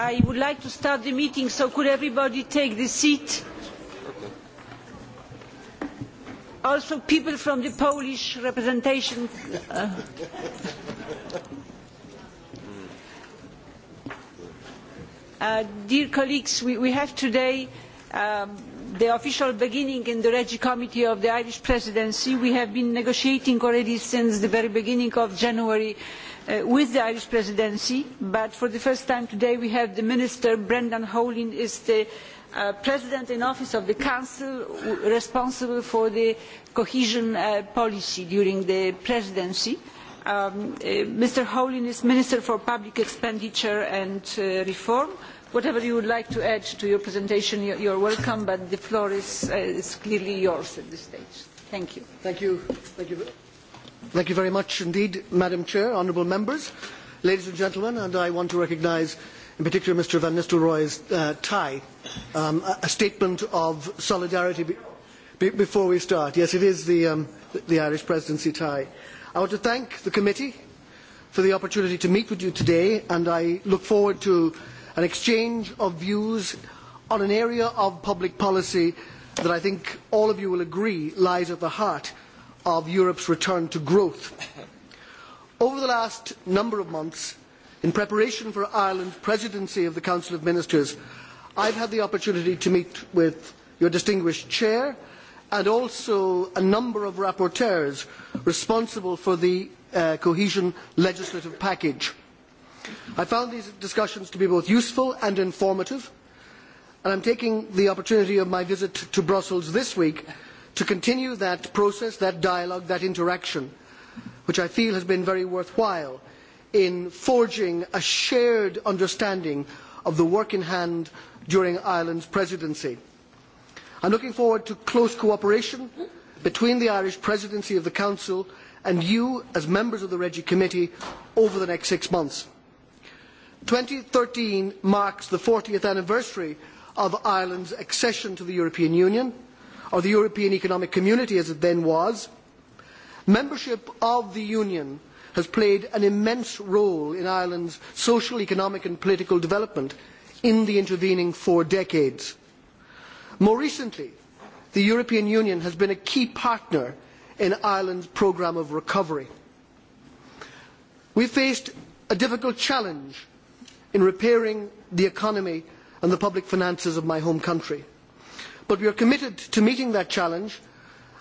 I would like to start the meeting, so could everybody take the seat? Also, people from the Polish representation. Uh, uh, dear colleagues, we, have today um, the official beginning in the regi committee of the irish presidency we have been negotiating already since the very beginning of january Uh, with the irish presidency but for the first time today we have the minister brendan howlin who is the uh, president in office of the council responsible for the cohesion uh, policy during the presidency. mr um, howlin is minister for public expenditure and reform whatever you would like to add to your presentation you are welcome but the floor is, is clearly yours at this stage. thank you. Thank you. Thank you. Thank you very much indeed, Madam president honourable members, ladies and gentlemen, and I want to recognise in particular Mr Van nistelrooij's uh, tie, um, a statement of solidarity before we start. Yes, it is um, the Irish presidency tie. I want to thank the committee for the opportunity to meet with you today, and I look forward to an exchange of views on an area of public policy that I think all of you will agree lies at the heart of Europe's return to growth. Over the last number of months, in preparation for Ireland's presidency of the Council of Ministers, I have had the opportunity to meet with your distinguished chair and also a number of rapporteurs responsible for the uh, cohesion legislative package. I found these discussions to be both useful and informative, and I am taking the opportunity of my visit to Brussels this week to continue that process, that dialogue, that interaction, which I feel has been very worthwhile in forging a shared understanding of the work in hand during Ireland's presidency. I am looking forward to close cooperation between the Irish presidency of the Council and you as members of the Regi Committee over the next six months. 2013 marks the 40th anniversary of Ireland's accession to the European Union or the European Economic Community as it then was, membership of the Union has played an immense role in Ireland's social, economic and political development in the intervening four decades. More recently, the European Union has been a key partner in Ireland's programme of recovery. We faced a difficult challenge in repairing the economy and the public finances of my home country but we are committed to meeting that challenge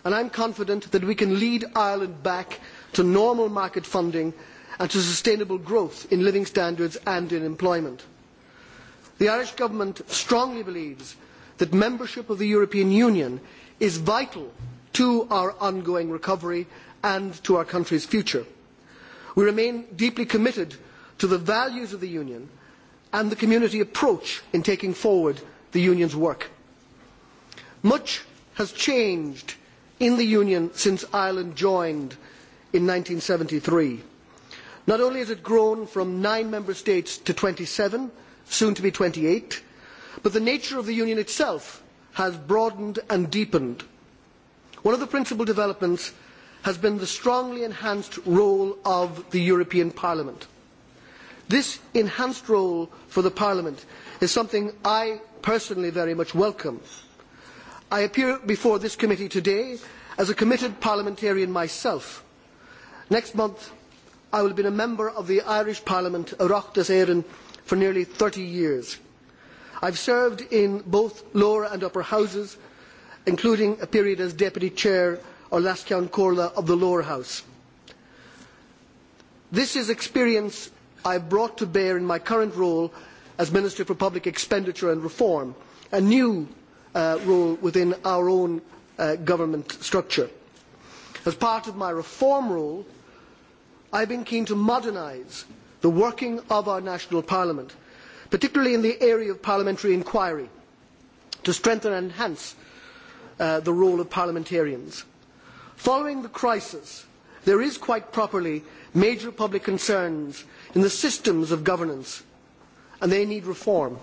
and i am confident that we can lead ireland back to normal market funding and to sustainable growth in living standards and in employment. the irish government strongly believes that membership of the european union is vital to our ongoing recovery and to our country's future. we remain deeply committed to the values of the union and the community approach in taking forward the union's work much has changed in the union since ireland joined in. one thousand nine hundred and seventy three not only has it grown from nine member states to twenty seven soon to be twenty eight but the nature of the union itself has broadened and deepened. one of the principal developments has been the strongly enhanced role of the european parliament. this enhanced role for parliament is something i personally very much welcome i appear before this committee today as a committed parliamentarian myself. next month i will have been a member of the irish parliament oireachtas éireann for nearly thirty years. i have served in both lower and upper houses including a period as deputy chair or láithceann comhairle of the lower house. this is experience i have brought to bear in my current role as minister for public expenditure and reform a new Uh, role within our own uh, government structure. As part of my reform role, I have been keen to modernise the working of our national parliament, particularly in the area of parliamentary inquiry, to strengthen and enhance uh, the role of parliamentarians. Following the crisis, there is quite properly major public concerns in the systems of governance, and they need reform.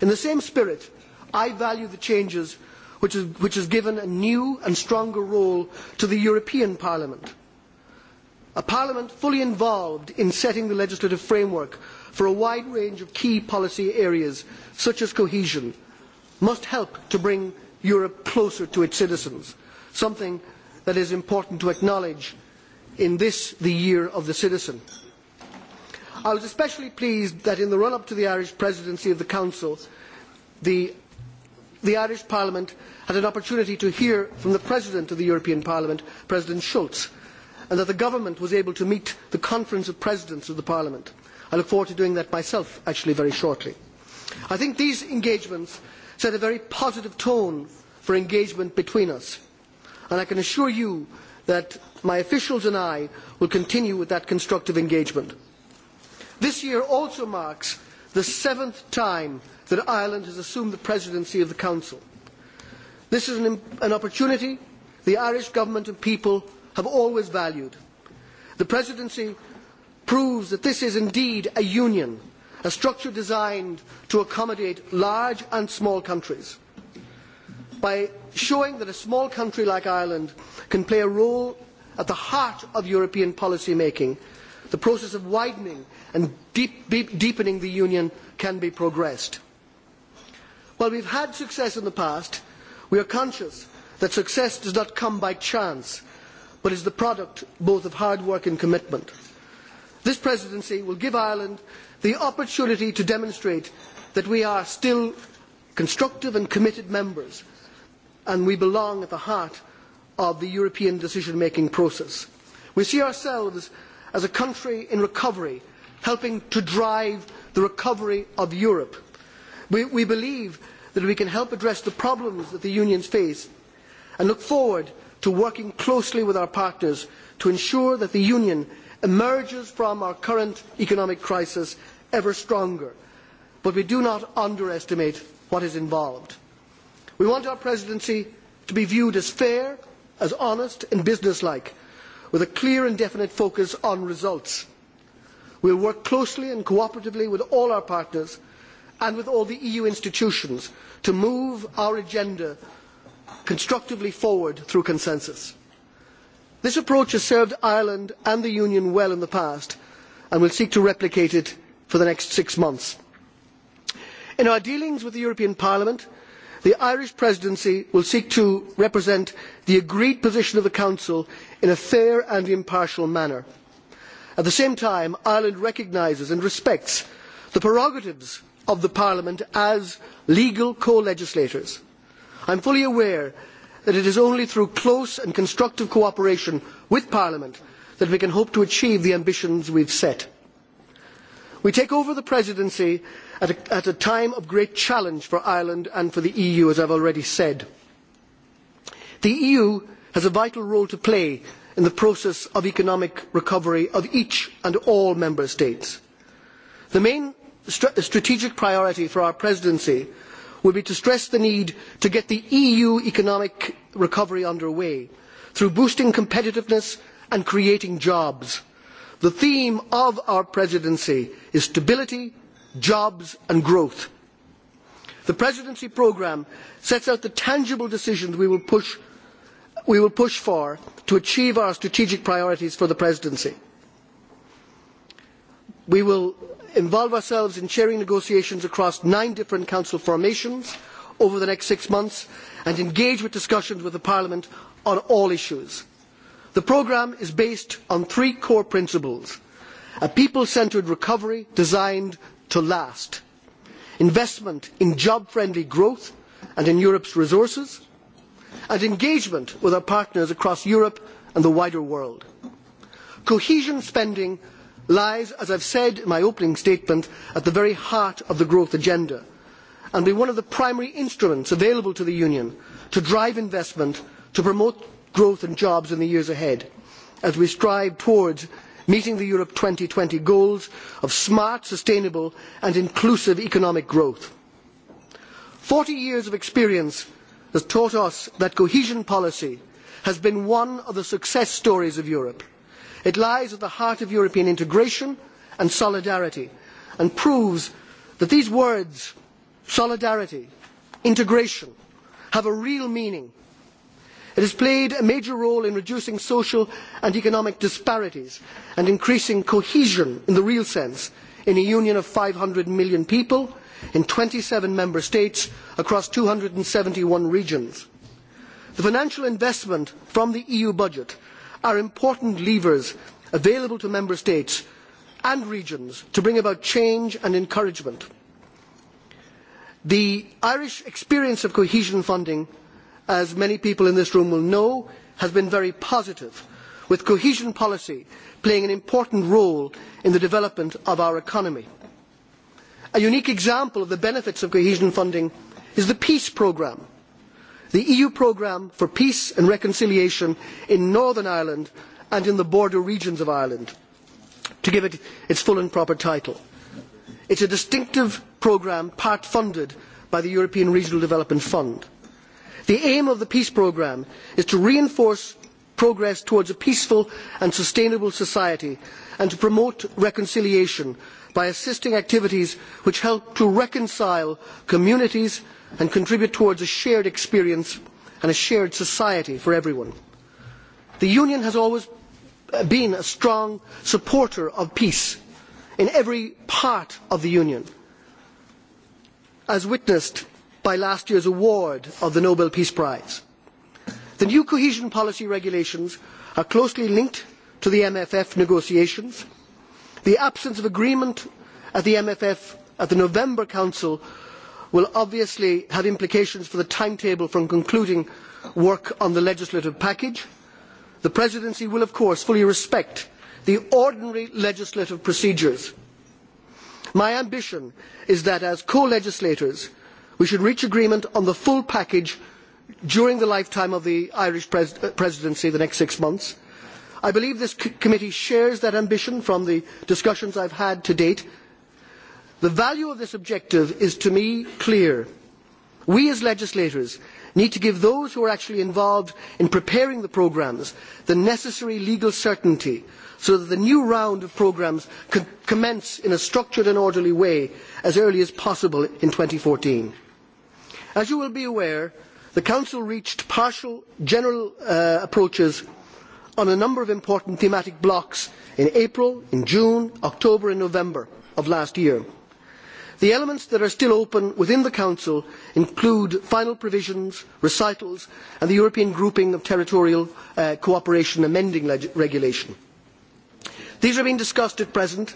In the same spirit, I value the changes which has, which has given a new and stronger role to the European Parliament. A Parliament fully involved in setting the legislative framework for a wide range of key policy areas, such as cohesion, must help to bring Europe closer to its citizens, something that is important to acknowledge in this, the year of the citizen. I was especially pleased that in the run-up to the Irish presidency of the Council, the the irish parliament had an opportunity to hear from the president of the european parliament president schulz and that the government was able to meet the conference of presidents of the parliament. i look forward to doing that myself very shortly. i think these engagements set a very positive tone for engagement between us and i can assure you that my officials and i will continue with that constructive engagement. this year also marks the seventh time that Ireland has assumed the presidency of the Council. This is an, an opportunity the Irish government and people have always valued. The presidency proves that this is indeed a union, a structure designed to accommodate large and small countries. By showing that a small country like Ireland can play a role at the heart of European policy making, the process of widening and deep, deep, deepening the union can be progressed while we have had success in the past we are conscious that success does not come by chance but is the product both of hard work and commitment. this presidency will give ireland the opportunity to demonstrate that we are still constructive and committed members and we belong at the heart of the european decision making process. we see ourselves as a country in recovery helping to drive the recovery of europe. We, we believe that we can help address the problems that the unions face and look forward to working closely with our partners to ensure that the union emerges from our current economic crisis ever stronger but we do not underestimate what is involved. we want our presidency to be viewed as fair as honest and businesslike with a clear and definite focus on results. we will work closely and cooperatively with all our partners and with all the eu institutions to move our agenda constructively forward through consensus. this approach has served ireland and the union well in the past and will seek to replicate it for the next six months. in our dealings with the european parliament the irish presidency will seek to represent the agreed position of the council in a fair and impartial manner. at the same time ireland recognises and respects the prerogatives of the parliament as legal co legislators. i am fully aware that it is only through close and constructive cooperation with parliament that we can hope to achieve the ambitions we have set. we take over the presidency at a, at a time of great challenge for ireland and for the eu as i have already said. the eu has a vital role to play in the process of economic recovery of each and all member states. the main st strategic priority for our presidency will be to stress the need to get the eu economic recovery under way through boosting competitiveness and creating jobs. the theme of our presidency is stability jobs and growth. the presidency programme sets out the tangible decisions we will push, we will push for to achieve our strategic priorities for the presidency. we will involve ourselves in chairing negotiations across nine different council formations over the next six months and engage with discussions with parliament on all issues. the programme is based on three core principles a people centred recovery designed to last investment in job friendly growth and in europe's resources and engagement with our partners across europe and the wider world. cohesion spending lies, as I have said in my opening statement, at the very heart of the growth agenda and will be one of the primary instruments available to the Union to drive investment, to promote growth and jobs in the years ahead, as we strive towards meeting the Europe two thousand and twenty goals of smart, sustainable and inclusive economic growth. Forty years of experience has taught us that cohesion policy has been one of the success stories of Europe. It lies at the heart of European integration and solidarity and proves that these words, solidarity, integration, have a real meaning. It has played a major role in reducing social and economic disparities and increasing cohesion in the real sense in a union of five hundred million people in twenty seven member states across two hundred and seventy one regions. The financial investment from the EU budget are important levers available to member states and regions to bring about change and encouragement. the irish experience of cohesion funding as many people in this room will know has been very positive with cohesion policy playing an important role in the development of our economy. a unique example of the benefits of cohesion funding is the peace programme the eu programme for peace and reconciliation in northern ireland and in the border regions of ireland to give it its full and proper title. it is a distinctive programme part funded by the european regional development fund. the aim of the peace programme is to reinforce progress towards a peaceful and sustainable society and to promote reconciliation by assisting activities which help to reconcile communities and contribute towards a shared experience and a shared society for everyone. The Union has always been a strong supporter of peace in every part of the Union, as witnessed by last year's award of the Nobel Peace Prize. The new cohesion policy regulations are closely linked to the MFF negotiations. The absence of agreement at the MFF at the November Council will obviously have implications for the timetable for concluding work on the legislative package. the presidency will of course fully respect the ordinary legislative procedures. my ambition is that as co legislators we should reach agreement on the full package during the lifetime of the irish uh, presidency the next six months. i believe this committee shares that ambition from the discussions i have had to date the value of this objective is to me clear. we as legislators need to give those who are actually involved in preparing the programmes the necessary legal certainty so that the new round of programmes can commence in a structured and orderly way as early as possible in. two thousand and fourteen as you will be aware the council reached partial general uh, approaches on a number of important thematic blocks in april in june october and november of last year the elements that are still open within the council include final provisions recitals and the european grouping of territorial uh, cooperation amending regulation. these are being discussed at present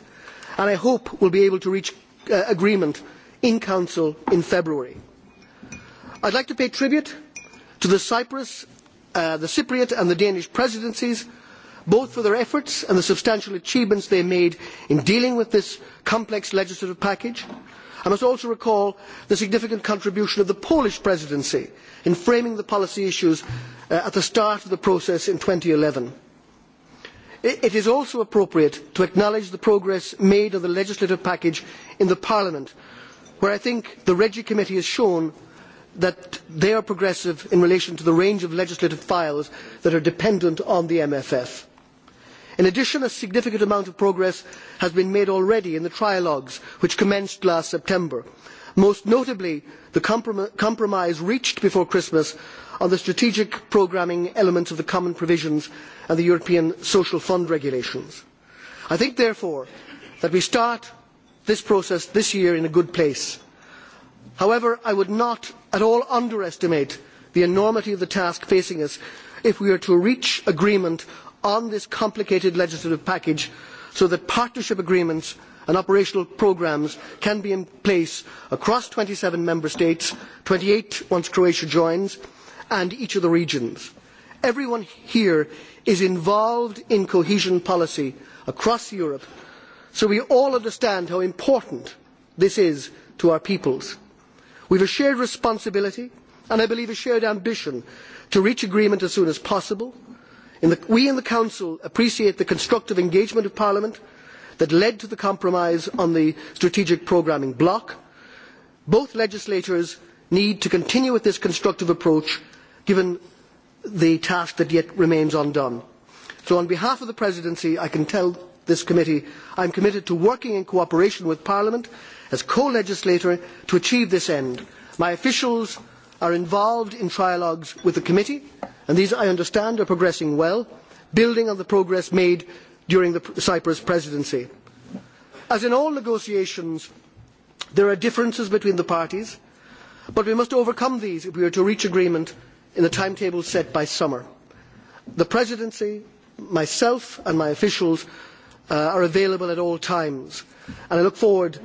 and i hope we will be able to reach uh, agreement in council in february. i would like to pay tribute to the cyprus uh, the cypriot and the danish presidencies both for their efforts and the substantial achievements they made in dealing with this complex legislative package i must also recall the significant contribution of the polish presidency in framing the policy issues uh, at the start of the process in. two thousand and eleven it is also appropriate to acknowledge the progress made on the legislative package in parliament where i think the regi committee has shown that they are progressive in relation to the range of legislative files that are dependent on the mff in addition a significant amount of progress has been made already in the trialogues which commenced last september most notably the compromise reached before christmas on the strategic programming elements of the common provisions and the european social fund regulations. i think therefore that we start this process this year in a good place. however i would not at all underestimate the enormity of the task facing us if we are to reach agreement on this complicated legislative package so that partnership agreements and operational programmes can be in place across twenty seven member states twenty eight once croatia joins and each of the regions. everyone here is involved in cohesion policy across europe so we all understand how important this is to our peoples. we have a shared responsibility and i believe a shared ambition to reach agreement as soon as possible we in the Council appreciate the constructive engagement of Parliament that led to the compromise on the strategic programming block. Both legislators need to continue with this constructive approach given the task that yet remains undone. So on behalf of the Presidency, I can tell this committee I am committed to working in cooperation with Parliament as co-legislator to achieve this end. My officials are involved in trialogues with the committee these i understand are progressing well building on the progress made during the cyprus presidency. as in all negotiations there are differences between the parties but we must overcome these if we are to reach agreement in the timetable set by summer. the presidency myself and my officials uh, are available at all times and i look forward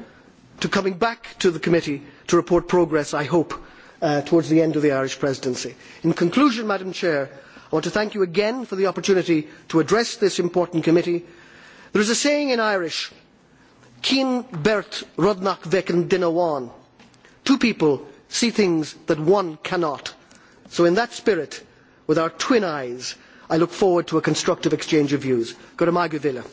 to coming back to the committee to report progress i hope Uh, towards the end of the Irish presidency. In conclusion, Madam Chair, I want to thank you again for the opportunity to address this important committee. There is a saying in Irish, Keen Bert Rodnach duine amháin Two people see things that one cannot. So in that spirit, with our twin eyes, I look forward to a constructive exchange of views. Go to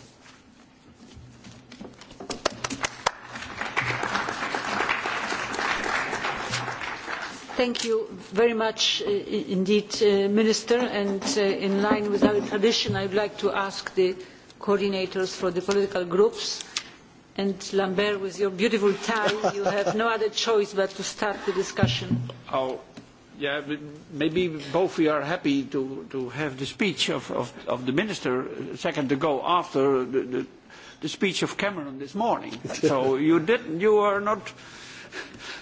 Thank you very much uh, indeed, uh, Minister. And uh, in line with our tradition, I would like to ask the coordinators for the political groups. And Lambert, with your beautiful tie, you have no other choice but to start the discussion. Oh, yeah, maybe both we are happy to, to have the speech of, of, of the minister a second ago after the, the, the speech of Cameron this morning. So you, did, you are not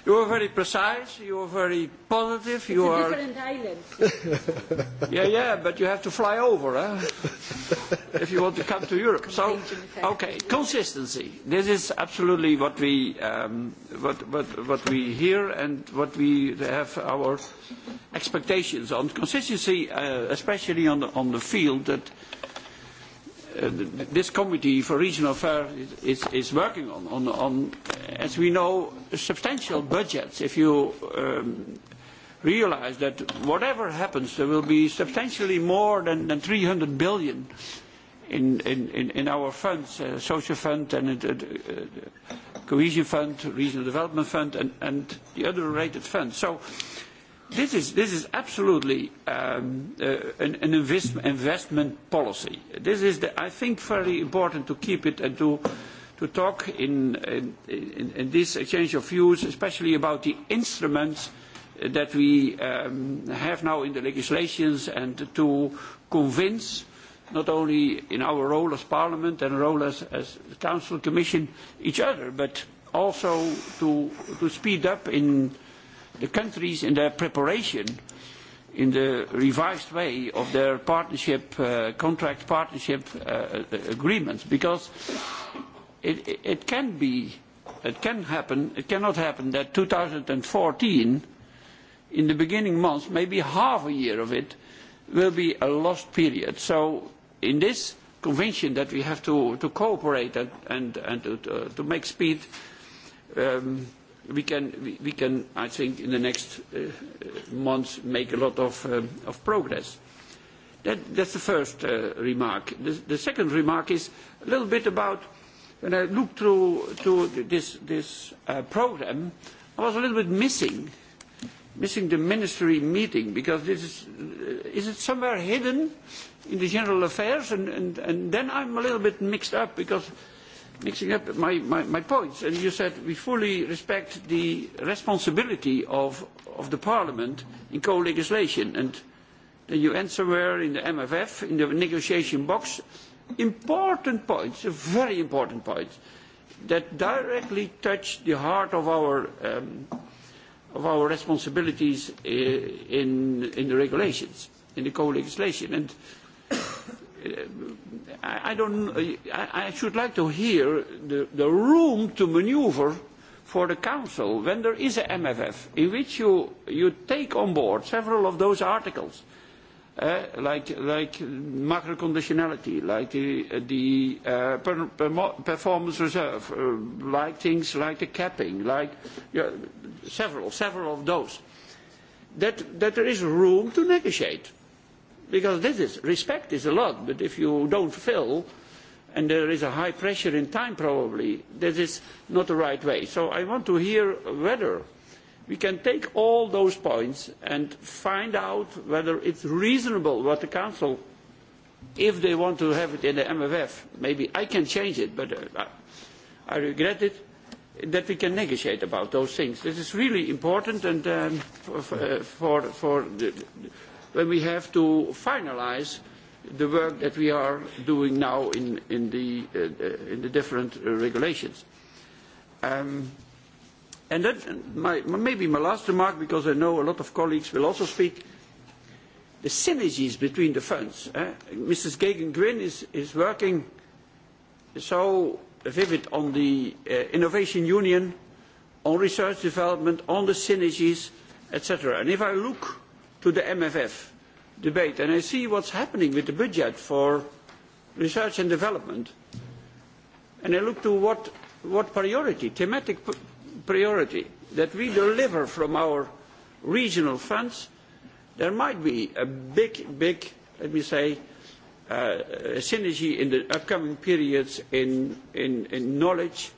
you are very precise, you are very positive, you it's are... different islands. yeah, yeah, but you have to fly over, eh? if you want to come to Europe. So, okay, consistency. This is absolutely what we, um, what, what, what we hear and what we have our expectations on. Consistency, uh, especially on the, on the field that Uh, this committee for regional affairs is, is, is working on, on, on, as we know, substantial budgets. If you um, realize that whatever happens, there will be substantially more than, than 300 billion in, in, in our funds, uh, social fund and uh, uh, cohesion fund, regional development fund, and, and the other related funds. So this is this is absolutely um, uh, an, an invest, investment policy. This is, the, I think, very important to keep it and to to talk in, in, in this exchange of views, especially about the instruments that we um, have now in the legislations and to convince not only in our role as Parliament and role as, as Council Commission each other, but also to, to speed up in the countries in their preparation in the revised way of their partnership uh, contract partnership uh, uh agreements because it, it, can be it can happen it cannot happen that 2014 in the beginning months maybe half a year of it will be a lost period so in this convention that we have to, to cooperate and, and, and to, to, uh, to make speed um, we can, I think, in the next uh, uh, months make a lot of, um, progress. that's the first uh, remark. The, second remark is a little bit about when I look through this, program, I was a little bit missing, the ministry meeting because this is, it somewhere hidden in the general affairs? then I'm a little bit mixed up because mixing up my, my, my points. And you said we fully respect the responsibility of, of the Parliament in co-legislation. And then you end somewhere in the MFF, in the negotiation box, important points, very important points, that directly touch the heart of our, um, of our responsibilities eh, in, in the regulations, in the co-legislation. And I, don't, I, I should like to hear the, the room to maneuver for the Council when there is a MFF in which you, you take on board several of those articles, uh, like, like macro conditionality, like the, the uh, per, per, performance reserve, uh, like things like the capping, like several, several of those, that, that there is room to negotiate because this is respect is a lot but if you don't fill and there is a high pressure in time probably this is not the right way so i want to hear whether we can take all those points and find out whether it's reasonable what the council if they want to have it in the mff maybe i can change it but uh, i regret it that we can negotiate about those things. This is really important and um, for, uh, for, for the, when we have to finalise the work that we are doing now in, in, the, uh, in the different uh, regulations. Um, and that my, maybe my last remark, because I know a lot of colleagues will also speak, the synergies between the funds. Eh? Mrs. Gagan-Gwyn is, is working so vivid on the uh, Innovation Union, on research development, on the synergies, etc. And if I look to the MFF debate, and I see what's happening with the budget for research and development, and I look to what, what priority, thematic priority, that we deliver from our regional funds, there might be a big, big, let me say, uh, synergy in the upcoming periods in, in, in knowledge,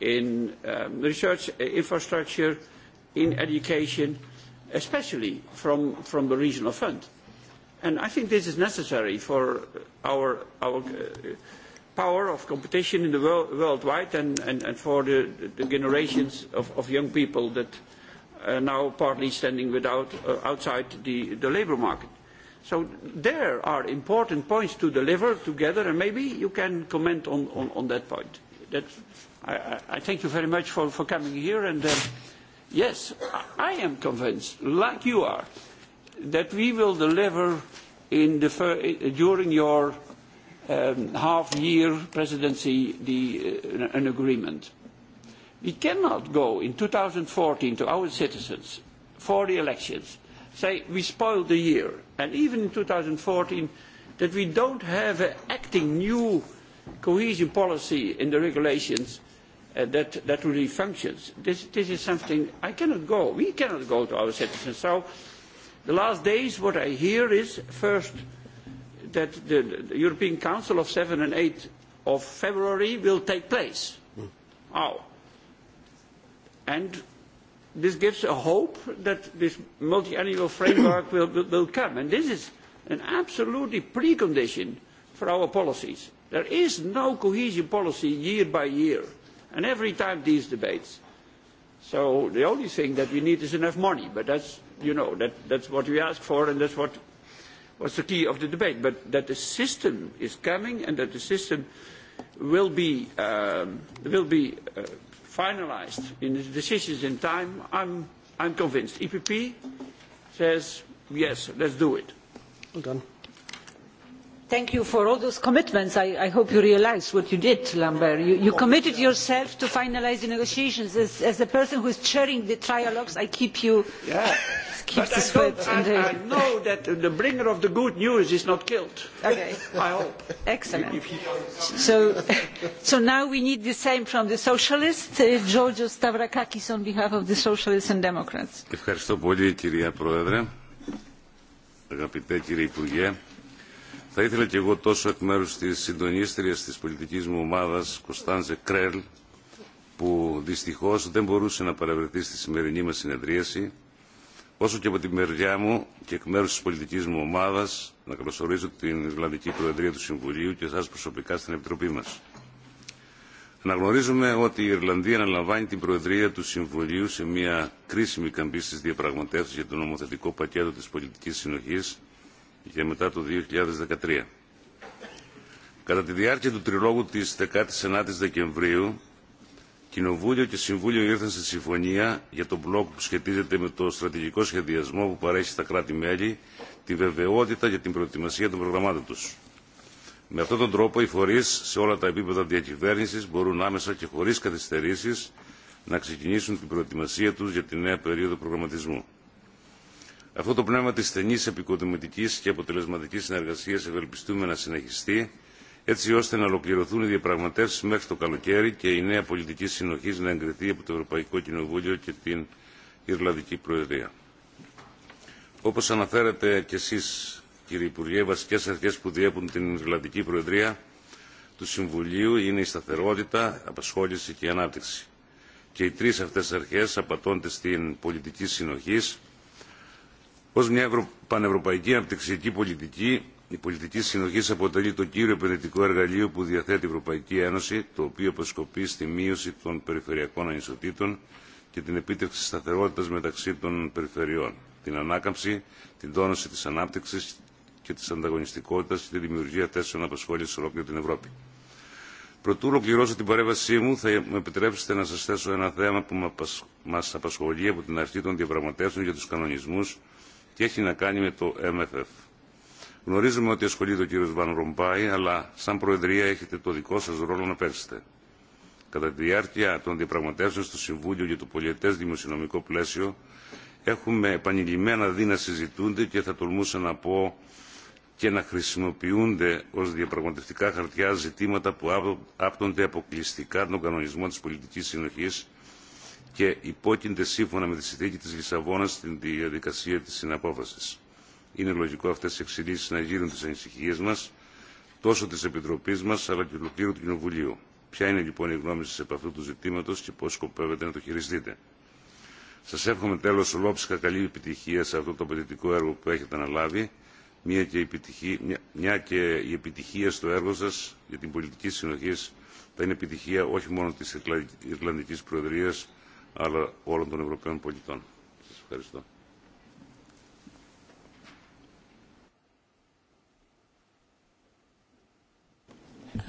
in um, research uh, infrastructure, in education, especially from, from the regional fund. And I think this is necessary for our, our uh, power of competition in the world, worldwide and, and, and for the, the generations of, of young people that are now partly standing without, uh, outside the, the labour market. So there are important points to deliver together, and maybe you can comment on, on, on that point. I, I thank you very much for, for coming here, and uh, Yes, I am convinced, like you are, that we will deliver in the, during your um, half-year presidency the, uh, an agreement. We cannot go in 2014 to our citizens for the elections, say we spoiled the year, and even in 2014 that we don't have an acting new cohesion policy in the regulations Uh, that, that really functions. This, this is something I cannot go. We cannot go to our citizens. So the last days what I hear is first that the, the European Council of 7 and 8 of February will take place. Mm. Oh. And this gives a hope that this multi-annual framework will, will, will come. And this is an absolutely precondition for our policies. There is no cohesion policy year by year. And every time these debates. So the only thing that we need is enough money. But that's, you know, that, that's what we ask for and that's what was the key of the debate. But that the system is coming and that the system will be, um, will be uh, finalized in the decisions in time, I'm, I'm convinced. EPP says, yes, let's do it. Well done thank you for all those commitments. I, hope you realise what you did, Lambert. You, you committed yourself to finalise the negotiations. As, the person who is chairing the trialogues, I keep you. Yeah. Keep I, I know that the bringer of the good news is not killed. Okay. I hope. Excellent. so, so now we need the same from the socialists. Uh, Georgios Stavrakakis on behalf of the Socialists and Democrats. Ευχαριστώ πολύ, κυρία Πρόεδρε. Αγαπητέ κύριε Υπουργέ, Θα ήθελα και εγώ τόσο εκ μέρους της συντονίστριας της πολιτικής μου ομάδας, Κωνσταντζε Κρέλ, που δυστυχώς δεν μπορούσε να παρευρεθεί στη σημερινή μας συνεδρίαση, όσο και από τη μεριά μου και εκ μέρους της πολιτικής μου ομάδας, να καλωσορίζω την Ισλανδική Προεδρία του Συμβουλίου και εσάς προσωπικά στην Επιτροπή μας. Αναγνωρίζουμε ότι η Ιρλανδία αναλαμβάνει την Προεδρία του Συμβουλίου σε μια κρίσιμη καμπή στις διαπραγματεύσεις για το νομοθετικό πακέτο της πολιτικής συνοχής και μετά το 2013. Κατά τη διάρκεια του τριλόγου της 19ης Δεκεμβρίου, Κοινοβούλιο και Συμβούλιο ήρθαν στη συμφωνία για τον μπλοκ που σχετίζεται με το στρατηγικό σχεδιασμό που παρέχει στα κράτη-μέλη τη βεβαιότητα για την προετοιμασία των προγραμμάτων τους. Με αυτόν τον τρόπο οι φορείς σε όλα τα επίπεδα διακυβέρνησης μπορούν άμεσα και χωρίς καθυστερήσεις να ξεκινήσουν την προετοιμασία τους για τη νέα περίοδο προγραμματισμού. Αυτό το πνεύμα της στενής επικοδομητικής και αποτελεσματικής συνεργασίας ευελπιστούμε να συνεχιστεί, έτσι ώστε να ολοκληρωθούν οι διαπραγματεύσεις μέχρι το καλοκαίρι και η νέα πολιτική συνοχής να εγκριθεί από το Ευρωπαϊκό Κοινοβούλιο και την Ιρλανδική Προεδρία. Όπως αναφέρατε κι εσείς, κύριε Υπουργέ, οι βασικές αρχές που διέπουν την Ιρλανδική Προεδρία του Συμβουλίου είναι η σταθερότητα, απασχόληση και η ανάπτυξη. Και οι τρεις αυτές αρχές απατώνται στην πολιτική συνοχής, Ω μια πανευρωπαϊκή αναπτυξιακή πολιτική, η πολιτική συνοχή αποτελεί το κύριο επενδυτικό εργαλείο που διαθέτει η Ευρωπαϊκή Ένωση, το οποίο αποσκοπεί στη μείωση των περιφερειακών ανισοτήτων και την επίτευξη σταθερότητα μεταξύ των περιφερειών, την ανάκαμψη, την τόνωση τη ανάπτυξη και τη ανταγωνιστικότητα και τη δημιουργία θέσεων απασχόληση σε ολόκληρη την Ευρώπη. Προτού ολοκληρώσω την παρέμβασή μου, θα μου επιτρέψετε να σα θέσω ένα θέμα που μα απασχολεί από την αρχή των διαπραγματεύσεων για του κανονισμού και έχει να κάνει με το MFF. Γνωρίζουμε ότι ασχολείται ο κύριος Βαν Ρομπάι, αλλά σαν Προεδρία έχετε το δικό σας ρόλο να παίξετε. Κατά τη διάρκεια των διαπραγματεύσεων στο Συμβούλιο για το πολιετές δημοσιονομικό πλαίσιο, έχουμε επανειλημμένα δει να συζητούνται και θα τολμούσα να πω και να χρησιμοποιούνται ως διαπραγματευτικά χαρτιά ζητήματα που άπτονται αποκλειστικά τον κανονισμό της πολιτικής συνοχής και υπόκεινται σύμφωνα με τη συνθήκη τη Λισαβόνα στην διαδικασία τη συναπόφαση. Είναι λογικό αυτέ οι εξελίξει να γύρουν τι ανησυχίε μα, τόσο τη Επιτροπή μα, αλλά και ολοκλήρου του Κοινοβουλίου. Ποια είναι λοιπόν η γνώμη σα επ' αυτού του ζητήματο και πώ σκοπεύετε να το χειριστείτε. Σα εύχομαι τέλο ολόψυχα καλή επιτυχία σε αυτό το απαιτητικό έργο που έχετε αναλάβει, μια και, επιτυχία, μια, μια και η επιτυχία στο έργο σα για την πολιτική συνοχή θα είναι επιτυχία όχι μόνο τη Ιρλανδική Προεδρία, αλλά όλων των Ευρωπαίων πολιτών. Σας ευχαριστώ.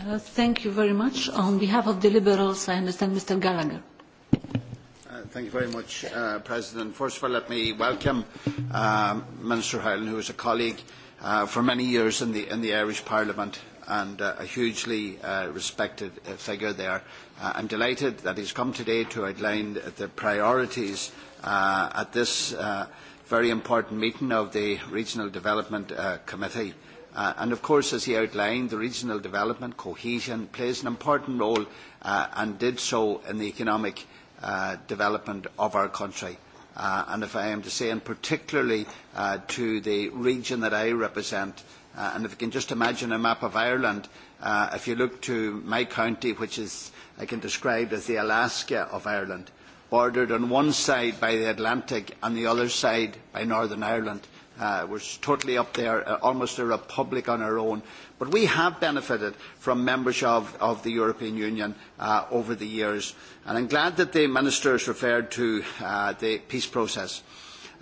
Uh, thank you very much. On behalf of the Liberals, I understand Mr. Gallagher. Uh, thank you very much, uh, President. First of all, let me welcome uh, Minister Howland, who is a colleague uh, for many years in the, in the Irish Parliament and uh, a hugely uh, respected uh, figure there. Uh, I'm delighted that he's come today to outline the priorities uh, at this uh, very important meeting of the Regional Development uh, Committee. Uh, and of course, as he outlined, the regional development cohesion plays an important role uh, and did so in the economic uh, development of our country. Uh, and if I am to say, and particularly uh, to the region that I represent, Uh, and if you can just imagine a map of Ireland, uh, if you look to my county, which is, I can describe as the Alaska of Ireland, bordered on one side by the Atlantic and the other side by Northern Ireland. Uh, we're totally up there, uh, almost a republic on our own. But we have benefited from membership of, of the European Union uh, over the years. And I'm glad that the Minister has referred to uh, the peace process. Uh,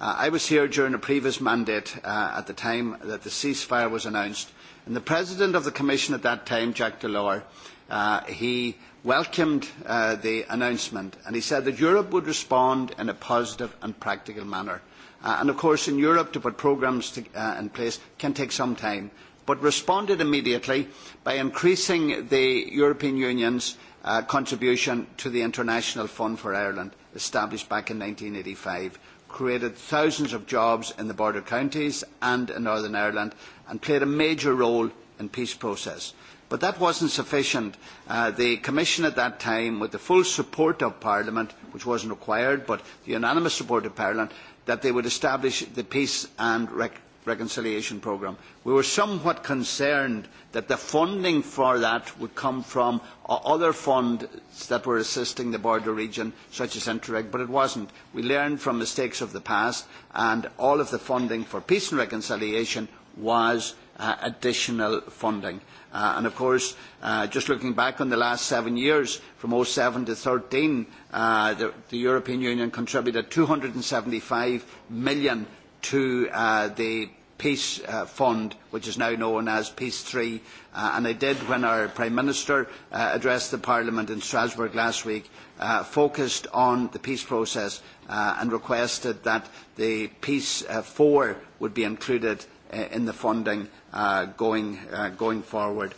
Uh, I was here during a previous mandate uh, at the time that the ceasefire was announced, and the President of the Commission at that time, Jack Delors, uh, he welcomed uh, the announcement and he said that Europe would respond in a positive and practical manner. Uh, and of course in Europe to put programmes to, uh, in place can take some time, but responded immediately by increasing the European Union's uh, contribution to the International Fund for Ireland established back in 1985 created thousands of jobs in the border counties and in Northern Ireland and played a major role in peace process. But that wasn't sufficient. Uh, the Commission at that time, with the full support of Parliament, which wasn't required, but the unanimous support of Parliament, that they would establish the Peace and Rec- reconciliation programme. We were somewhat concerned that the funding for that would come from other funds that were assisting the border region, such as Interreg, but it wasn't. We learned from mistakes of the past, and all of the funding for peace and reconciliation was uh, additional funding. Uh, and of course, uh, just looking back on the last seven years, from 07 to 13, uh, the, the European Union contributed 275 million to uh, the Peace uh, Fund, which is now known as Peace 3, uh, and I did, when our Prime Minister uh, addressed the Parliament in Strasbourg last week, uh, focused on the peace process uh, and requested that the Peace uh, 4 would be included uh, in the funding uh, going, uh, going forward.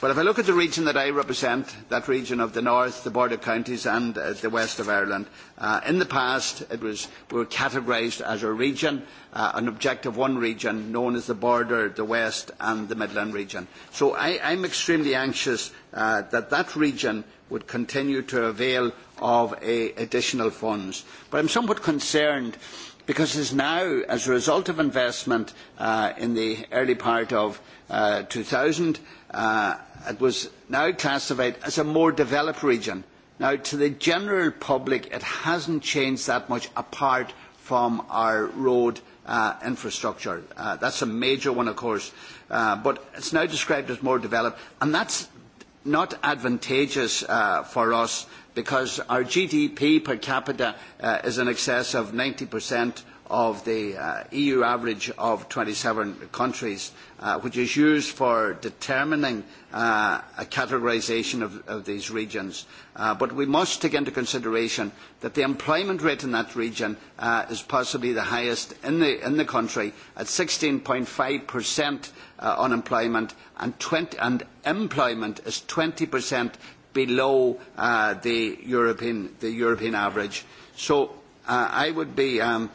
But if I look at the region that I represent, that region of the north, the border counties and uh, the west of Ireland, uh, in the past it was, we were categorised as a region, uh, an objective one region known as the border, the west and the Midland region. So I, I'm extremely anxious uh, that that region would continue to avail of a, additional funds. But I'm somewhat concerned because as now, as a result of investment uh, in the early part of uh, 2000. Uh, it was now classified as a more developed region. Now, to the general public, it hasn't changed that much apart from our road uh, infrastructure. Uh, that's a major one, of course. Uh, but it's now described as more developed. And that's not advantageous uh, for us because our GDP per capita uh, is in excess of 90% of the uh, EU average of 27 countries, uh, which is used for determining uh, a categorisation of, of, these regions. Uh, but we must take into consideration that the employment rate in that region uh, is possibly the highest in the, in the country at 16.5% uh, unemployment and, 20, and employment is 20% below the European, the, European, average. So I would be um,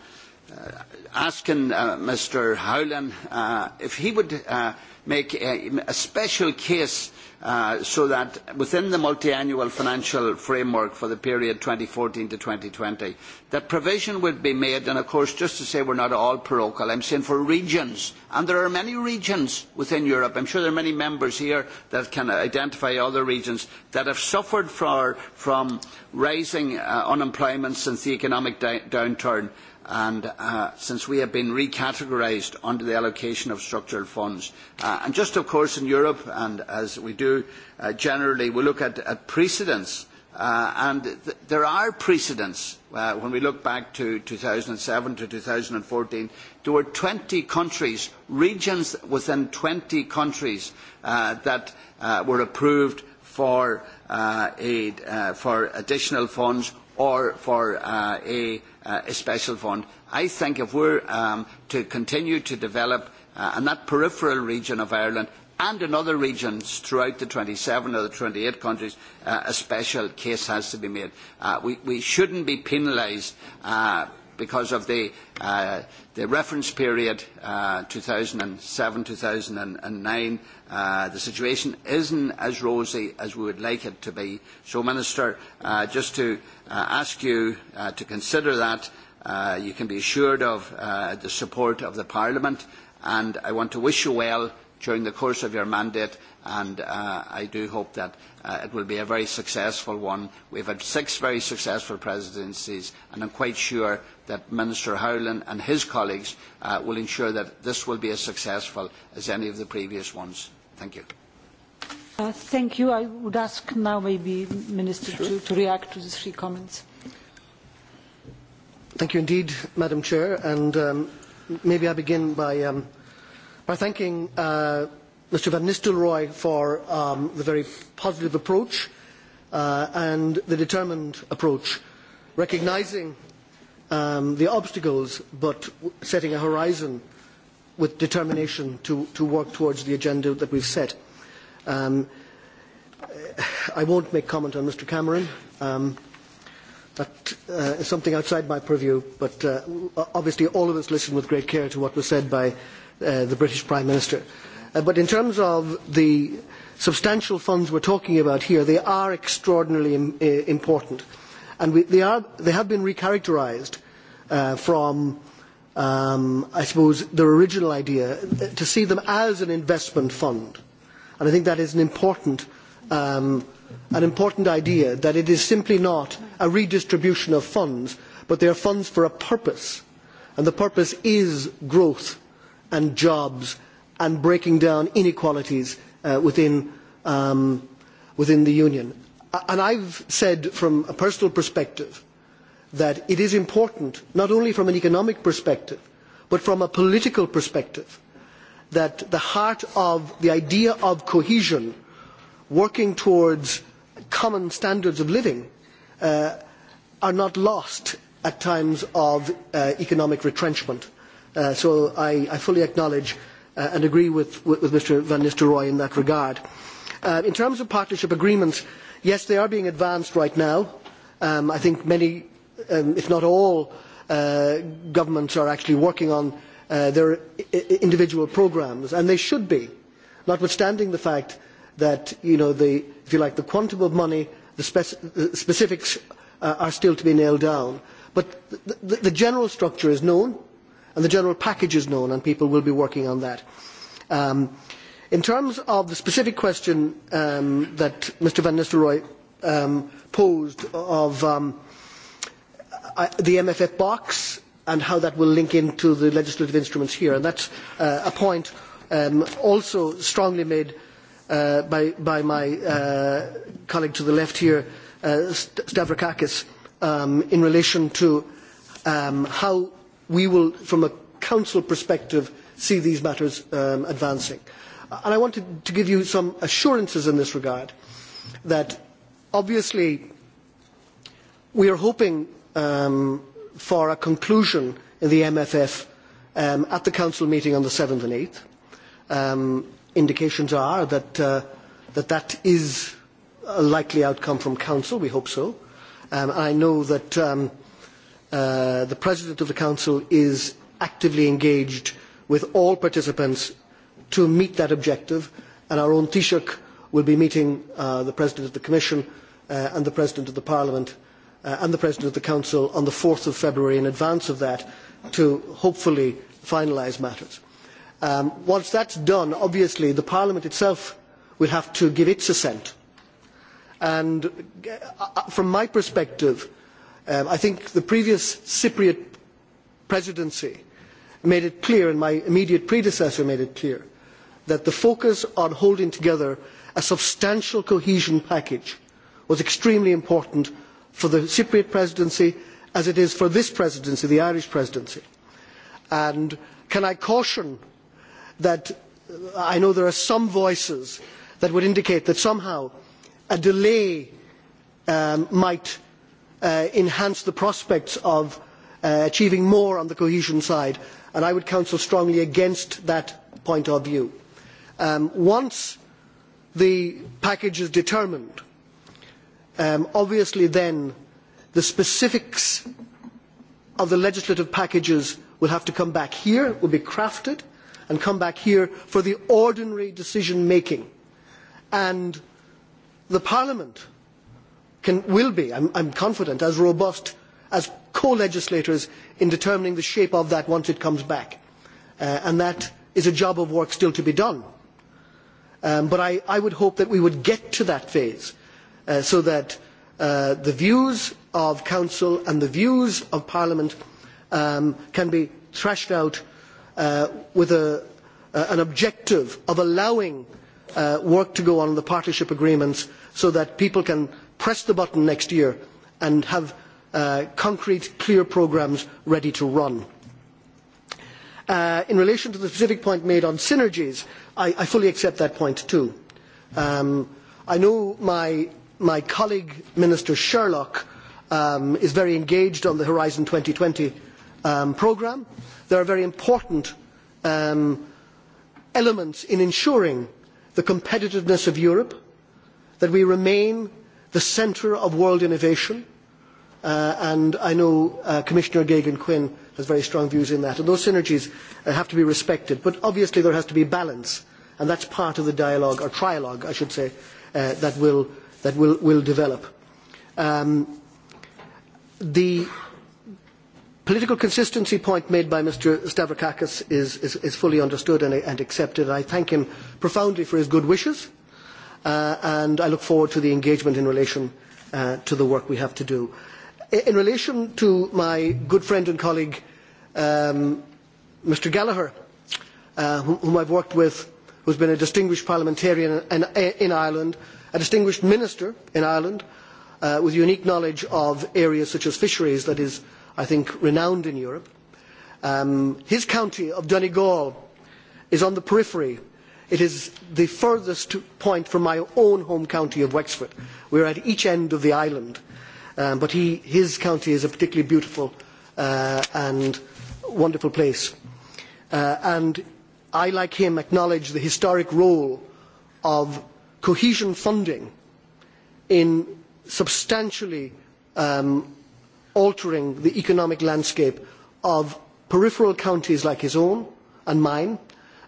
asking uh, Mr Howland uh, if he would uh, make a, a special case Uh, so that within the multiannual financial framework for the period 2014 to 2020, that provision would be made, and of course, just to say we're not all parochial, I'm saying for regions, and there are many regions within Europe, I'm sure there are many members here that can identify other regions that have suffered for, from rising uh, unemployment since the economic downturn and uh, since we have been recategorised under the allocation of structural funds. Uh, and just of course in Europe, and as we do uh, generally, we look at, at precedents. Uh, and th- there are precedents uh, when we look back to 2007 to 2014. There were 20 countries, regions within 20 countries, uh, that uh, were approved for, uh, aid, uh, for additional funds or for uh, a uh, a special fund. I think if we are um, to continue to develop uh, in that peripheral region of Ireland and in other regions throughout the 27 or the 28 countries, uh, a special case has to be made. Uh, we, we shouldn't be penalised uh, because of the, uh, the reference period 2007-2009 uh, Uh, the situation isn't as rosy as we would like it to be. So, Minister, uh, just to uh, ask you uh, to consider that, uh, you can be assured of uh, the support of the Parliament, and I want to wish you well during the course of your mandate, and uh, I do hope that uh, it will be a very successful one. We have had six very successful presidencies, and I'm quite sure that Minister Howland and his colleagues uh, will ensure that this will be as successful as any of the previous ones. Thank you. Uh, thank you. I would ask now maybe Minister sure. to, to react to the three comments. Thank you indeed, Madam Chair. And um, maybe I begin by, um, by thanking uh, Mr Van Nistelrooy for um, the very positive approach uh, and the determined approach, recognising um, the obstacles but setting a horizon with determination to, to work towards the agenda that we've set. Um, I won't make comment on Mr Cameron. Um, that uh, is something outside my purview, but uh, obviously all of us listened with great care to what was said by uh, the British Prime Minister. Uh, but in terms of the substantial funds we're talking about here, they are extraordinarily Im- important. And we, they, are, they have been recharacterised uh, from um, I suppose, their original idea, to see them as an investment fund. And I think that is an important, um, an important idea, that it is simply not a redistribution of funds, but they are funds for a purpose. And the purpose is growth and jobs and breaking down inequalities uh, within, um, within the Union. And I've said from a personal perspective that it is important not only from an economic perspective but from a political perspective that the heart of the idea of cohesion working towards common standards of living uh, are not lost at times of uh, economic retrenchment. Uh, so i fully acknowledge and agree with mr van nistelrooij in that regard. in terms of partnership agreements yes they are being advanced right now. Um, i think many Um, if not all, uh, governments are actually working on uh, their individual programmes, and they should be, notwithstanding the fact that, you know, the, if you like, the quantum of money, the, spec- the specifics uh, are still to be nailed down. But the, the, the general structure is known, and the general package is known, and people will be working on that. Um, in terms of the specific question um, that Mr Van Nistelrooy um, posed of um, Uh, the MFF box and how that will link into the legislative instruments here. And that's uh, a point um, also strongly made uh, by, by, my uh, colleague to the left here, uh, Stavrakakis, um, in relation to um, how we will, from a council perspective, see these matters um, advancing. Uh, and I wanted to give you some assurances in this regard that obviously we are hoping um, for a conclusion in the MFF um, at the Council meeting on the 7th and 8th. Um, indications are that, uh, that that is a likely outcome from Council, we hope so. Um, I know that um, uh, the President of the Council is actively engaged with all participants to meet that objective, and our own Taoiseach will be meeting uh, the President of the Commission uh, and the President of the Parliament uh, and the President of the Council on the 4th of February in advance of that to hopefully finalise matters. Um, once that's done, obviously the Parliament itself will have to give its assent. And uh, from my perspective, um, I think the previous Cypriot presidency made it clear, and my immediate predecessor made it clear, that the focus on holding together a substantial cohesion package was extremely important for the Cypriot presidency as it is for this presidency, the Irish presidency. And can I caution that uh, I know there are some voices that would indicate that somehow a delay um, might uh, enhance the prospects of uh, achieving more on the cohesion side, and I would counsel strongly against that point of view. Um, once the package is determined, Um, obviously then the specifics of the legislative packages will have to come back here, will be crafted and come back here for the ordinary decision making. And the Parliament can, will be, I'm, I'm confident, as robust as co-legislators in determining the shape of that once it comes back. Uh, and that is a job of work still to be done. Um, but I, I would hope that we would get to that phase Uh, so that uh, the views of council and the views of parliament um, can be thrashed out uh, with a, an objective of allowing Uh, work to go on in the partnership agreements so that people can press the button next year and have uh, concrete, clear programmes ready to run. Uh, in relation to the specific point made on synergies, I, I fully accept that point too. Um, I know my my colleague, Minister Sherlock, um, is very engaged on the Horizon 2020 twenty um, programme. There are very important um, elements in ensuring the competitiveness of Europe, that we remain the centre of world innovation, uh, and I know uh, Commissioner geoghegan Quinn has very strong views in that, and those synergies uh, have to be respected. But obviously there has to be balance, and that's part of the dialogue, or trialogue, I should say, that will that will, will develop. Um, the political consistency point made by Mr Stavrakakis is, is, is fully understood and, and accepted. I thank him profoundly for his good wishes uh, and I look forward to the engagement in relation uh, to the work we have to do. In relation to my good friend and colleague um, Mr Gallagher, uh, whom, whom I've worked with, who's been a distinguished parliamentarian in, in Ireland, uh, a distinguished minister in Ireland uh, with unique knowledge of areas such as fisheries that is, I think, renowned in Europe. Um, his county of Donegal is on the periphery. It is the furthest point from my own home county of Wexford. We are at each end of the island, um, but his county is a particularly beautiful uh, and wonderful place. Uh, and I, like him, acknowledge the historic role of cohesion funding in substantially um, altering the economic landscape of peripheral counties like his own and mine,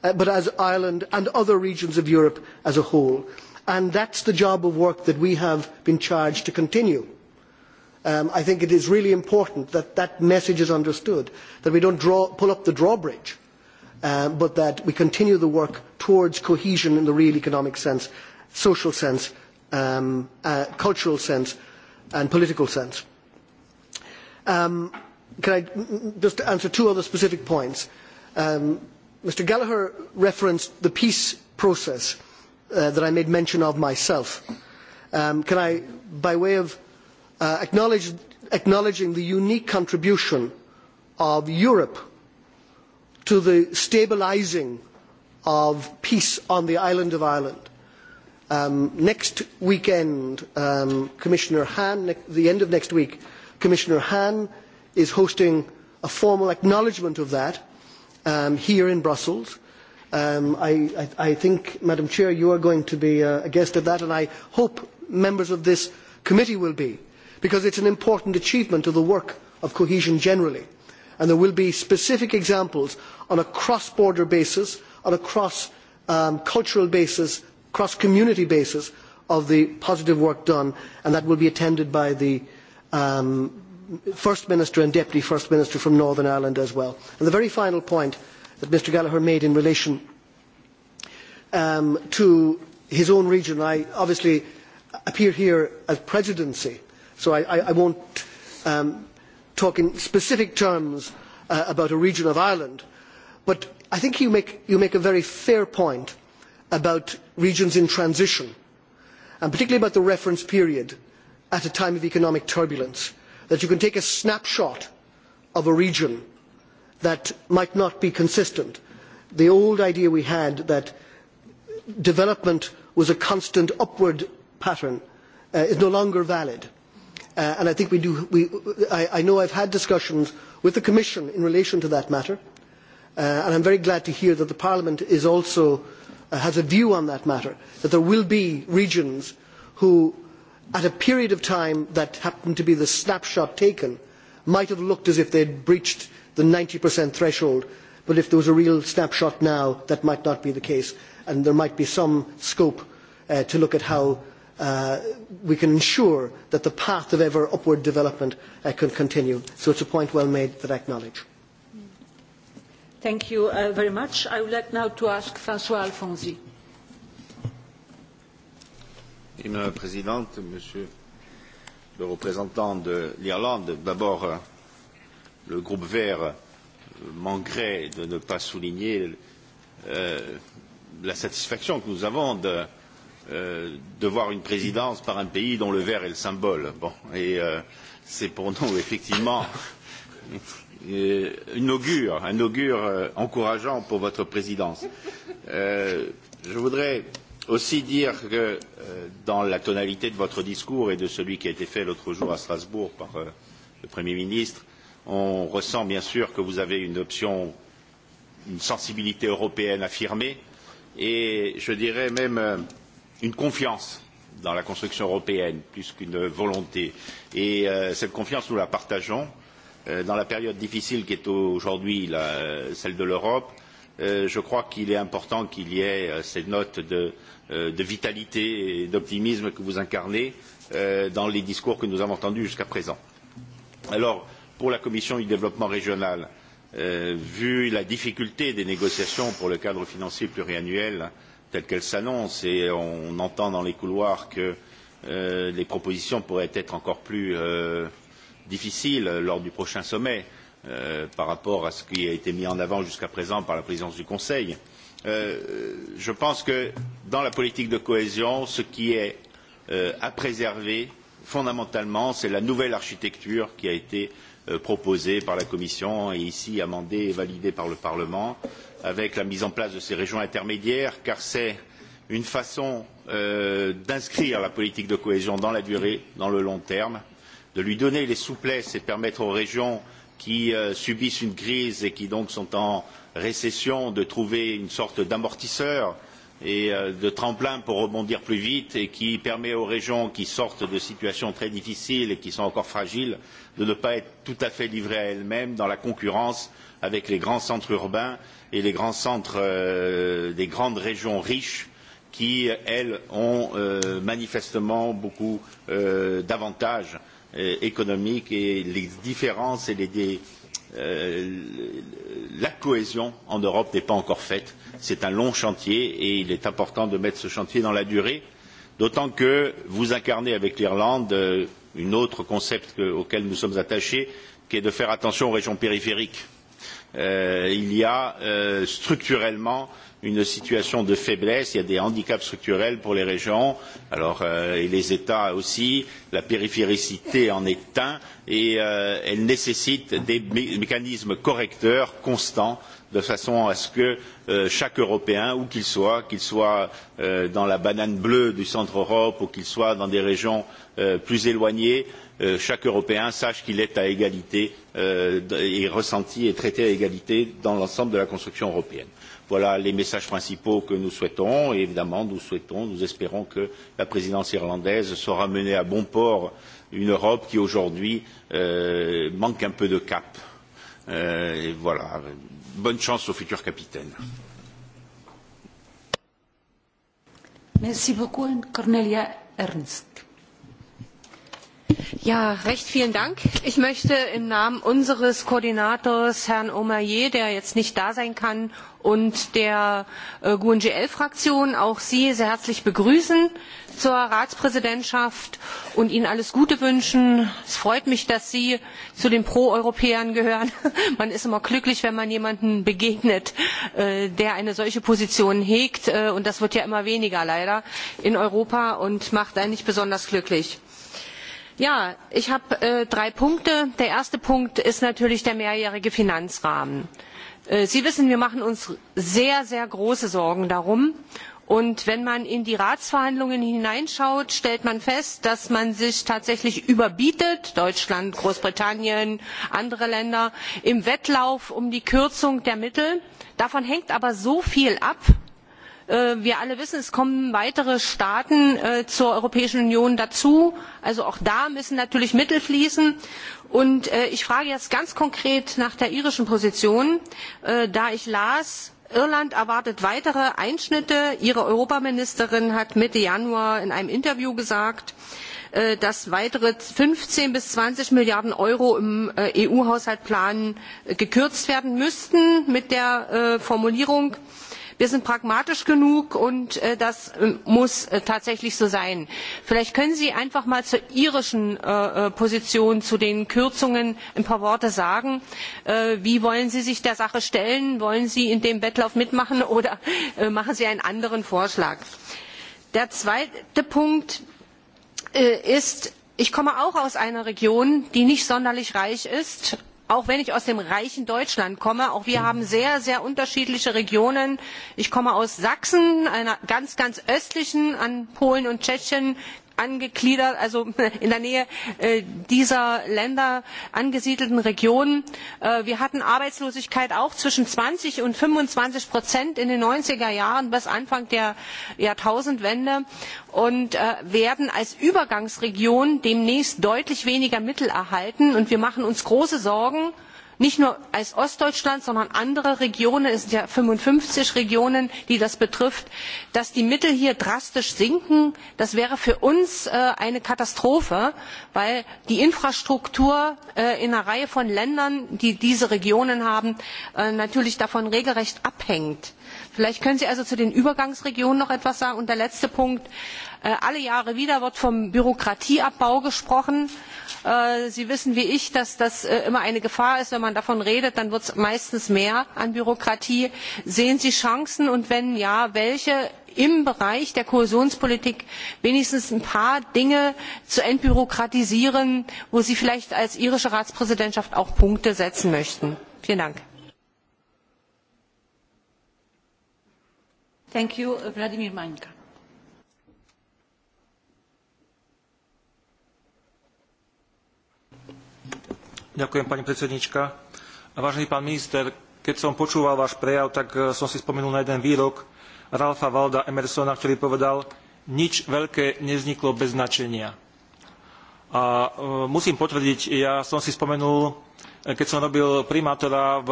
uh, but as Ireland and other regions of Europe as a whole. And that's the job of work that we have been charged to continue. Um, I think it is really important that that message is understood, that we don't draw, pull up the drawbridge, uh, but that we continue the work towards cohesion in the real economic sense social sense, um, uh, cultural sense and political sense. Um, can I just answer two other specific points? Um, Mr Gallagher referenced the peace process uh, that I made mention of myself. Um, can I, by way of uh, acknowledge, acknowledging the unique contribution of Europe to the stabilising of peace on the island of Ireland, Um, next weekend, um, the end of next week, Commissioner Hahn is hosting a formal acknowledgement of that um, here in Brussels. Um, I, think, Madam Chair, you are going to be uh, a guest of that, and I hope members of this committee will be, because it is an important achievement of the work of cohesion generally. And there will be specific examples on a cross-border basis, on a cross-cultural basis cross community basis of the positive work done, and that will be attended by the um, First Minister and Deputy First Minister from Northern Ireland as well. And the very final point that Mr Gallagher made in relation um, to his own region, I obviously appear here as presidency, so I, I, I won't um, talk in specific terms uh, about a region of Ireland, but I think you make, you make a very fair point about regions in transition and particularly about the reference period at a time of economic turbulence that you can take a snapshot of a region that might not be consistent. the old idea we had that development was a constant upward pattern uh, is no longer valid. Uh, and I, think we do, we, I, I know I've had discussions with the Commission in relation to that matter, uh, and I'm very glad to hear that the Parliament is also Uh, has a view on that matter that there will be regions which at a period of time that happened to be the snapshot taken might have looked as if they had breached the ninety threshold but if there was a real snapshot now that might not be the case and there might be some scope uh, to look at how uh, we can ensure that the path of ever upward development can continue. So it is a point well made that I acknowledge. Thank you uh, very much. I would like now to ask François Alfonsi. Madame la Présidente, Monsieur le représentant de l'Irlande, d'abord, euh, le groupe vert euh, manquerait de ne pas souligner euh, la satisfaction que nous avons de, euh, de voir une présidence par un pays dont le vert est le symbole. Bon, et euh, c'est pour nous effectivement euh, augure, un augure euh, encourageant pour votre présidence. Euh, je voudrais aussi dire que euh, dans la tonalité de votre discours et de celui qui a été fait l'autre jour à Strasbourg par euh, le Premier ministre, on ressent bien sûr que vous avez une option, une sensibilité européenne affirmée et je dirais même euh, une confiance dans la construction européenne plus qu'une volonté. Et euh, cette confiance, nous la partageons. Euh, dans la période difficile qui est aujourd'hui euh, celle de l'Europe, euh, je crois qu'il est important qu'il y ait ces notes de, de vitalité et d'optimisme que vous incarnez dans les discours que nous avons entendus jusqu'à présent. Alors, pour la Commission du développement régional, vu la difficulté des négociations pour le cadre financier pluriannuel telle qu'elle s'annonce, et on entend dans les couloirs que les propositions pourraient être encore plus euh, difficile lors du prochain sommet euh, par rapport à ce qui a été mis en avant jusqu'à présent par la présidence du Conseil. Euh, je pense que dans la politique de cohésion, ce qui est euh, à préserver fondamentalement, c'est la nouvelle architecture qui a été euh, proposée par la Commission et ici amendée et validée par le Parlement, avec la mise en place de ces régions intermédiaires, car c'est une façon euh, d'inscrire la politique de cohésion dans la durée, dans le long terme, de lui donner les souplesses et de permettre aux régions qui euh, subissent une crise et qui donc sont en récession de trouver une sorte d'amortisseur et euh, de tremplin pour rebondir plus vite et qui permet aux régions qui sortent de situations très difficiles et qui sont encore fragiles de ne pas être tout à fait livrées à elles-mêmes dans la concurrence avec les grands centres urbains et les grands centres euh, des grandes régions riches qui, elles, ont euh, manifestement beaucoup euh, d'avantages euh, économique et les différences et les, les, euh, la cohésion en Europe n'est pas encore faite. C'est un long chantier et il est important de mettre ce chantier dans la durée, d'autant que vous incarnez avec l'Irlande euh, une autre concept que, auquel nous sommes attachés, qui est de faire attention aux régions périphériques. Euh, il y a euh, structurellement euh, une situation de faiblesse, il y a des handicaps structurels pour les régions alors, euh, et les États aussi. La périphéricité en est un et euh, elle nécessite des mé mécanismes correcteurs constants de façon à ce que euh, chaque Européen, où qu'il soit, qu'il soit euh, dans la banane bleue du centre Europe ou qu'il soit dans des régions euh, plus éloignées, euh, chaque Européen sache qu'il est à égalité euh, et ressenti et traité à égalité dans l'ensemble de la construction européenne. Voilà les messages principaux que nous souhaitons. Et évidemment, nous souhaitons, nous espérons que la présidence irlandaise saura mener à bon port une Europe qui aujourd'hui euh, manque un peu de cap. Euh, et voilà. Bonne chance au futur capitaine. Merci beaucoup, Cornelia Ernst. Ja, recht vielen Dank. Ich möchte im Namen unseres Koordinators Herrn Omerje, der jetzt nicht da sein kann, und der äh, GUNGL-Fraktion auch Sie sehr herzlich begrüßen zur Ratspräsidentschaft und Ihnen alles Gute wünschen. Es freut mich, dass Sie zu den Pro-Europäern gehören. man ist immer glücklich, wenn man jemanden begegnet, äh, der eine solche Position hegt. Äh, und das wird ja immer weniger leider in Europa und macht einen nicht besonders glücklich ich habe äh, drei Punkte. Der erste Punkt ist natürlich der mehrjährige Finanzrahmen. Äh, Sie wissen, wir machen uns sehr, sehr große Sorgen darum. Und wenn man in die Ratsverhandlungen hineinschaut, stellt man fest, dass man sich tatsächlich überbietet, Deutschland, Großbritannien, andere Länder, im Wettlauf um die Kürzung der Mittel. Davon hängt aber so viel ab, Äh, wir alle wissen es kommen weitere staaten äh, zur europäischen union dazu also auch da müssen natürlich mittel fließen. Und äh, ich frage jetzt ganz konkret nach der irischen position da ich las irland erwartet weitere einschnitte ihre europaministerin hat mitte januar in einem interview gesagt dass weitere fünfzehn bis zwanzig milliarden euro im eu haushaltsplan gekürzt werden müssten mit der formulierung wir sind pragmatisch genug und äh, das äh, muss äh, tatsächlich so sein. vielleicht können sie einfach mal zur irischen position zu den kürzungen ein paar worte sagen. wie wollen sie sich der sache stellen? wollen sie in dem wettlauf mitmachen oder machen sie einen anderen vorschlag? der zweite punkt ist ich komme auch aus einer region die nicht sonderlich reich ist auch wenn ich aus dem reichen Deutschland komme, auch wir haben sehr, sehr unterschiedliche Regionen. Ich komme aus Sachsen, einer ganz, ganz östlichen an Polen und Tschechien angegliedert, also in der Nähe äh, dieser Länder angesiedelten Regionen. Äh, wir hatten Arbeitslosigkeit auch zwischen 20 und 25 Prozent in den 90er Jahren bis Anfang der Jahrtausendwende und äh, werden als Übergangsregion demnächst deutlich weniger Mittel erhalten. Und wir machen uns große Sorgen, nicht nur als ostdeutschland sondern auch andere regionen es sind ja fünfundfünfzig regionen die das betrifft dass die mittel hier drastisch sinken das wäre für uns äh, eine katastrophe weil die infrastruktur äh, in einer reihe von ländern die diese regionen haben äh, natürlich davon regelrecht abhängt. vielleicht können sie also zu den übergangsregionen noch etwas sagen. und der letzte punkt Äh, alle jahre wieder wird vom bürokratieabbau gesprochen. Äh, sie wissen wie ich dass das äh, immer eine gefahr ist wenn man davon redet dann wird es meistens mehr an bürokratie. sehen sie chancen und wenn ja welche im bereich der kohäsionspolitik wenigstens ein paar dinge zu entbürokratisieren wo sie vielleicht als irische ratspräsidentschaft auch punkte setzen möchten? vielen dank. Ďakujem, pani predsednička. Vážený pán minister, keď som počúval váš prejav, tak e, som si spomenul na jeden výrok Ralfa Valda Emersona, ktorý povedal, nič veľké nevzniklo bez značenia. A e, musím potvrdiť, ja som si spomenul, e, keď som robil primátora v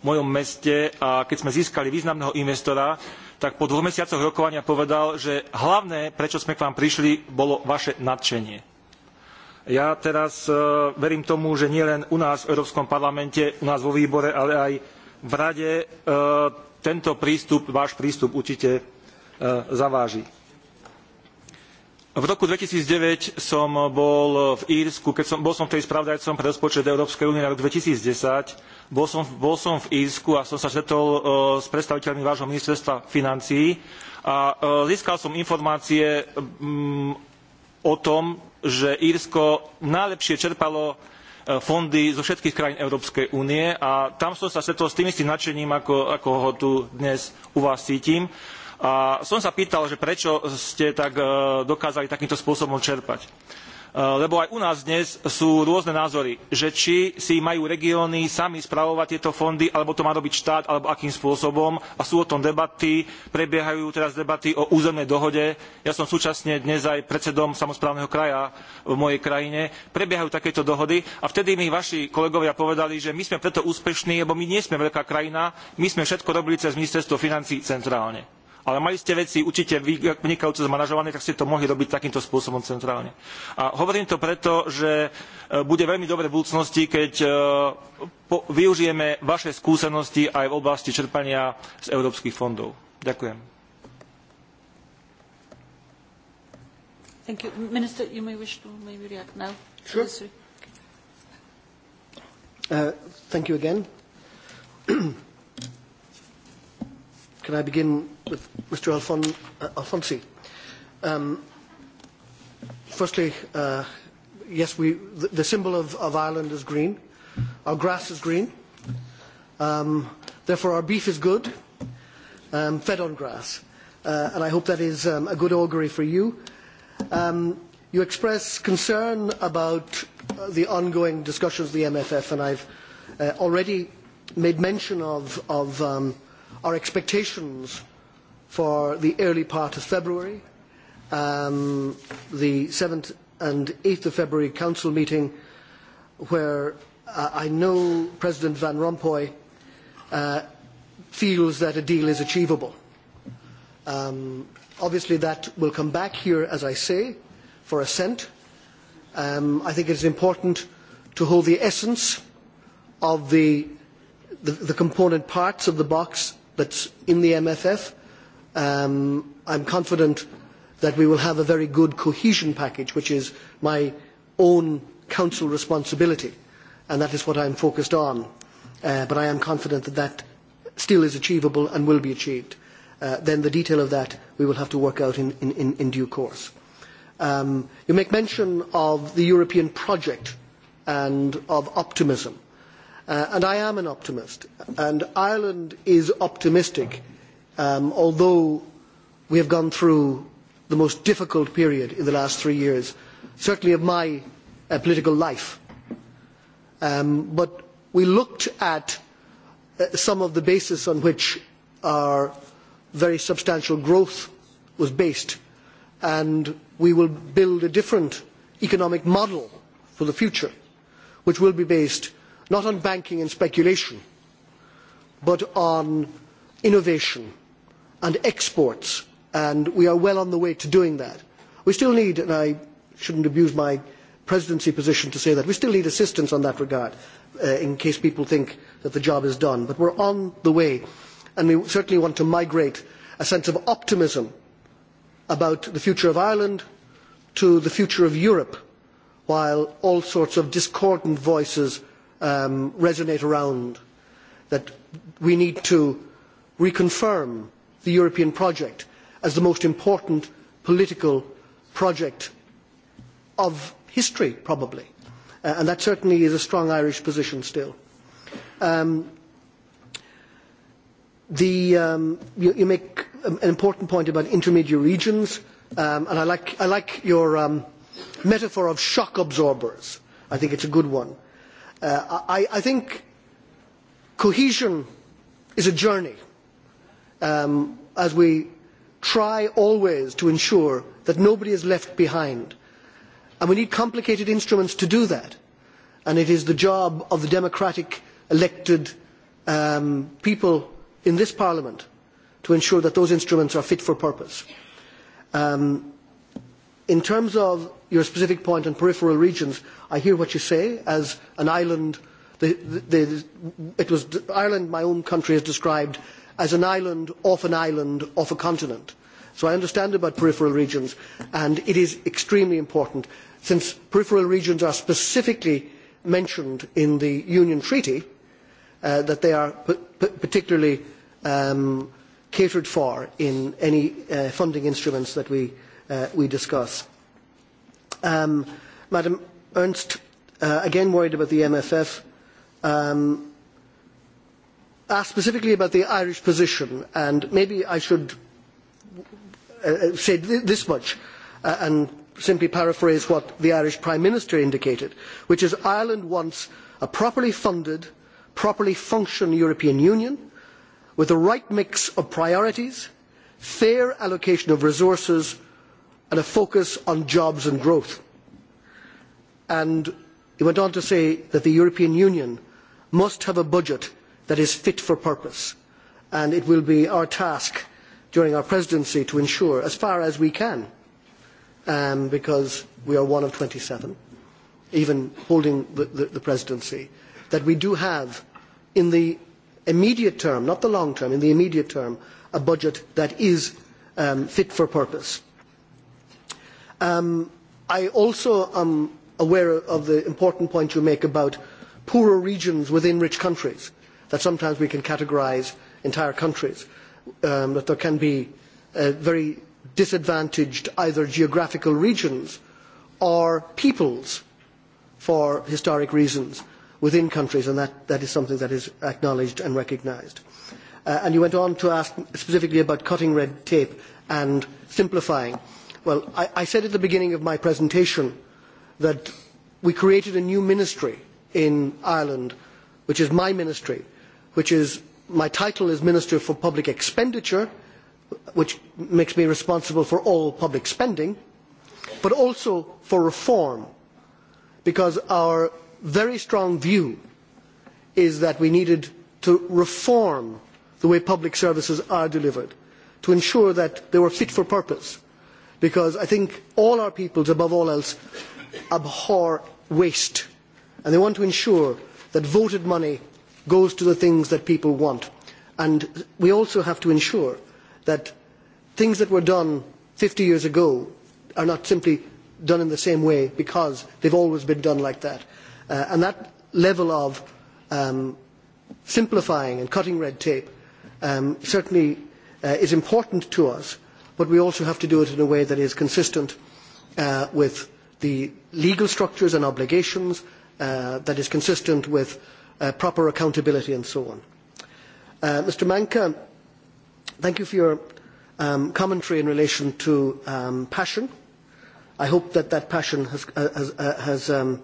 mojom meste a keď sme získali významného investora, tak po dvoch mesiacoch rokovania povedal, že hlavné, prečo sme k vám prišli, bolo vaše nadšenie. Ja teraz e, verím tomu, že nielen u nás v Európskom parlamente, u nás vo výbore, ale aj v rade e, tento prístup, váš prístup určite e, zaváži. V roku two thousand and nine som bol v Írsku, keď som, bol som vtedy spravodajcom pre rozpočet Európskej únie na rok two 2010. Bol som, bol som v Írsku a som sa stretol s predstaviteľmi vášho ministerstva financií a získal som informácie o tom, že Írsko najlepšie čerpalo e, fondy zo všetkých krajín Európskej únie a tam som sa stretol s tým istým nadšením, ako, ako ho tu dnes u vás cítim. A som sa pýtal, že prečo ste tak e, dokázali takýmto spôsobom čerpať. Uh, E, lebo aj u nás dnes sú rôzne názory, že či si majú regióny sami spravovať tieto fondy, alebo to má robiť štát, alebo akým spôsobom. A sú o tom debaty, prebiehajú teraz debaty o územnej dohode. Ja som súčasne dnes aj predsedom samozprávneho kraja v mojej krajine. Prebiehajú takéto dohody a vtedy mi vaši kolegovia povedali, že my sme preto úspešní, lebo my nie sme veľká krajina, my sme všetko robili cez ministerstvo financí centrálne ale mali ste veci určite vynikajúco zmanažované, tak ste to mohli robiť takýmto spôsobom centrálne. A hovorím to preto, že e, bude veľmi dobre v budúcnosti, keď e, využijeme vaše skúsenosti aj v oblasti čerpania z európskych fondov. Ďakujem. Thank you. Minister, you may wish to maybe react now. Sure. Uh, thank you again. Can I begin with Mr. Alfon- uh, Alfonsi? Um, firstly, uh, yes, we, the, the symbol of, of Ireland is green. Our grass is green. Um, therefore, our beef is good, um, fed on grass. Uh, and I hope that is um, a good augury for you. Um, you express concern about uh, the ongoing discussions of the MFF, and I've uh, already made mention of, of um, uh, our expectations for the early part of February, um, the 7th and 8th of February Council meeting, where uh, I know President Van Rompuy uh, feels that a deal is achievable. Um, obviously, that will come back here, as I say, for assent. Um, I think it is important to hold the essence of the, the, the component parts of the box that's in the MFF. Um, I'm confident that we will have a very good cohesion package, which is my own council responsibility, and that is what I'm focused on. Uh, but I am confident that that still is achievable and will be achieved. Uh, then the detail of that we will have to work out in, due course. Um, you make mention of the European project and of optimism. Uh, and I am an optimist. And Ireland is optimistic, um, although we have gone through the most difficult period in the last three years, certainly of my uh, political life. Um, but we looked at uh, some of the bases on which our very substantial growth was based, and we will build a different economic model for the future, which will be based not on banking and speculation but on innovation and exports and we are well on the way to doing that. we still need and i should not abuse my presidency position to say that we still need assistance in that regard uh, in case people think that the job is done but we are on the way and we certainly want to migrate a sense of optimism about the future of ireland to the future of europe while all sorts of discordant voices um, resonate around that we need to reconfirm the European project as the most important political project of history, probably. Uh, and that certainly is a strong Irish position still. Um, the, um, you, you, make an important point about intermediate regions, um, and I like, I like your um, metaphor of shock absorbers. I think it's a good one. Uh, I, I, think cohesion is a journey um, as we try always to ensure that nobody is left behind. And we need complicated instruments to do that. And it is the job of the democratic elected um, people in this parliament to ensure that those instruments are fit for purpose. Um, in terms of your specific point on peripheral regions, I hear what you say. As an island, the, the, the, it was Ireland, my own country, is described as an island off an island off a continent. So I understand about peripheral regions, and it is extremely important. Since peripheral regions are specifically mentioned in the Union Treaty, uh, that they are particularly um, catered for in any uh, funding instruments that we, uh, we discuss. Um, Madam Ernst, uh, again worried about the MFF, um, asked specifically about the Irish position, and maybe I should uh, uh, say this much and simply paraphrase what the Irish Prime Minister indicated, which is Ireland wants a properly funded, properly functioning European Union with the right mix of priorities, fair allocation of resources, and a focus on jobs and growth. And he went on to say that the European Union must have a budget that is fit for purpose. And it will be our task during our presidency to ensure, as far as we can, um, because we are one of 27, even holding the, the, the presidency, that we do have in the immediate term, not the long term, in the immediate term, a budget that is um, fit for purpose Um, I also am aware of the important point you make about poorer regions within rich countries, that sometimes we can categorise entire countries, and um, that there can be uh, very disadvantaged either geographical regions or peoples for historic reasons within countries, and that, that is something that is acknowledged and recognised. Uh, and you went on to ask specifically about cutting red tape and simplifying. Well, I, I said at the beginning of my presentation that we created a new ministry in Ireland, which is my ministry, which is my title is Minister for Public Expenditure, which makes me responsible for all public spending, but also for reform, because our very strong view is that we needed to reform the way public services are delivered to ensure that they were fit for purpose because I think all our peoples, above all else, abhor waste and they want to ensure that voted money goes to the things that people want. And we also have to ensure that things that were done 50 years ago are not simply done in the same way because they've always been done like that. Uh, and that level of um, simplifying and cutting red tape um, certainly uh, is important to us but we also have to do it in a way that is consistent uh, with the legal structures and obligations, uh, that is consistent with uh, proper accountability and so on. Uh, Mr Manka, thank you for your um, commentary in relation to um, passion. I hope that that passion has, uh, has, uh, has, um,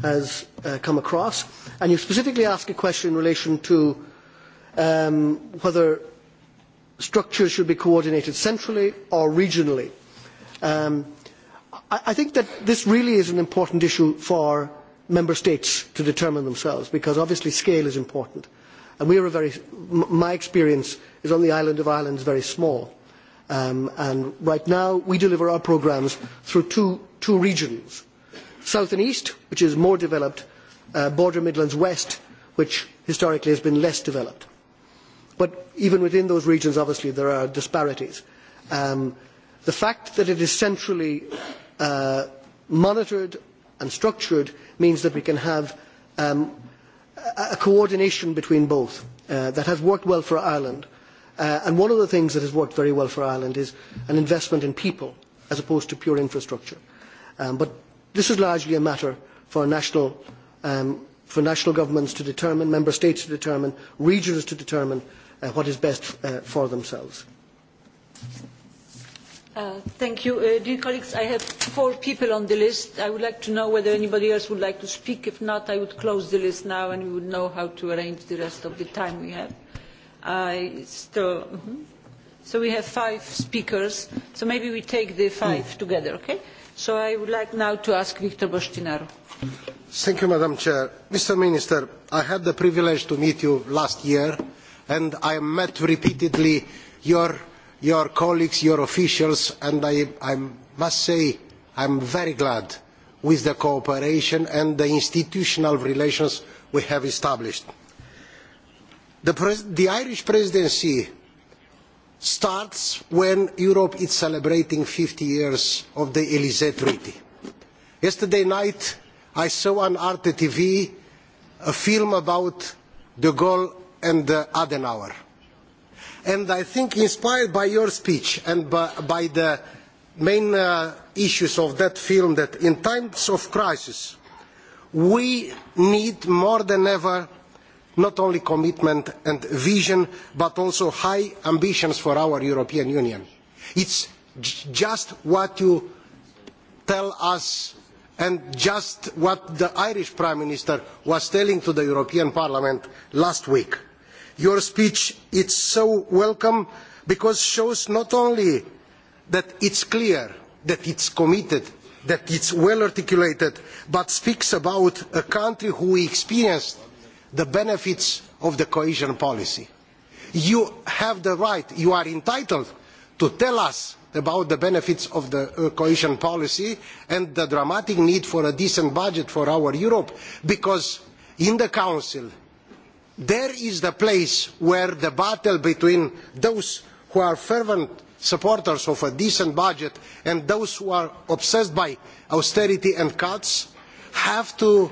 has come across. And you specifically ask a question in relation to um, whether structures should be coordinated centrally or regionally. Um, I, I think that this really is an important issue for member states to determine themselves because obviously scale is important. And we are a very, my experience is on the island of Ireland is very small. Um, and right now we deliver our programmes through two, two regions. South and East, which is more developed, uh, Border Midlands West, which historically has been less developed But even within those regions, obviously, there are disparities. Um, the fact that it is centrally uh, monitored and structured means that we can have um, a coordination between both uh, that has worked well for Ireland. Uh, and one of the things that has worked very well for Ireland is an investment in people as opposed to pure infrastructure. Um, but this is largely a matter for national, um, for national governments to determine, member states to determine, regions to determine, Uh, what is best uh, for themselves. Uh, thank you. Uh, dear colleagues, I have four people on the list. I would like to know whether anybody else would like to speak. If not, I would close the list now and we would know how to arrange the rest of the time we have. I still... Mm -hmm. So we have five speakers, so maybe we take the five mm. together, okay? So I would like now to ask Victor Bostinaro. Thank you, Madam Chair. Mr. Minister, I had the privilege to meet you last year and i met repeatedly your, colleagues your officials and I, must say i am very glad with the cooperation and the institutional relations we have established. the, the irish presidency starts when europe is celebrating fifty years of the elysee treaty. yesterday night i saw on arte tv a film about de gaulle and uh, Adenauer. And I think inspired by your speech and by, the main uh, issues of that film that in times of crisis we need more than ever not only commitment and vision but also high ambitions for our european union. it is just what you tell us and just what the irish prime minister was telling to the european parliament last week. Your speech is so welcome because it shows not only that it's clear, that it's committed, that it's well articulated, but speaks about a country who experienced the benefits of the cohesion policy. You have the right, you are entitled to tell us about the benefits of the uh, cohesion policy and the dramatic need for a decent budget for our Europe because in the Council there is the place where the battle between those who are fervent supporters of a decent budget and those who are obsessed by austerity and cuts have to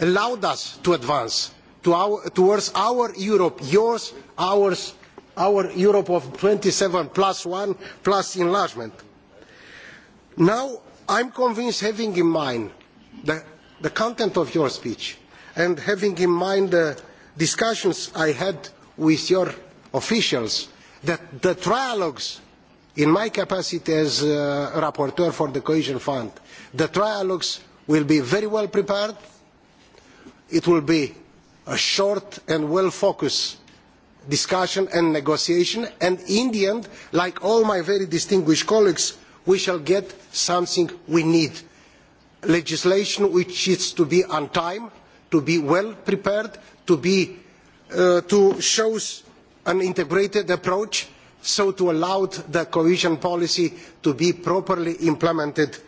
allow us to advance to our, towards our Europe, yours, ours, our Europe of 27 plus 1 plus enlargement. Now, I'm convinced, having in mind the, the content of your speech and having in mind the discussions I had with your officials that the trialogues, in my capacity as uh, rapporteur for the Cohesion Fund, the trialogues will be very well prepared. It will be a short and well-focused discussion and negotiation. And in the end, like all my very distinguished colleagues, we shall get something we need. Legislation which is to be on time, to be well prepared, to be uh, to show an integrated approach so to allow the cohesion policy to be properly implemented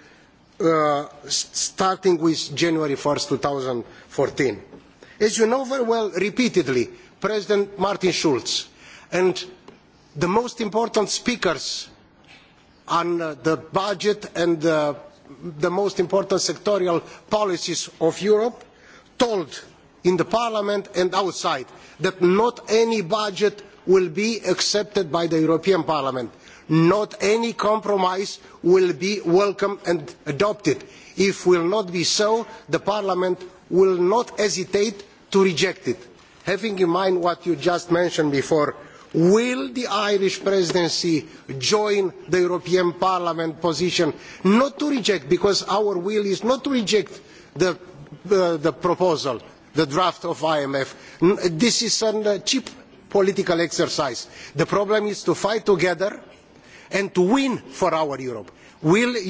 uh, starting with January 1st, 2014. As you know very well, repeatedly, President Martin Schulz and the most important speakers on uh, the budget and the, uh, the most important sectorial policies of Europe told in the parliament and outside that not any budget will be accepted by the european parliament not any compromise will be welcomed and adopted. if it will not be so the parliament will not hesitate to reject it. having in mind what you just mentioned before will the irish presidency join the european parliament position not to reject because our will is not to reject the uh, proposal the draft of imf. this is a uh, cheap political exercise. the problem is to fight together and to win for our europe. will the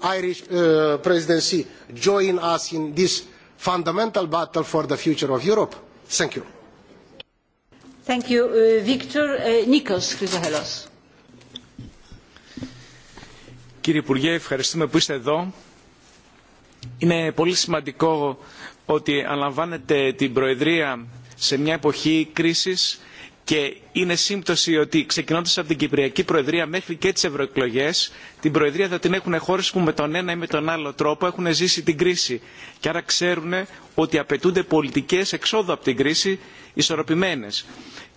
uh, irish uh, presidency join us in this fundamental battle for the future of europe? thank you. Κύριε Υπουργέ, ευχαριστούμε που είστε εδώ. Είναι πολύ σημαντικό ότι αναλαμβάνετε την Προεδρία σε μια εποχή κρίσης και είναι σύμπτωση ότι ξεκινώντας από την Κυπριακή Προεδρία μέχρι και τις ευρωεκλογέ, την Προεδρία θα την έχουν χώρε που με τον ένα ή με τον άλλο τρόπο έχουν ζήσει την κρίση και άρα ξέρουν ότι απαιτούνται πολιτικές εξόδου από την κρίση ισορροπημένες.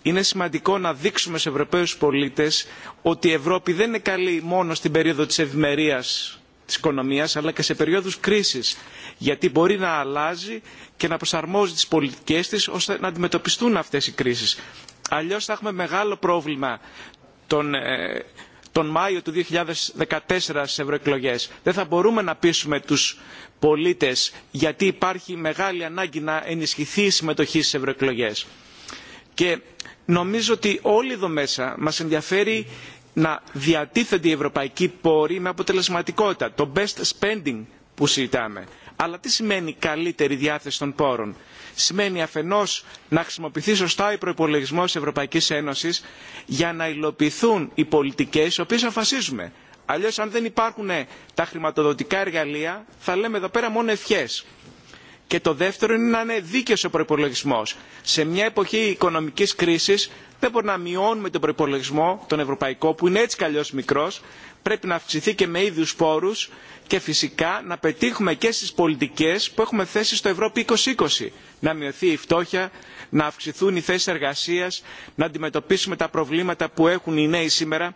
Είναι σημαντικό να δείξουμε στους Ευρωπαίους πολίτες ότι η Ευρώπη δεν είναι καλή μόνο στην περίοδο της ευημερίας της οικονομίας αλλά και σε περίοδους κρίσης γιατί μπορεί να αλλάζει και να προσαρμόζει τις πολιτικές της ώστε να αντιμετωπιστούν αυτές οι κρίσεις. Αλλιώς θα έχουμε μεγάλο πρόβλημα τον, τον Μάιο του 2014 στις ευρωεκλογέ. Δεν θα μπορούμε να πείσουμε τους πολίτες γιατί υπάρχει μεγάλη ανάγκη να ενισχυθεί η συμμετοχή στις ευρωεκλογέ. Και νομίζω ότι όλοι εδώ μέσα μας ενδιαφέρει να διατίθενται οι ευρωπαϊκοί πόροι με αποτελεσματικότητα, το best spending που συζητάμε. Αλλά τι σημαίνει καλύτερη διάθεση των πόρων. Σημαίνει αφενός να χρησιμοποιηθεί σωστά ο προπολογισμό της Ευρωπαϊκής Ένωσης για να υλοποιηθούν οι πολιτικές τις οποίες αφασίζουμε. Αλλιώς αν δεν υπάρχουν τα χρηματοδοτικά εργαλεία θα λέμε εδώ πέρα μόνο ευχές και το δεύτερο είναι να είναι δίκαιος ο προϋπολογισμός. Σε μια εποχή οικονομικής κρίσης δεν μπορούμε να μειώνουμε τον προϋπολογισμό, τον ευρωπαϊκό, που είναι έτσι καλλιώς μικρός, πρέπει να αυξηθεί και με ίδιους πόρους και φυσικά να πετύχουμε και στις πολιτικές που έχουμε θέσει στο Ευρώπη 2020. Να μειωθεί η φτώχεια, να αυξηθούν οι θέσεις εργασίας, να αντιμετωπίσουμε τα προβλήματα που έχουν οι νέοι σήμερα.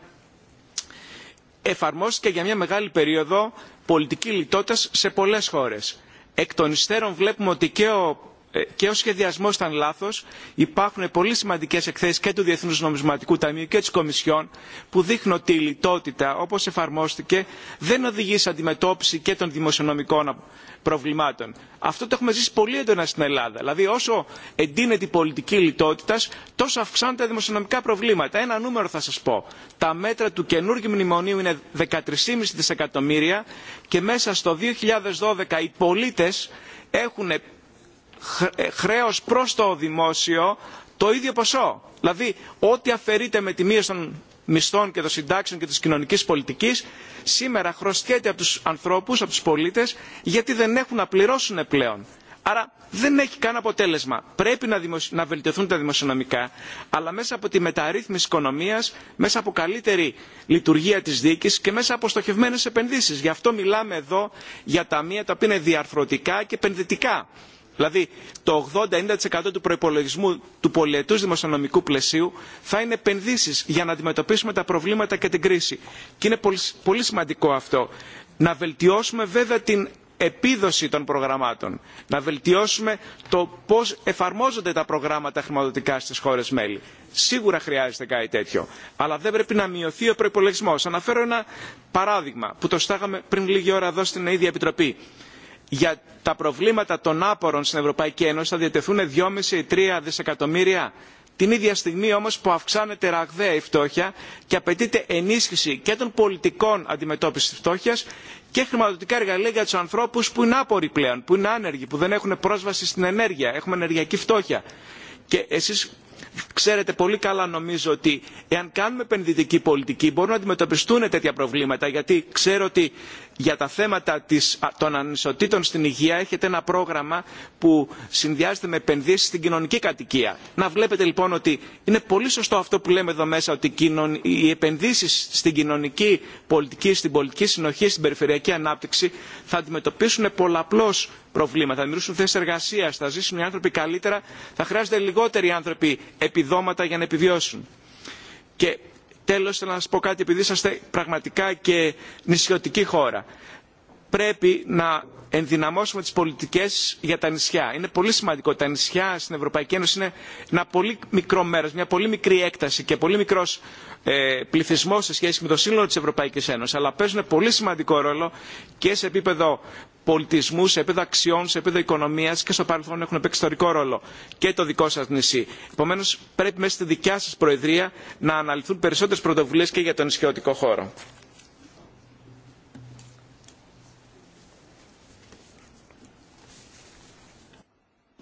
Εφαρμόστηκε για μια μεγάλη περίοδο πολιτική λιτότητας σε πολλές χώρες εκ των υστέρων βλέπουμε ότι και ο και ο σχεδιασμός ήταν λάθος. Υπάρχουν πολύ σημαντικές εκθέσεις και του Διεθνούς Νομισματικού Ταμείου και της Κομισιόν που δείχνουν ότι η λιτότητα όπως εφαρμόστηκε δεν οδηγεί σε αντιμετώπιση και των δημοσιονομικών προβλημάτων. Αυτό το έχουμε ζήσει πολύ έντονα στην Ελλάδα. Δηλαδή όσο εντείνεται η πολιτική λιτότητα τόσο αυξάνονται τα δημοσιονομικά προβλήματα. Ένα νούμερο θα σας πω. Τα μέτρα του καινούργιου μνημονίου είναι 13,5 δισεκατομμύρια και μέσα στο 2012 οι πολίτες έχουν χρέος προς το δημόσιο το ίδιο ποσό. Δηλαδή, ό,τι αφαιρείται με τη μείωση των μισθών και των συντάξεων και της κοινωνικής πολιτικής, σήμερα χρωστιέται από τους ανθρώπους, από τους πολίτες, γιατί δεν έχουν να πληρώσουν πλέον. Άρα δεν έχει καν αποτέλεσμα. Πρέπει να, δημοσι... να βελτιωθούν τα δημοσιονομικά, αλλά μέσα από τη μεταρρύθμιση οικονομίας, μέσα από καλύτερη λειτουργία της δίκης και μέσα από στοχευμένες επενδύσεις. Γι' αυτό μιλάμε εδώ για ταμεία τα οποία είναι διαρθρωτικά και επενδυτικά Δηλαδή το 80-90% του προπολογισμού του πολιετού δημοσιονομικού πλαισίου θα είναι επενδύσει για να αντιμετωπίσουμε τα προβλήματα και την κρίση. Και είναι πολύ, πολύ σημαντικό αυτό. Να βελτιώσουμε βέβαια την επίδοση των προγραμμάτων. Να βελτιώσουμε το πώ εφαρμόζονται τα προγράμματα χρηματοδοτικά στι χώρε μέλη. Σίγουρα χρειάζεται κάτι τέτοιο. Αλλά δεν πρέπει να μειωθεί ο προπολογισμό. Αναφέρω ένα παράδειγμα που το στάγαμε πριν λίγη ώρα εδώ στην ίδια Επιτροπή για τα προβλήματα των άπορων στην Ευρωπαϊκή Ένωση θα διατεθούν 2,5 ή 3 δισεκατομμύρια. Την ίδια στιγμή όμως που αυξάνεται ραγδαία η φτώχεια και απαιτείται ενίσχυση και των πολιτικών αντιμετώπισης της φτώχειας και χρηματοδοτικά εργαλεία για τους ανθρώπους που είναι άποροι πλέον, που είναι άνεργοι, που δεν έχουν πρόσβαση στην ενέργεια, έχουμε ενεργειακή φτώχεια. Και εσείς ξέρετε πολύ καλά νομίζω ότι εάν κάνουμε επενδυτική πολιτική μπορούν να αντιμετωπιστούν τέτοια προβλήματα γιατί ξέρω ότι για τα θέματα της, των ανισοτήτων στην υγεία έχετε ένα πρόγραμμα που συνδυάζεται με επενδύσεις στην κοινωνική κατοικία. Να βλέπετε λοιπόν ότι είναι πολύ σωστό αυτό που λέμε εδώ μέσα ότι οι επενδύσεις στην κοινωνική πολιτική, στην πολιτική συνοχή, στην περιφερειακή ανάπτυξη θα αντιμετωπίσουν πολλαπλώς προβλήματα, θα δημιουργήσουν θέσει εργασία, θα ζήσουν οι άνθρωποι καλύτερα, θα χρειάζονται λιγότεροι άνθρωποι επιδόματα για να επιβιώσουν. Και Τέλος, θέλω να σας πω κάτι, επειδή είσαστε πραγματικά και νησιωτική χώρα. Πρέπει να ενδυναμώσουμε τις πολιτικές για τα νησιά. Είναι πολύ σημαντικό. Τα νησιά στην Ευρωπαϊκή Ένωση είναι ένα πολύ μικρό μέρος, μια πολύ μικρή έκταση και πολύ μικρός ε, πληθυσμός σε σχέση με το σύνολο της Ευρωπαϊκής Ένωσης. Αλλά παίζουν πολύ σημαντικό ρόλο και σε επίπεδο πολιτισμού, σε επίπεδο αξιών, σε επίπεδο οικονομία και στο παρελθόν έχουν παίξει ιστορικό ρόλο και το δικό σα νησί. Επομένω, πρέπει μέσα στη δικιά σα Προεδρία να αναλυθούν περισσότερε πρωτοβουλίε και για τον νησιωτικό χώρο.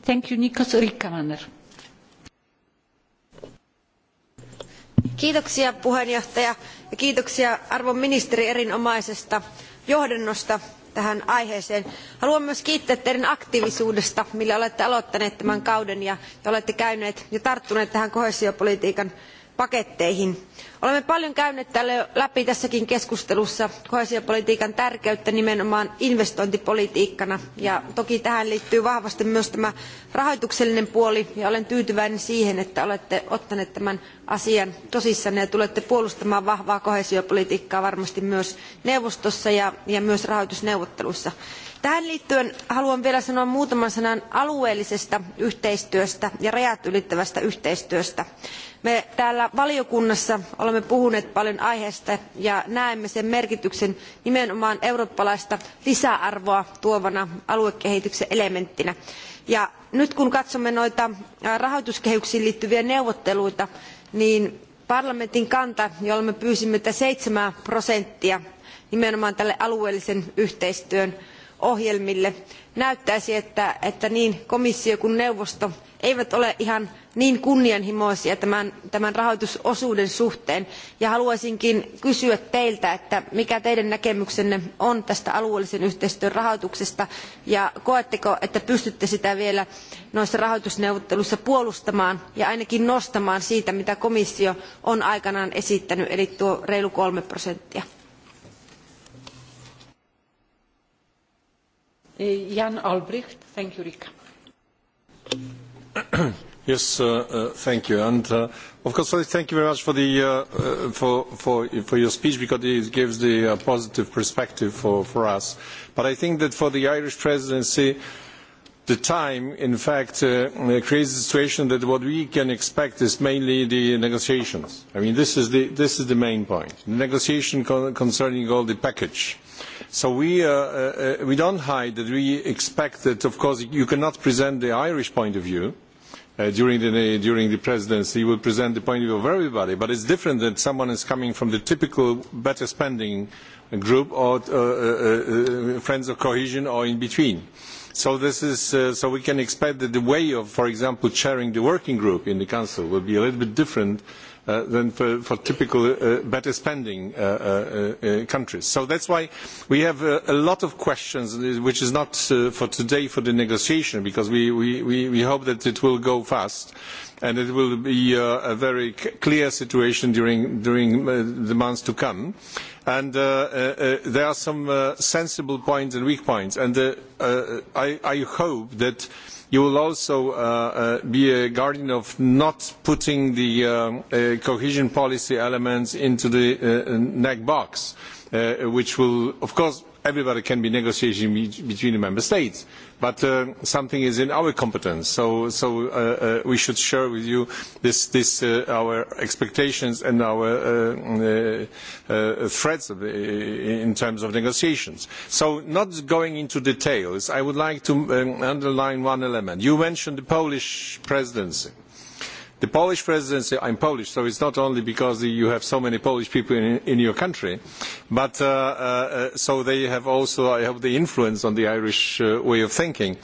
Thank you, Nikos Kiitoksia puheenjohtaja ja kiitoksia arvon ministeri erinomaisesta johdannosta tähän aiheeseen. Haluan myös kiittää teidän aktiivisuudesta, millä olette aloittaneet tämän kauden ja, olette käyneet ja tarttuneet tähän koheesiopolitiikan paketteihin. olemme paljon käyneet läpi tässäkin keskustelussa koheesiopolitiikan tärkeyttä nimenomaan investointipolitiikkana ja toki tähän liittyy vahvasti myös tämä rahoituksellinen puoli ja olen tyytyväinen siihen että olette ottaneet tämän asian tosissanne ja tulette puolustamaan vahvaa koheesiopolitiikkaa varmasti myös neuvostossa ja, ja myös rahoitusneuvotteluissa. Tähän liittyen haluan vielä sanoa muutaman sanan alueellisesta yhteistyöstä ja rajat ylittävästä yhteistyöstä. Me täällä valiokunnassa olemme puhuneet paljon aiheesta ja näemme sen merkityksen nimenomaan eurooppalaista lisäarvoa tuovana aluekehityksen elementtinä. Ja nyt kun katsomme noita rahoituskehyksiin liittyviä neuvotteluita, niin parlamentin kanta, jolla me pyysimme että 7 prosenttia nimenomaan tälle alueellisen yhteistyön ohjelmille. näyttäisi että, että niin komissio kuin neuvosto eivät ole ihan niin kunnianhimoisia tämän, rahoitusosuuden suhteen ja haluaisinkin kysyä teiltä että mikä teidän näkemyksenne on tästä alueellisen yhteistyön rahoituksesta ja koetteko että pystytte sitä vielä noissa rahoitusneuvotteluissa puolustamaan ja ainakin nostamaan siitä mitä komissio on aikanaan esittänyt eli tuo reilu kolme prosenttia? Eh, Jan Albrecht. Thank you, yes, uh, uh, thank you. And uh, of course, thank you very much for, for your speech because it gives the positive perspective for us. But I think that for the Irish presidency, the time, in fact, uh, uh, creates a situation that what we can expect is mainly the negotiations. I mean, this is the, this is the main point, the negotiation con concerning all the package. So we, uh, uh, uh, we don't hide that we expect that, of course, you cannot present the Irish point of view. Uh, during, the, during the presidency, you will present the point of view of everybody, but it's different that someone is coming from the typical better spending group or uh, uh, uh, uh friends of cohesion or in between. Uh, So, this is, uh, so we can expect that the way of, for example, chairing the working group in the Council will be a little bit different Uh, than for, typical uh, better spending uh, countries. So that's why we have a, lot of questions, which is not for today for the negotiation, because we, hope that it will go fast and it will be a very clear situation during, the months to come. And there are some sensible points and weak points. And I, I hope that you will also uh, uh, be a guardian of not putting the uh, uh, cohesion policy elements into the uh, box, which will, of course, everybody can be negotiating between the member states, but uh, something is in our competence. So, so uh, uh, we should share with you this, this uh, our expectations and our uh, uh, threats in terms of negotiations. So, not going into details, I would like to um, underline one element. You mentioned the Polish presidency the Polish presidency, I'm Polish, so it's not only because you have so many Polish people in, in your country, but uh, uh, so they have also, I hope, the influence on the Irish uh, way of thinking.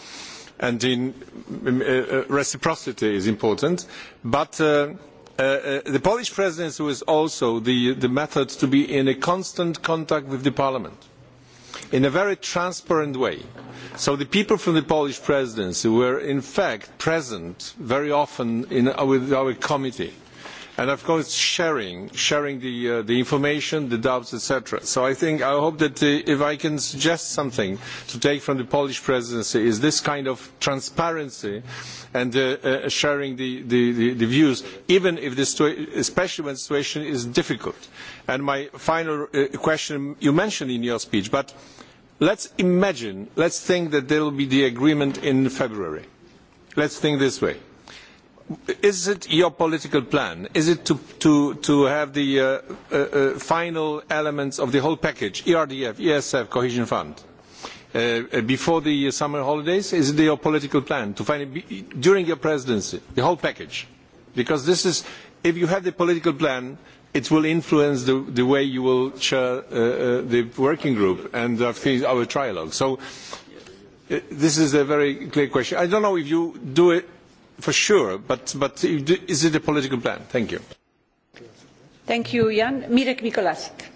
And in, uh, uh, reciprocity is important, but uh, the Polish presidency was also the, the method to be in a constant contact with the parliament in a very transparent way. So the people from the Polish presidency were in fact present very often in, with our committee and of course sharing sharing the uh, the information the doubts etc so i think i hope that uh, if i can suggest something to take from the polish presidency is this kind of transparency and uh, uh, sharing the, the, the the views even if the especially when the situation is difficult and my final uh, question you mentioned in your speech but let's imagine let's think that there will be the agreement in february let's think this way is it your political plan? Is it to, to, to have the uh, uh, uh, final elements of the whole package, ERDF, ESF, Cohesion Fund, uh, uh, before the summer holidays? Is it your political plan to find it during your presidency, the whole package? Because this is, if you have the political plan, it will influence the, the way you will chair uh, the working group and our trialogue. So this is a very clear question. I don't know if you do it for sure, but, but is it a political plan? Thank you. Thank you, Jan. Mirek Mikolasik.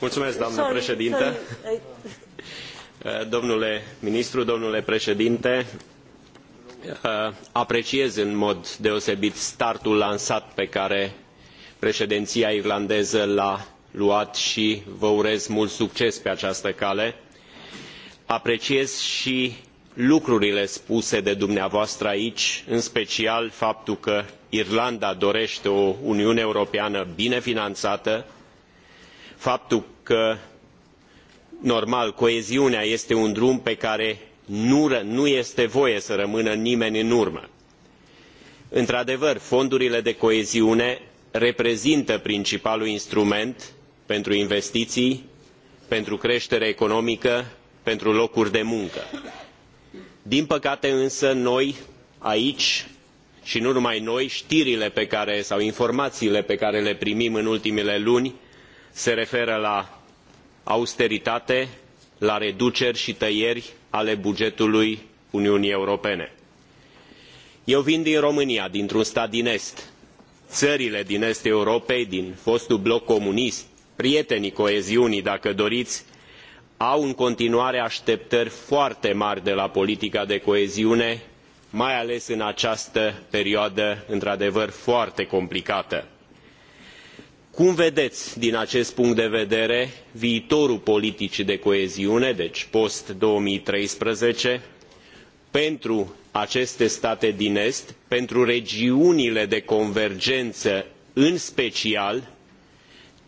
Mulțumesc, doamnă sorry, președintă. Sorry. Domnule ministru, domnule președinte, apreciez în mod deosebit startul lansat pe care președinția irlandeză l-a luat i vă urez mult succes pe această cale. Apreciez i lucrurile spuse de dumneavoastră aici, în special faptul că Irlanda dorește o Uniune Europeană bine finanțată, faptul că, normal, coeziunea este un drum pe care nu, nu este voie să rămână nimeni în urmă. Într-adevăr, fondurile de coeziune reprezintă principalul instrument pentru investiii pentru cretere economică pentru locuri de muncă. din păcate însă noi aici i nu numai noi tirile pe care, sau informaiile pe care le primim în ultimele luni se referă la austeritate la reduceri i tăieri ale bugetului uniunii europene. eu vin din românia dintr un stat din est ările din estul europei din fostul bloc comunist prietenii coeziunii dacă dorii au în continuare ateptări foarte mari de la politica de coeziune mai ales în această perioadă într adevăr foarte complicată. cum vedei din acest punct de vedere viitorul politicii de coeziune deci post două mii treisprezece pentru aceste state din est pentru regiunile de convergenă în special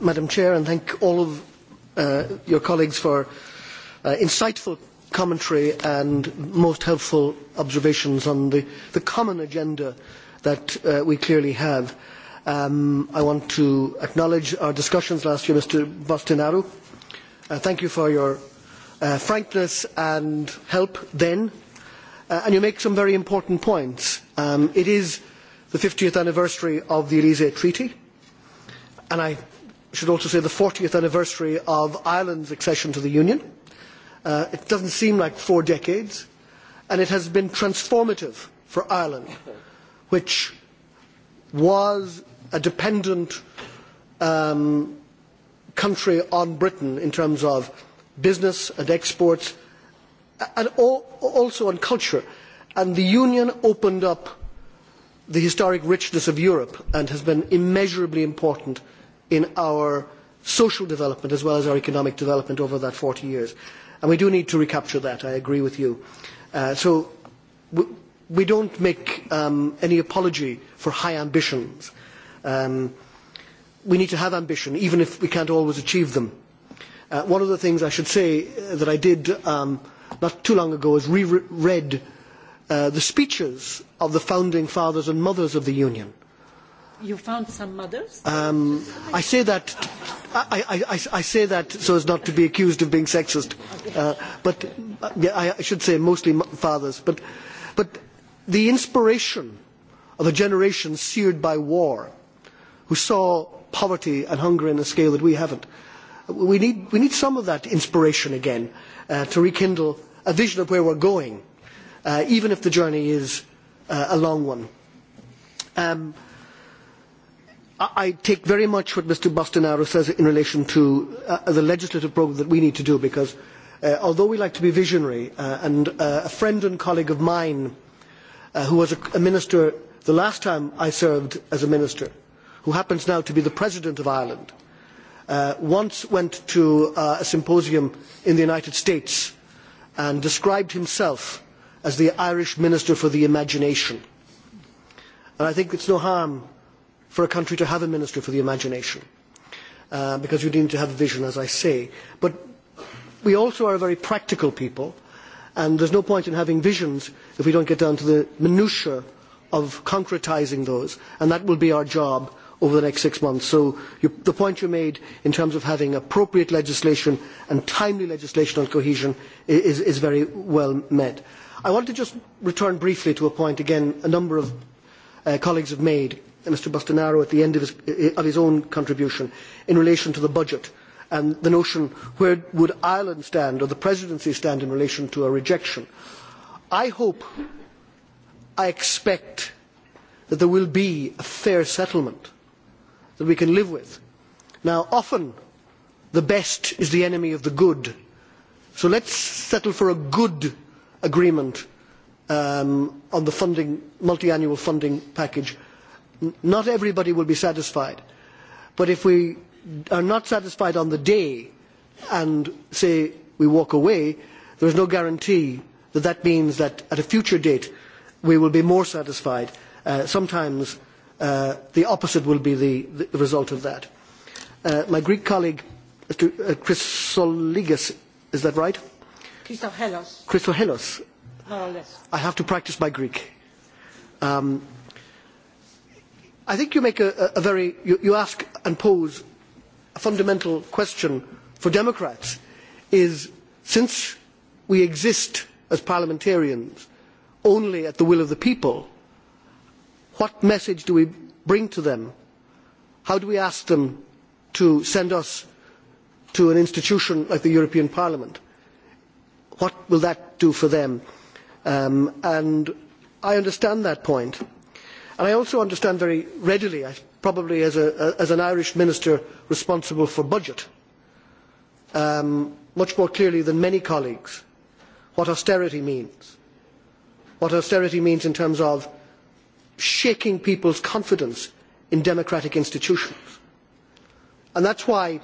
Madam Chair, and thank all of uh, your colleagues for uh, insightful commentary and most helpful observations on the, the common agenda that uh, we clearly have. Um, I want to acknowledge our discussions last year, Mr. Bostinaru. Uh, thank you for your uh, frankness and help then. Uh, and you make some very important points. Um, it is the 50th anniversary of the Elysee Treaty, and I should also say the 40th anniversary of Ireland's accession to the Union. it uh, it doesn't seem like four decades, and it has been transformative for Ireland, which was a dependent um, country on Britain in terms of business and exports, and also on culture. And the Union opened up the historic richness of Europe and has been immeasurably important in our social development as well as our economic development over that 40 years. And we do need to recapture that, I agree with you. Uh, so we, we don't make um, any apology for high ambitions. Um, we need to have ambition, even if we can't always achieve them. Uh, one of the things I should say uh, that I did um, not too long ago is reread uh, the speeches of the founding fathers and mothers of the Union – You found some mothers? Um, I say that. I, I, I, say that so as not to be accused of being sexist, uh, but yeah, I should say mostly fathers. But, but the inspiration of a generation seared by war, who saw poverty and hunger in a scale that we haven't, we need, we need some of that inspiration again uh, to rekindle a vision of where we're going, uh, even if the journey is uh, a long one. Um, I take very much what Mr Bostinaro says in relation to uh, the legislative programme that we need to do because uh, although we like to be visionary uh, and uh, a friend and colleague of mine uh, who was a, a, minister the last time I served as a minister who happens now to be the president of Ireland uh, once went to a symposium in the United States and described himself as the Irish minister for the imagination and I think it's no harm for a country to have a minister for the imagination, uh, because you need to have a vision, as I say. But we also are a very practical people, and there's no point in having visions if we don't get down to the minutiae of concretising those, and that will be our job over the next six months. So you, the point you made in terms of having appropriate legislation and timely legislation on cohesion is, is very well met. I want to just return briefly to a point, again, a number of uh, colleagues have made Uh, Mr Bustinaro at the end of his, uh, of his own contribution in relation to the budget and the notion where would Ireland stand or the presidency stand in relation to a rejection. I hope, I expect that there will be a fair settlement that we can live with. Now, often the best is the enemy of the good. So let's settle for a good agreement um, on the funding, multi-annual funding package not everybody will be satisfied. But if we are not satisfied on the day and say we walk away, there is no guarantee that that means that at a future date we will be more satisfied. Uh, sometimes uh, the opposite will be the, the result of that. Uh, my Greek colleague, Mr. Uh, uh, Chrysoligis, is that right? Christohelos. Christohelos. More or less. I have to practice my Greek. Um, I think you ask and pose a fundamental question for Democrats is since we exist as parliamentarians only at the will of the people, what message do we bring to them? How do we ask them to send us to an institution like the European Parliament? What will that do for them? Um, and I understand that point i also understand very readily probably as, an irish minister responsible for budget um, much more clearly than many colleagues what austerity means what austerity means in terms of shaking people's confidence in democratic institutions. And that's why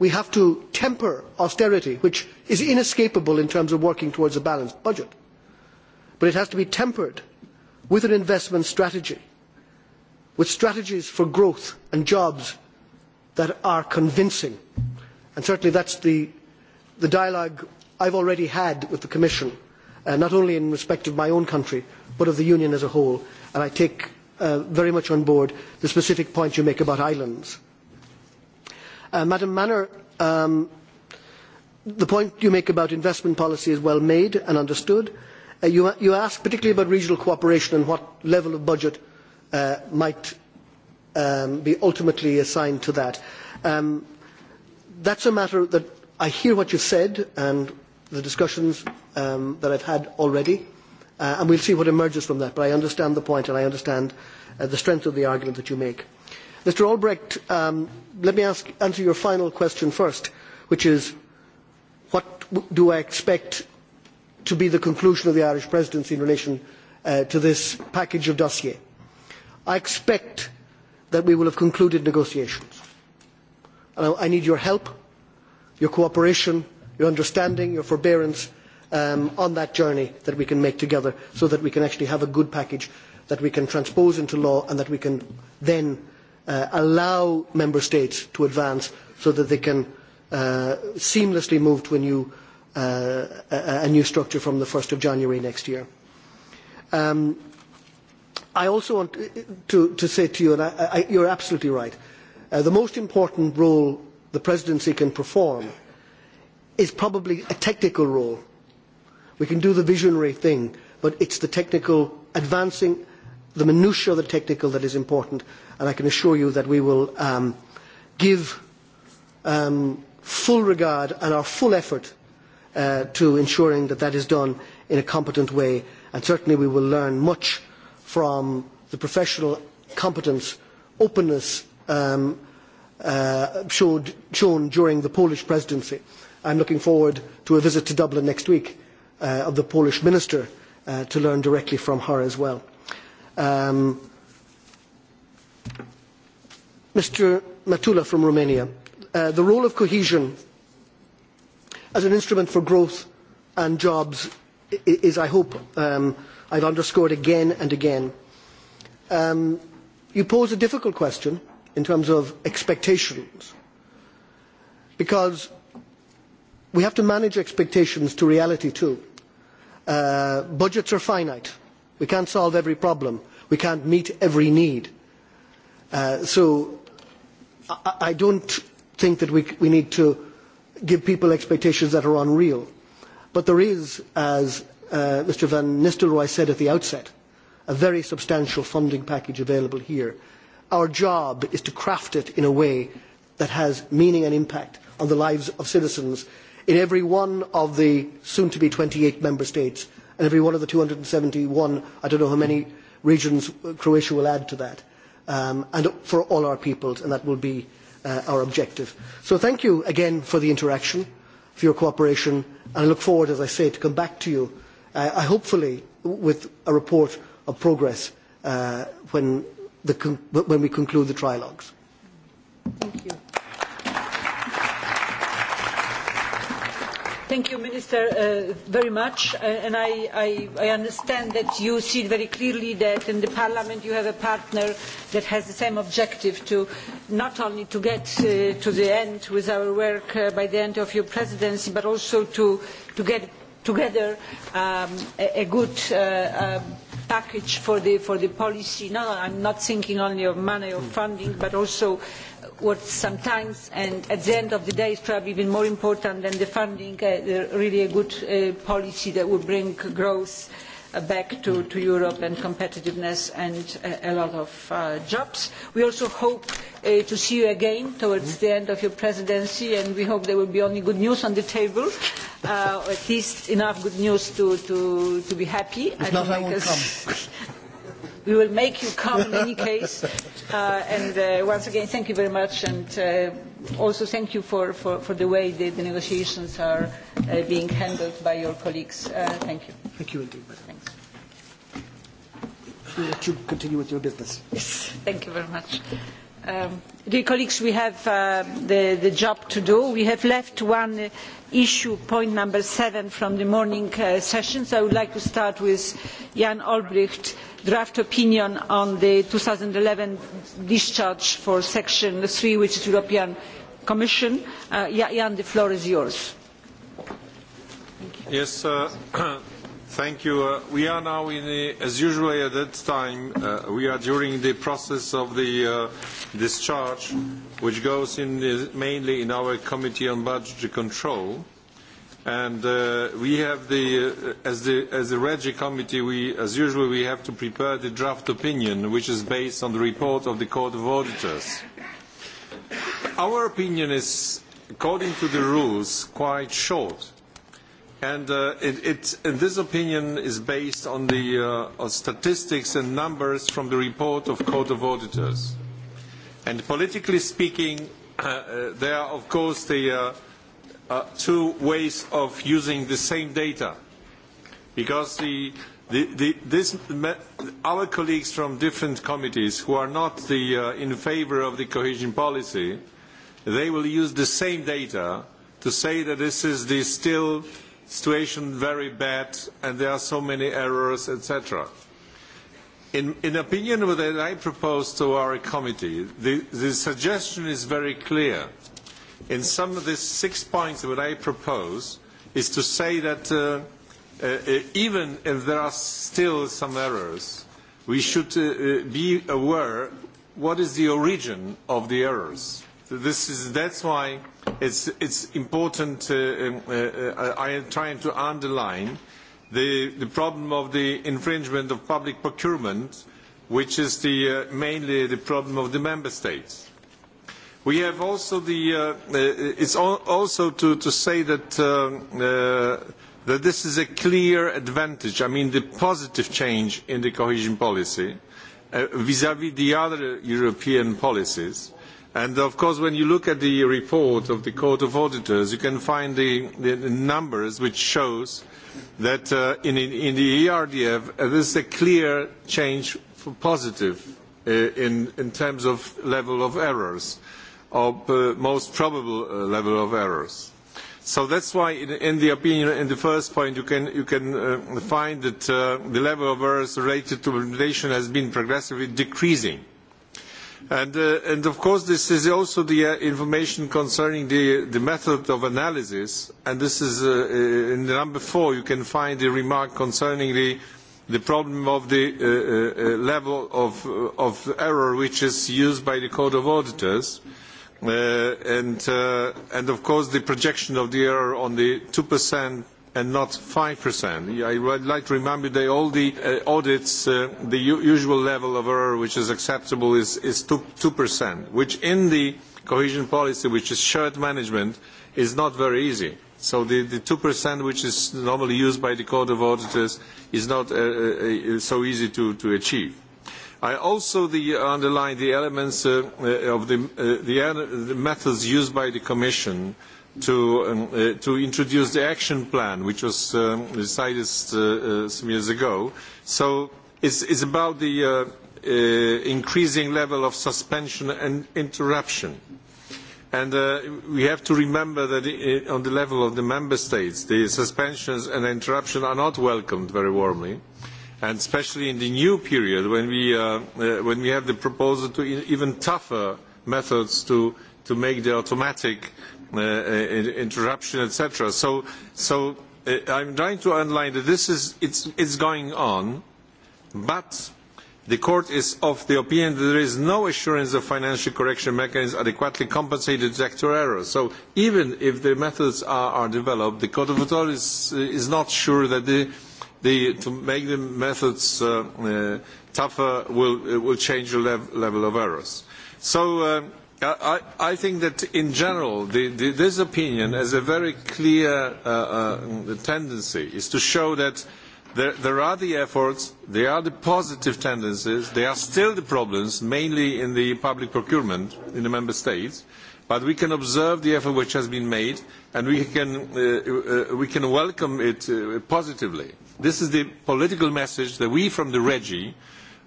we have to temper austerity, which is inescapable in terms of working towards a balanced budget. But it has to be tempered with an investment strategy with strategies for growth and jobs that are convincing and certainly that is the, the dialogue i have already had with the commission uh, not only in respect of my own country but of the union as a whole and i take uh, very much on board the specific point you make about islands. Uh, Madam Manner, um, the point you make about investment policy is well made and understood. Uh, you, asked particularly about regional cooperation and what level of budget uh, might um, be ultimately assigned to that. Um, that's a matter that I hear what you've said and the discussions that um, that I've had already, and uh, and we'll see what emerges from that. But I understand the point and I understand the strength of the argument that you make. Mr. Albrecht, let me answer your final question first, which is what do I expect to be the conclusion of the irish presidency in relation uh, to this package of dossiers. i expect that we will have concluded negotiations. And I, I need your help, your cooperation, your understanding, your forbearance um, on that journey that we can make together so that we can actually have a good package that we can transpose into law and that we can then uh, allow member states to advance so that they can uh, seamlessly move to a new Uh, a, new structure from the 1st of January next year. Um, I also want to, say to you, and you are you're absolutely right, uh, the most important role the presidency can perform is probably a technical role. We can do the visionary thing, but it's the technical advancing the minutiae of the technical that is important, and I can assure you that we will um, give um, full regard and our full effort Uh, to ensuring that that is done in a competent way. And certainly we will learn much from the professional competence, openness um, uh, showed, shown during the Polish presidency. I'm looking forward to a visit to Dublin next week uh, of the Polish minister uh, to learn directly from her as well. Um, Mr. Matula from Romania, uh, the role of cohesion as an instrument for growth and jobs is, I hope, um, I've underscored again and again. Um, you pose a difficult question in terms of expectations, because we have to manage expectations to reality too. Uh, budgets are finite. We can't solve every problem. We can't meet every need. Uh, so I, I don't think that we, we need to give people expectations that are unreal. But there is, as uh, Mr Van Nistelrooy said at the outset, a very substantial funding package available here. Our job is to craft it in a way that has meaning and impact on the lives of citizens in every one of the soon to be 28 member states and every one of the 271, I don't know how many regions Croatia will add to that, um, and for all our peoples, and that will be uh, our objective. So thank you again for the interaction, for your cooperation, and I look forward, as I say, to come back to you, uh, hopefully with a report of progress uh, when, the when we conclude the trilogues. Thank you. Thank you, Minister, uh, very much. Uh, and I, I, I understand that you see very clearly that in the Parliament you have a partner that has the same objective to not only to get uh, to the end with our work uh, by the end of your presidency, but also to, to get together um, a, a good uh, uh, package for the, for the policy. No, I'm not thinking only of money or funding, but also What sometimes and at the end of the day is probably even more important than the funding uh, really a good uh, policy that will bring growth uh, back to, to Europe and competitiveness and a, uh, a lot of uh, jobs. We also hope uh, to see you again towards the end of your presidency and we hope there will be only good news on the table, uh, or at least enough good news to, to, to be happy. If I not, I will come. we will make you come in any case. Uh, and uh, once again, thank you very much. And uh, also thank you for, for, for the way the, the negotiations are uh, being handled by your colleagues. Uh, thank you. Thank you indeed, madam. Thanks. We'll let you continue with your business. Yes, thank you very much. Um, dear colleagues, we have a uh, job to do. We have left one issue, point number seven, from the morning uh, session. So I would like to start with Jan Olbricht, draft opinion on the two thousand and eleven discharge for Section three which is European Commission. Uh, Jan, the floor is yours. Thank you. Uh, we are now in the, as usually at that time, uh, we are during the process of the uh, discharge, which goes in the, mainly in our Committee on Budgetary Control. we have the, as the, as the REGI committee, we, as usual, we have to prepare the draft opinion, which is based on the report of the Court of Auditors. Our opinion is, according to the rules, quite short And uh, it, this opinion is based on the uh, statistics and numbers from the report of Court of Auditors. And politically speaking, uh, there are, of course, the two ways of using the same data. Because the, the, the, this, our colleagues from different committees who are not the, in favor of the cohesion policy, they will use the same data to say that this is the still situation very bad and there are so many errors, etc. In, in opinion that I propose to our committee, the, the suggestion is very clear. In some of these six points that I propose is to say that uh, uh, uh, even if there are still some errors, we should uh, uh, be aware what is the origin of the errors. This is, that's why it's, important, um, uh, uh, I am trying to underline the, problem of the infringement of public procurement, which is the, uh, mainly the problem of the member states. We have also the, uh, it's also to, say um, that, this is a clear advantage, I mean the positive change in the cohesion policy vis à -vis the other European policies And of course, when you look at the report of the Court of Auditors, you can find the, numbers which shows that uh, in, the ERDF, uh, there is a clear change for positive uh, in, terms of level of errors, of uh, most probable level of errors. So that's why in, the opinion, in the first point, you can, find that the level of errors related to implementation has been progressively decreasing And, uh, and of course, this is also the uh, information concerning the, the method of analysis. And this is uh, uh in number four, you can find the remark concerning the, the problem of the uh, uh, uh level of, uh, of error which is used by the Code of Auditors. Uh, and, uh, and of course, the projection of the error on the 2% and not five percent. I would like to remind you that all the uh, audits, uh, the usual level of error which is acceptable is, is 2%, 2%, which in the cohesion policy, which is shared management, is not very easy. So the, two percent, which is normally used by the Court of Auditors is not uh, uh, uh so easy to, to achieve. I also the, underline the elements uh, of the, the, er, the methods used by the Commission to, um, uh, to introduce the action plan, which was um, decided uh, uh some years ago. So it's, it's about the uh, uh, increasing level of suspension and interruption. And we have to remember that it, on the level of the member states, the suspensions and interruptions are not welcomed very warmly and especially in the new period when we, uh, uh, when we have the proposal to e-, even tougher methods to, to make the automatic Uh, uh, interruption, etc. So, so uh, I'm trying to underline that this is it's, it's going on, but the court is of the opinion that there is no assurance of financial correction mechanism adequately compensated sector errors. So even if the methods are, are developed, the court of authorities is not sure that the, the, to make the methods uh, uh, tougher will, will change the lev level of errors. So. Um, I, think that in general, this opinion has a very clear uh, uh, tendency, is to show that there, there are the efforts, there are the positive tendencies, there are still the problems, mainly in the public procurement in the member states, but we can observe the effort which has been made and we can, uh, uh we can welcome it uh, positively. This is the political message that we from the REGI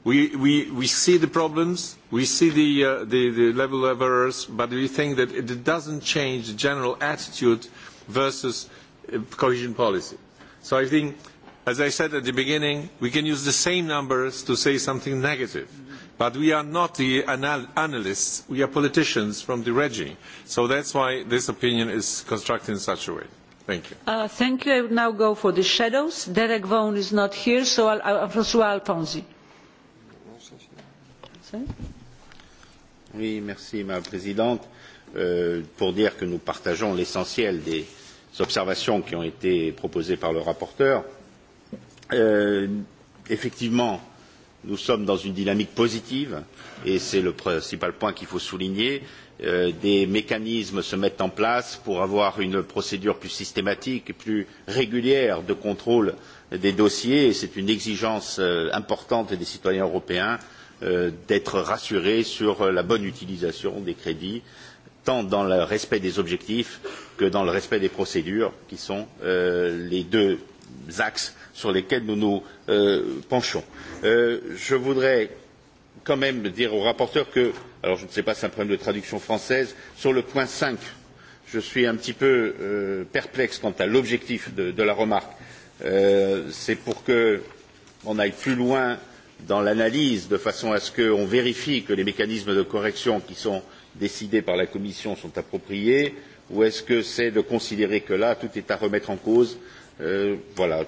We, see the problems, we see uh, the, level of errors, but we think that it doesn't change the general attitude versus uh, cohesion policy. I think, as I said at the beginning, we can use the same numbers to say something negative. we are not the analysts, we are politicians from the regime. that's why this opinion is constructed in such a way. Thank you. Uh, thank you. I will now go for the shadows. Derek Vaughan is not here, so François-Xavier Alfonsi. Oui, merci Madame la Présidente. Euh, pour dire que nous partageons l'essentiel des observations qui ont été proposées par le rapporteur. Euh, effectivement, nous sommes dans une dynamique positive, et c'est le principal point qu'il faut souligner. Euh, des mécanismes se mettent en place pour avoir une procédure plus systématique et plus régulière de contrôle des dossiers. et C'est une exigence euh, importante des citoyens européens Euh, d'être rassurés sur euh, la bonne utilisation des crédits, tant dans le respect des objectifs que dans le respect des procédures, qui sont euh, les deux axes sur lesquels nous nous euh, penchons. Euh, je voudrais quand même dire au rapporteur que alors je ne sais pas si c'est un problème de traduction française sur le point cinq je suis un petit peu euh, perplexe quant à l'objectif de, de la remarque. Euh, c'est pour que on aille plus loin dans l'analyse de façon à ce qu'on vérifie que les mécanismes de correction qui sont décidés par la Commission sont appropriés ou est-ce que c'est de considérer que là, tout est à remettre en cause euh, Voilà,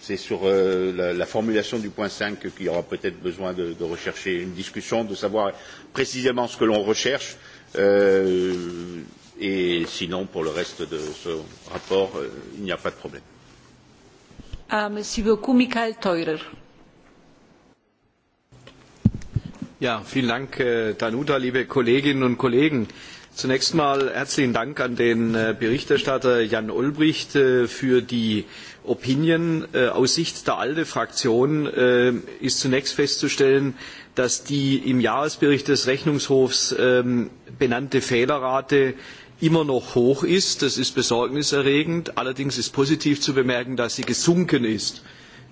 c'est sur euh, la, la formulation du point 5 qu'il y aura peut-être besoin de, de rechercher une discussion, de savoir précisément ce que l'on recherche. Euh, et sinon, pour le reste de ce rapport, euh, il n'y a pas de problème. Ah, merci beaucoup, Michael Teurer. Ja, vielen Dank, äh, Danuta, liebe Kolleginnen und Kollegen. Zunächst mal herzlichen Dank an den äh, Berichterstatter Jan Olbricht äh, für die Opinion. Aus Sicht der ALDE-Fraktion ist zunächst festzustellen, dass die im Jahresbericht des Rechnungshofs ähm, benannte Fehlerrate immer noch hoch ist. Das ist besorgniserregend. Allerdings ist positiv zu bemerken, dass sie gesunken ist.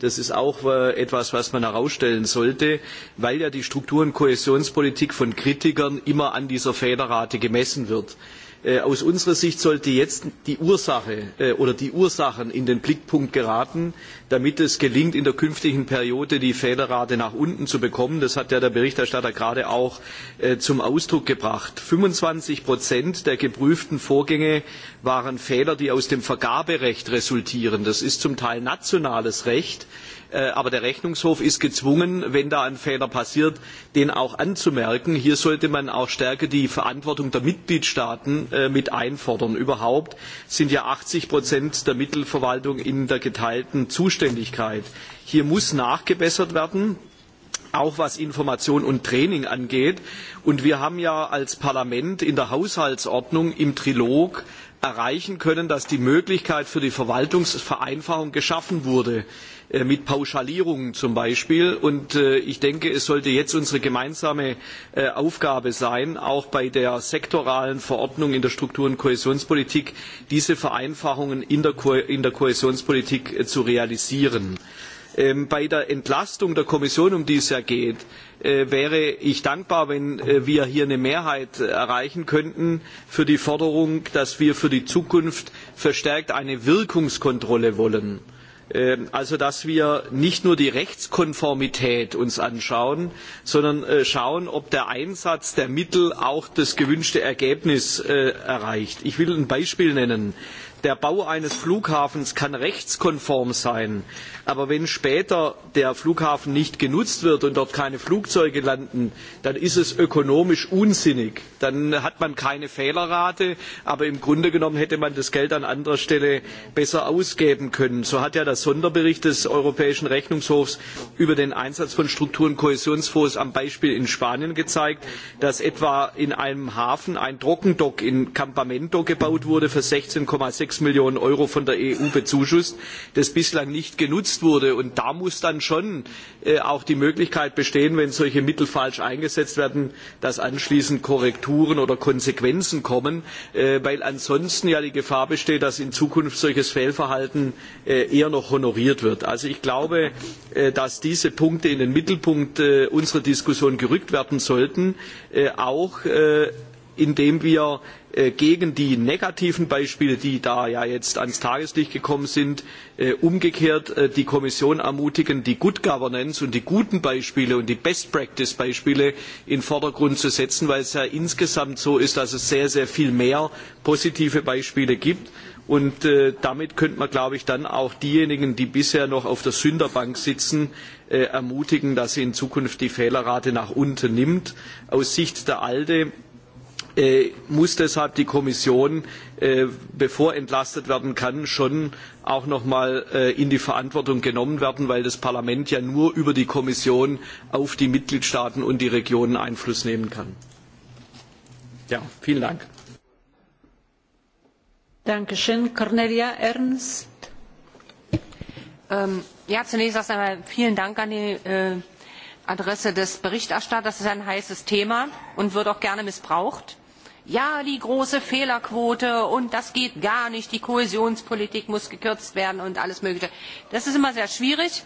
Das ist auch äh, etwas, was man herausstellen sollte, weil ja die Struktur- und Kohäsionspolitik von Kritikern immer an dieser Fehlerrate gemessen wird äh, aus unserer Sicht sollte jetzt die Ursache äh, oder die Ursachen in den Blickpunkt geraten, damit es gelingt, in der künftigen Periode die Fehlerrate nach unten zu bekommen. Das hat ja der Berichterstatter gerade auch äh, zum Ausdruck gebracht. fünfundzwanzig der geprüften Vorgänge waren Fehler, die aus dem Vergaberecht resultieren. Das ist zum Teil nationales Recht äh, aber der Rechnungshof ist gezwungen, wenn da ein Fehler passiert, den auch anzumerken. Hier sollte man auch stärker die Verantwortung der Mitgliedstaaten äh, mit einfordern. Überhaupt sind ja achtzig der Mittelverwaltung in der geteilten Zuständigkeit. Hier muss nachgebessert werden auch was Information und Training angeht. Und wir haben ja als Parlament in der Haushaltsordnung im Trilog erreichen können, dass die Möglichkeit für die Verwaltungsvereinfachung geschaffen wurde, äh, mit Pauschalierungen zum Beispiel. Und äh, ich denke, es sollte jetzt unsere gemeinsame äh, Aufgabe sein, auch bei der sektoralen Verordnung in der Struktur- und Kohäsionspolitik diese Vereinfachungen in der, Ko in der Kohäsionspolitik zu realisieren. Ähm, bei der Entlastung der Kommission, um die es ja geht, Äh, wäre ich dankbar, wenn äh, wir hier eine Mehrheit äh, erreichen könnten für die Forderung, dass wir für die Zukunft verstärkt eine Wirkungskontrolle wollen ähm, also dass wir nicht nur die Rechtskonformität uns anschauen, sondern schauen, ob der Einsatz der Mittel auch das gewünschte Ergebnis erreicht. Ich will ein Beispiel nennen der Bau eines Flughafens kann rechtskonform sein, aber wenn später der Flughafen nicht genutzt wird und dort keine Flugzeuge landen, dann ist es ökonomisch unsinnig. Dann hat man keine Fehlerrate, aber im Grunde genommen hätte man das Geld an anderer Stelle besser ausgeben können. So hat ja der Sonderbericht des Europäischen Rechnungshofs über den Einsatz von Struktur- und Kohäsionsfonds am Beispiel in Spanien gezeigt, dass etwa in einem Hafen ein Trockendock in Campamento gebaut wurde für 16,6 sechs Millionen Euro von der EU bezuschusst, das bislang nicht genutzt wurde. Und da muss dann schon äh, auch die Möglichkeit bestehen, wenn solche Mittel falsch eingesetzt werden, dass anschließend Korrekturen oder Konsequenzen kommen, äh, weil ansonsten ja die Gefahr besteht, dass in Zukunft solches Fehlverhalten äh, eher noch honoriert wird. Also ich glaube, äh, dass diese Punkte in den Mittelpunkt äh, unserer Diskussion gerückt werden sollten, äh, auch äh, indem wir äh, gegen die negativen Beispiele, die da ja jetzt ans Tageslicht gekommen sind, äh, umgekehrt äh, die Kommission ermutigen, die Good Governance und die guten Beispiele und die Best Practice Beispiele in den Vordergrund zu setzen, weil es ja insgesamt so ist, dass es sehr, sehr viel mehr positive Beispiele gibt. Und äh, damit könnte man, glaube ich, dann auch diejenigen, die bisher noch auf der Sünderbank sitzen, äh, ermutigen, dass sie in Zukunft die Fehlerrate nach unten nimmt. Aus Sicht der ALDE Äh, muss deshalb die Kommission, äh, bevor entlastet werden kann, schon auch noch mal äh, in die Verantwortung genommen werden, weil das Parlament ja nur über die Kommission auf die Mitgliedstaaten und die Regionen Einfluss nehmen kann. Ja, vielen Dank. Dankeschön. Cornelia Ernst. Ähm, ja, zunächst erst einmal vielen Dank an die äh, Adresse des Berichterstatters. Das ist ein heißes Thema und wird auch gerne missbraucht ja, die große Fehlerquote und das geht gar nicht, die Kohäsionspolitik muss gekürzt werden und alles Mögliche. Das ist immer sehr schwierig.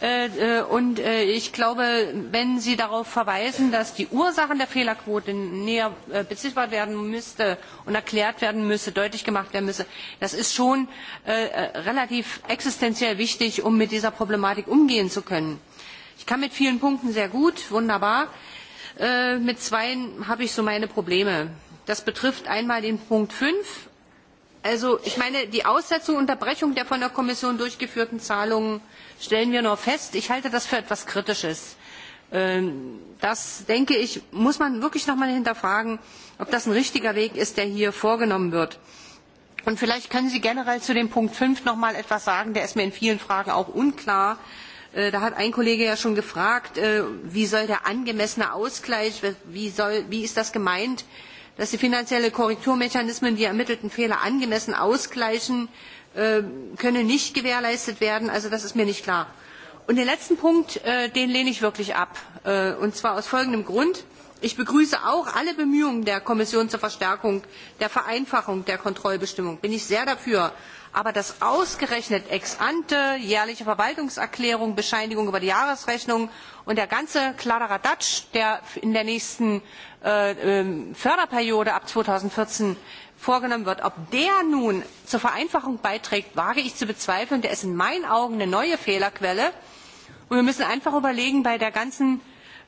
Äh, äh, und äh, ich glaube, wenn Sie darauf verweisen, dass die Ursachen der Fehlerquote näher beziffert werden müsste und erklärt werden müsste, deutlich gemacht werden müsste, das ist schon relativ existenziell wichtig, um mit dieser Problematik umgehen zu können. Ich kann mit vielen Punkten sehr gut, wunderbar. Mit zwei habe ich so meine Probleme Das betrifft einmal den Punkt 5. Also ich meine, die Aussetzung und Unterbrechung der von der Kommission durchgeführten Zahlungen stellen wir nur fest. Ich halte das für etwas Kritisches. Ähm, das, denke ich, muss man wirklich noch mal hinterfragen, ob das ein richtiger Weg ist, der hier vorgenommen wird. Und vielleicht können Sie generell zu dem Punkt 5 noch mal etwas sagen, der ist mir in vielen Fragen auch unklar. Äh, da hat ein Kollege ja schon gefragt, äh, wie soll der angemessene Ausgleich, wie, soll, wie ist das gemeint? dass die finanziellen korrekturmechanismen die ermittelten fehler angemessen ausgleichen äh, können nicht gewährleistet werden. Also das ist mir nicht klar. Und den letzten Punkt, äh, den lehne ich wirklich ab. Äh, und zwar aus folgendem Grund. Ich begrüße auch alle Bemühungen der Kommission zur Verstärkung der Vereinfachung der Kontrollbestimmung. Bin ich sehr dafür aber dass ausgerechnet ex ante jährliche verwaltungserklärung bescheinigung über die jahresrechnung und der ganze kladderadatsch der in der nächsten äh, ähm, förderperiode ab zweitausendvierzehn vorgenommen wird ob der nun zur vereinfachung beiträgt wage ich zu bezweifeln der ist in meinen augen eine neue fehlerquelle und wir müssen einfach überlegen bei der ganzen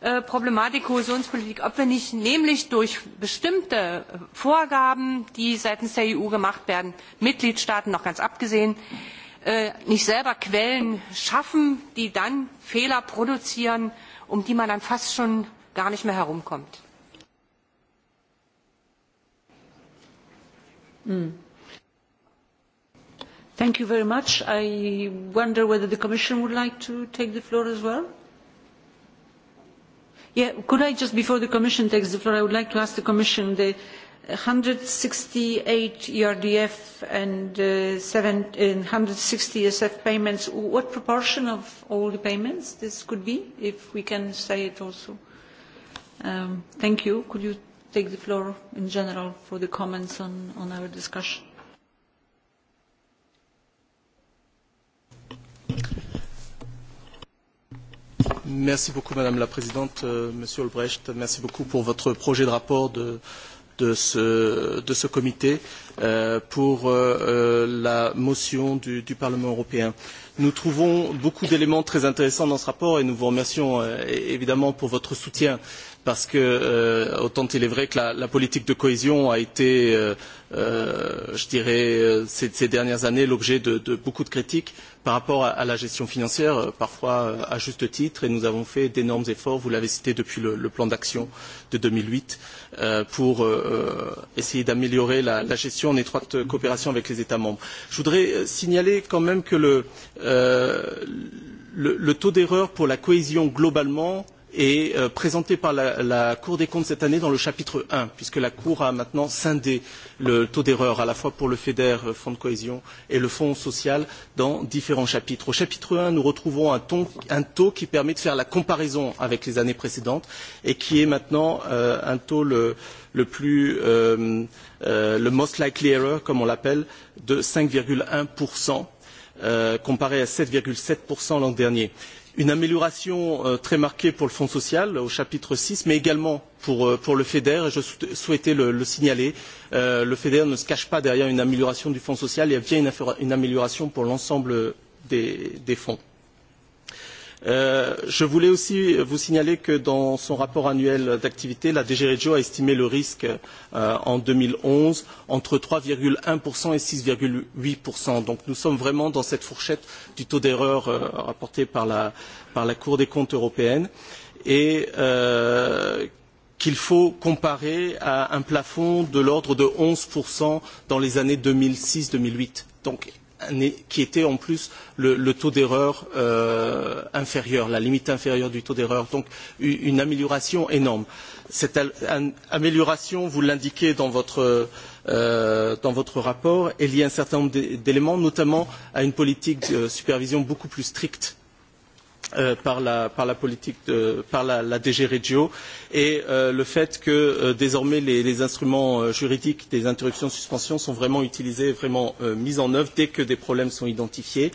Äh, problematik kohäsionspolitik ob wir nicht nämlich durch bestimmte äh, vorgaben die seitens der eu gemacht werden mitgliedstaaten noch ganz abgesehen äh, nicht selber quellen schaffen die dann fehler produzieren um die man dann fast schon gar nicht mehr herumkommt. Hmm. Thank you very much. I wonder whether the Commission would like to take the floor as well could I just, before the Commission takes the floor, I would like to ask the Commission the one hundred e and uh, sixty eight ERDF and one hundred and sixty esf payments, what proportion of all the payments this could be, if we can say it also? Um, thank you. Could you take the floor in general for the comments on, on our discussion? Merci beaucoup, Madame la Présidente. Euh, Monsieur Olbrecht, merci beaucoup pour votre projet de rapport de, de, ce, de ce comité euh, pour euh, euh, la motion du, du Parlement européen. Nous trouvons beaucoup d'éléments très intéressants dans ce rapport et nous vous remercions euh, évidemment pour votre soutien. Euh, parce que euh, autant il est vrai que la, la politique de cohésion a été, euh, euh, je dirais, euh, ces, ces dernières années l'objet de, de beaucoup de critiques par rapport à, à la gestion financière, euh, parfois euh, à juste titre, et nous avons fait d'énormes efforts, vous l'avez cité depuis le, le plan d'action de 2008, euh, pour euh, essayer d'améliorer la, la gestion en étroite coopération avec les États membres. Je voudrais signaler quand même que le, euh, le, le taux d'erreur pour la cohésion globalement euh, et euh, présenté par la, la Cour des comptes cette année dans le chapitre 1, puisque la Cour a maintenant scindé le taux d'erreur à la fois pour le FEDER, euh, Fonds de cohésion, et le Fonds social dans différents chapitres. Au chapitre 1, nous retrouvons un, ton, un taux qui permet de faire la comparaison avec les années précédentes et qui est maintenant euh, un taux le, le plus euh, euh, le most likely error, comme on l'appelle, de 5,1 euh, comparé à 7,7 l'an dernier. Euh, une amélioration euh, très marquée pour le Fonds social au chapitre 6, mais également pour, euh, pour le FEDER, et je sou souhaitais le, le signaler. Euh, le FEDER ne se cache pas derrière une amélioration du Fonds social, il y a bien une, une amélioration pour l'ensemble des, des fonds. Euh, je voulais aussi vous signaler que dans son rapport annuel d'activité, la DG Regio a estimé le risque euh, en 2011 entre 3,1% et 6,8%. Donc nous sommes vraiment dans cette fourchette du taux d'erreur euh, rapporté par la, par la Cour des comptes européenne et euh, qu'il faut comparer à un plafond de l'ordre de 11% dans les années 2006-2008. Donc qui était en plus le, le taux d'erreur euh, inférieur, la limite inférieure du taux d'erreur. Donc une amélioration énorme. Cette amélioration, vous l'indiquez dans votre, euh, dans votre rapport, est liée à un certain nombre d'éléments, notamment à une politique de supervision beaucoup plus stricte Euh, par, la, politique de, par la, la DG Regio et euh, le fait que euh, désormais les, les instruments euh, juridiques des interruptions suspension sont vraiment utilisés, vraiment euh, mis en œuvre dès que des problèmes sont identifiés.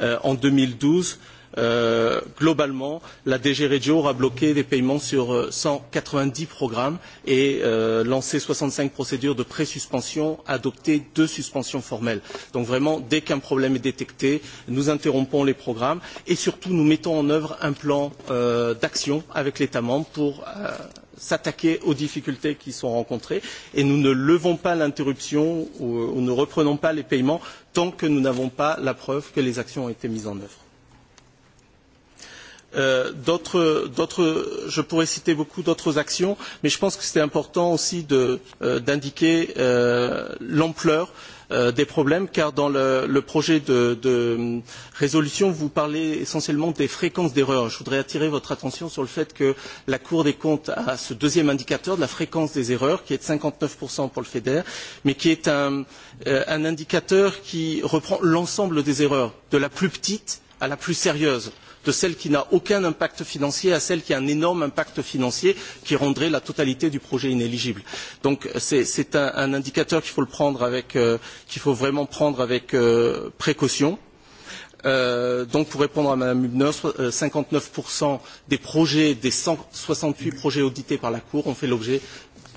Euh, en 2012, Euh, globalement, la DG Regio aura bloqué des paiements sur 190 euh, programmes et euh, lancé 65 procédures de pré-suspension, adopté deux suspensions formelles. Donc vraiment, dès qu'un problème est détecté, nous interrompons les programmes et surtout nous mettons en œuvre un plan euh, d'action avec l'État membre pour euh, s'attaquer aux difficultés qui sont rencontrées et nous ne levons pas l'interruption ou, ou ne reprenons pas les paiements tant que nous n'avons pas la preuve que les actions ont été mises en œuvre. Euh, d'autres, je pourrais citer beaucoup d'autres actions, mais je pense que c'est important aussi euh, d'indiquer euh, l'ampleur euh, des problèmes, car dans le, le projet de, de euh, résolution, vous parlez essentiellement des fréquences d'erreurs. Je voudrais attirer votre attention sur le fait que la Cour des comptes a ce deuxième indicateur de la fréquence des erreurs, qui est de 59% pour le FEDER, mais qui est un, euh, un indicateur qui reprend l'ensemble des erreurs, de la plus petite à la plus sérieuse. Euh, de celle qui n'a aucun impact financier à celle qui a un énorme impact financier qui rendrait la totalité du projet inéligible. Donc c'est un, un indicateur qu'il faut, euh, qu'il faut vraiment prendre avec euh, précaution. Euh, donc pour répondre à Mme Hübner, 59% euh, des projets, des 168 projets audités par la Cour ont fait l'objet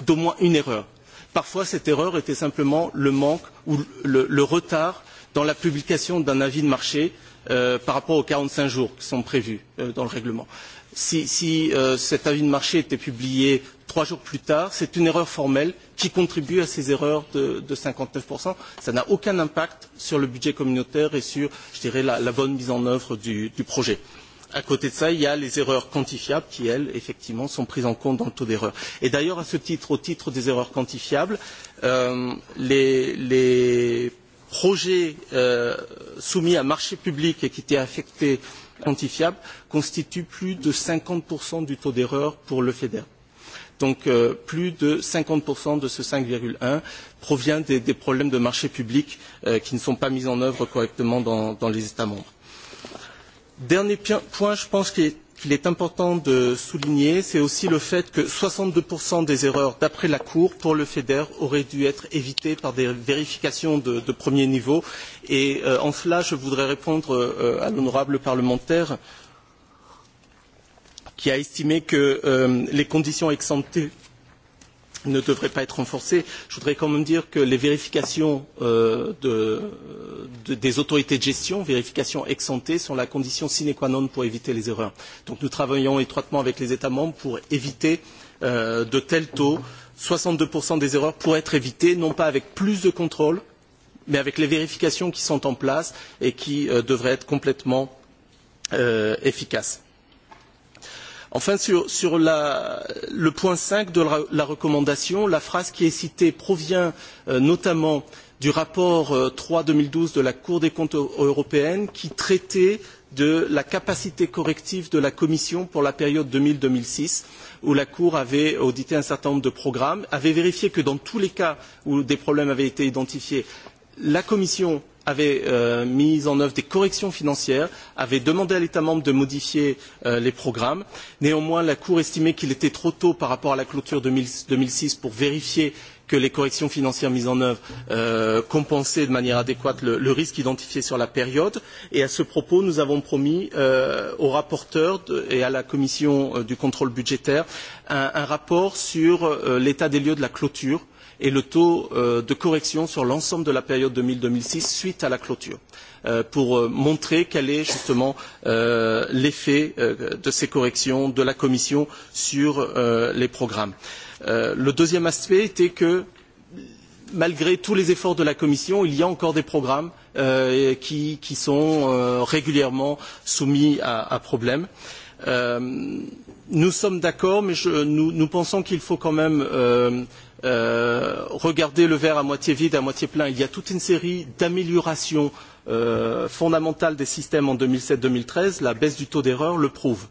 d'au moins une erreur. Parfois, cette erreur était simplement le manque ou le, le retard dans la publication d'un avis de marché euh, par rapport aux 45 jours qui sont prévus euh, dans le règlement. Si, si euh, cet avis de marché était publié trois jours plus tard, c'est une erreur formelle qui contribue à ces erreurs de, de 59%. Ça n'a aucun impact sur le budget communautaire et sur, je dirais, la, la bonne mise en œuvre du, du projet. À côté de ça, il y a les erreurs quantifiables qui, elles, effectivement, sont prises en compte dans le taux d'erreur. Et d'ailleurs, à ce titre, au titre des erreurs quantifiables, euh, les, les projet euh, soumis à marché public et qui étaient affectés quantifiable constitue plus de 50% du taux d'erreur pour le FEDER. Donc euh, plus de 50% de ce 5,1 provient des, des problèmes de marché public euh, qui ne sont pas mis en œuvre correctement dans, dans les États membres. Dernier point, je pense, qui est qu'il est important de souligner, c'est aussi le fait que 62% des erreurs d'après la Cour pour le FEDER auraient dû être évitées par des vérifications de, de premier niveau. Et euh, en cela, je voudrais répondre euh, à l'honorable parlementaire qui a estimé que euh, les conditions ex ante ne devrait pas être renforcé. Je voudrais quand même dire que les vérifications euh, de, de, des autorités de gestion, vérifications ex ante, sont la condition sine qua non pour éviter les erreurs. Donc nous travaillons étroitement avec les États membres pour éviter euh, de tels taux. 62% des erreurs pourraient être évitées, non pas avec plus de contrôle, mais avec les vérifications qui sont en place et qui euh, devraient être complètement euh, efficaces Enfin, sur, sur la, le point 5 de la, la recommandation, la phrase qui est citée provient euh, notamment du rapport euh, 3-2012 de la Cour des comptes européenne qui traitait de la capacité corrective de la Commission pour la période 2000-2006, où la Cour avait audité un certain nombre de programmes, avait vérifié que dans tous les cas où des problèmes avaient été identifiés, la Commission avait euh, mis en œuvre des corrections financières, avait demandé à l'État membre de modifier euh, les programmes. Néanmoins, la Cour estimait qu'il était trop tôt par rapport à la clôture 2000, 2006 pour vérifier que les corrections financières mises en œuvre euh, compensaient de manière adéquate le, le risque identifié sur la période. Et à ce propos, nous avons promis euh, au rapporteur de, et à la commission euh, du contrôle budgétaire un, un rapport sur euh, l'état des lieux de la clôture et le taux euh, de correction sur l'ensemble de la période 2000-2006 suite à la clôture, euh, pour euh, montrer quel est justement l'effet de ces corrections de la Commission sur les programmes. le deuxième aspect était que malgré tous les efforts de la Commission, il y a encore des programmes qui, qui sont régulièrement soumis à, à problème. nous sommes d'accord, mais je, nous, nous pensons qu'il faut quand même euh, Euh, regarder le verre à moitié vide, à moitié plein. Il y a toute une série d'améliorations Euh, fondamentale des systèmes en 2007-2013, la baisse du taux d'erreur le prouve.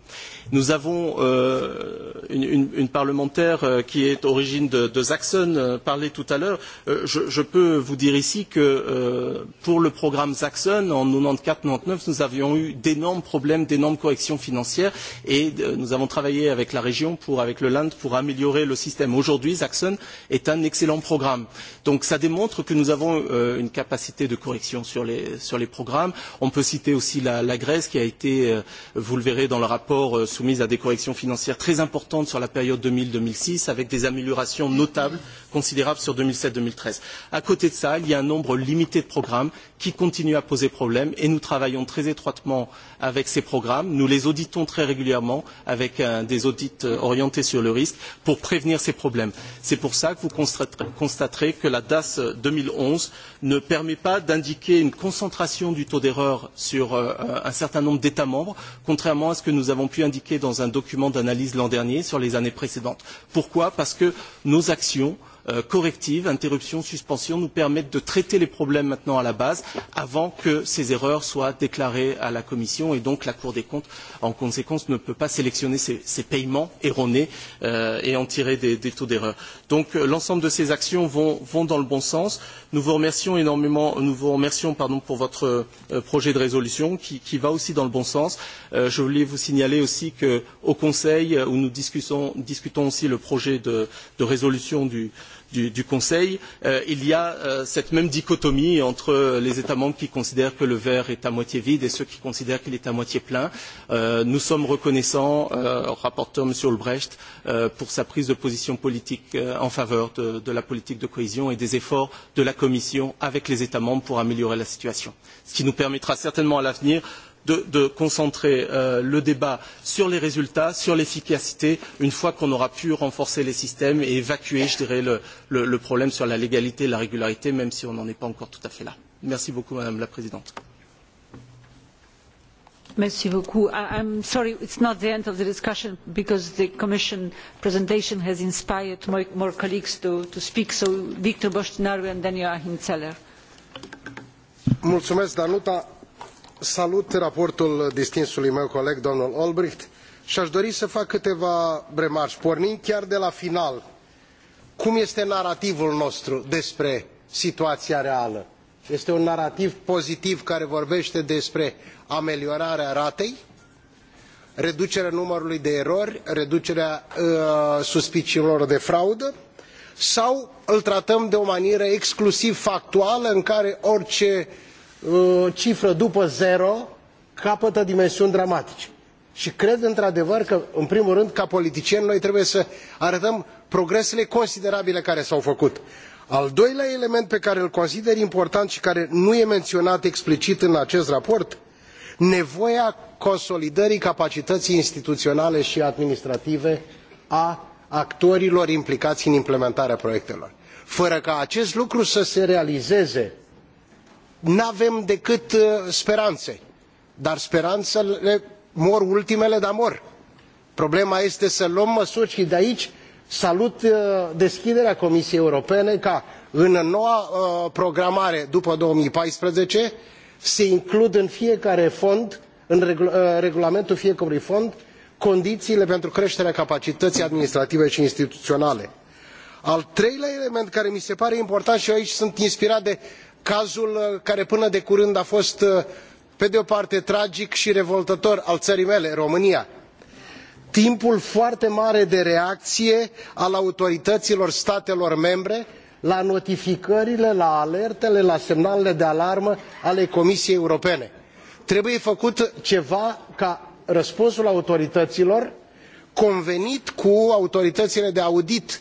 Nous avons euh, une, une, une parlementaire euh, qui est origine de, de Saxon euh, parlé tout à l'heure. Euh, je, je peux vous dire ici que euh, pour le programme Saxon, en 94-99, nous avions eu d'énormes problèmes, d'énormes corrections financières et euh, nous avons travaillé avec la région, pour, avec le Land, pour améliorer le système. Aujourd'hui, Saxon est un excellent programme. Donc ça démontre que nous avons euh, une capacité de correction sur les, sur les programmes. On peut citer aussi la, la Grèce qui a été, euh, vous le verrez dans le rapport, euh, soumise à des corrections financières très importantes sur la période 2000-2006 avec des améliorations notables, considérables sur 2007-2013. À côté de ça, il y a un nombre limité de programmes qui continuent à poser problème et nous travaillons très étroitement euh, avec ces programmes. Nous les auditons très régulièrement avec un, euh, des audits euh, orientés sur le risque pour prévenir ces problèmes. C'est pour ça que vous constaterez, constaterez que la DAS 2011 euh, ne permet pas d'indiquer une concentration du taux d'erreur sur euh, un certain nombre d'États membres, contrairement à ce que nous avons pu indiquer dans un document d'analyse l'an dernier sur les années précédentes. Pourquoi Parce que nos actions euh, correctives, interruptions, suspensions, nous permettent de traiter les problèmes maintenant à la base avant que ces erreurs soient déclarées à la Commission et donc la Cour des comptes, en conséquence, ne peut pas sélectionner ces, ces paiements erronés euh, et en tirer des, des taux d'erreur. Donc euh, l'ensemble de ces actions vont, vont dans le bon sens. Nous vous remercions énormément, nous vous remercions pardon, pour votre euh, projet de résolution qui, qui va aussi dans le bon sens. Euh, je voulais vous signaler aussi qu'au Conseil, euh, où nous discutons, discutons aussi le projet de, de résolution du, euh, du, du Conseil, euh, il y a euh, cette même dichotomie entre les États membres qui considèrent que le verre est à moitié vide et ceux qui considèrent qu'il est à moitié plein. Euh, nous sommes reconnaissants, euh, rapporteur M. Olbrecht, euh, pour sa prise de position politique euh, en faveur de, de la politique de cohésion et des efforts de la Commission avec les États membres pour améliorer la situation. Ce qui nous permettra certainement à l'avenir de, de concentrer euh, le débat sur les résultats, sur l'efficacité, une fois qu'on aura pu renforcer les systèmes et évacuer, je dirais, le, le, le problème sur la légalité et la régularité, même si on n'en est pas encore tout à fait là. Merci beaucoup, Madame la Présidente. Merci beaucoup. I, I'm sorry, it's not the end of the discussion because the Commission presentation has inspired more, more colleagues to, to speak. So, Victor Boștinaru and then Joachim Zeller. Mulțumesc, Danuta salut raportul distinsului meu coleg domnul olbrycht i a dori să fac câteva remarci pornind chiar de la final cum este narativul nostru despre situaia reală este un narativ pozitiv care vorbete despre ameliorarea ratei reducerea numărului de erori reducerea uh, suspiciilor de fraudă sau îl tratăm de o manieră exclusiv factuală în care orice cifră după zero capătă dimensiuni dramatice. Și cred într adevăr că în primul rând ca politicieni noi trebuie să arătăm progresele considerabile care s au făcut. al doilea element pe care îl consider important i care nu e menionat explicit în acest raport nevoia consolidării capacităii instituionale i administrative a actorilor implicai în implementarea proiectelor. fără ca acest lucru să se realizeze nu avem decât uh, sperane dar speranțele mor ultimele dar mor. problema este să luăm măsuri i de aici salut uh, deschiderea comisiei europene ca în noua uh, programare după două mii paisprezece să includ în fiecare fond în regulamentul fiecărui fond condiiile pentru creterea capacităii administrative i instituionale. al treilea element care mi se pare important i aici sunt inspirat de cazul uh, care până de curând a fost uh, pe de o parte tragic i revoltător al ării mele românia timpul foarte mare de reacie al autorităilor statelor membre la notificările la alertele la semnalele de alarmă ale comisiei europene. trebuie făcut ceva ca răspunsul autorităilor convenit cu autorităile de audit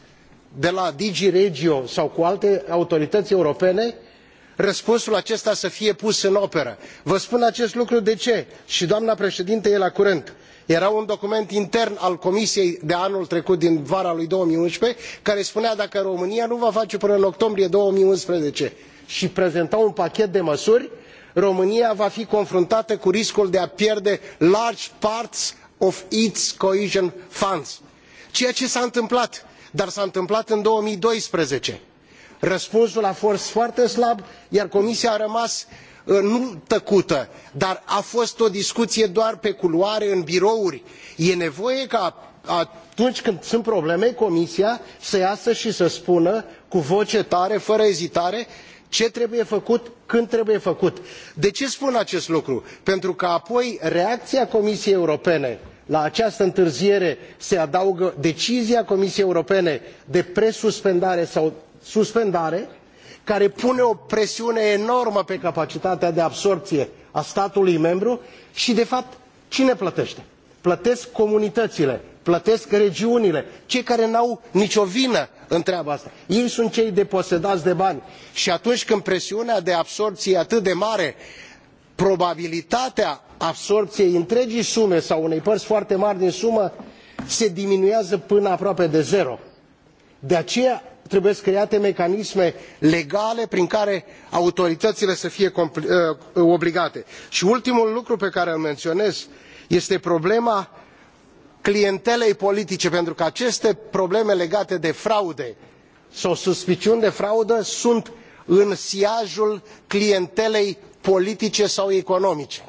de la dg regio sau cu alte autorităi europene răspunsul acesta să fie pus în operă. vă spun acest lucru de ce i doamna preedintă e la curent era un document intern al comisiei de anul trecut din vara lui două mii unsprezece care spunea dacă românia nu va face până în octombrie două mii unsprezece i prezenta un pachet de măsuri românia va fi confruntată cu riscul de a pierde large parts of its cohesion funds ceea ce s a întâmplat dar s a întâmplat în două mii doisprezece răspunsul a fost foarte slab iar comisia a rămas uh, nu tăcută dar a fost o discuie doar pe culoare în birouri e nevoie ca atunci când sunt probleme comisia să iasă i să spună cu voce tare fără ezitare ce trebuie făcut când trebuie făcut. de ce spun acest lucru? pentru că apoi reacia comisiei europene la această întârziere se adaugă decizia comisiei europene de presuspendare sau suspendare care pune o presiune enormă pe capacitatea de absorbie a statului membru i de fapt cine plătete? plătesc comunităile plătesc regiunile cei care nu au nicio vină în treaba asta ei sunt cei deposedai de bani i atunci când presiunea de absorbie e atât de mare probabilitatea absorbiei întregii sume sau unei pări foarte mari din sumă se diminuează până aproape de zero. de aceea trebuie create mecanisme legale prin care autorităile să fie obligate. i ultimul lucru pe care îl menionez este problema clientelei politice pentru că aceste probleme legate de fraude sau suspiciuni de fraudă sunt în siajul clientelei politice sau economice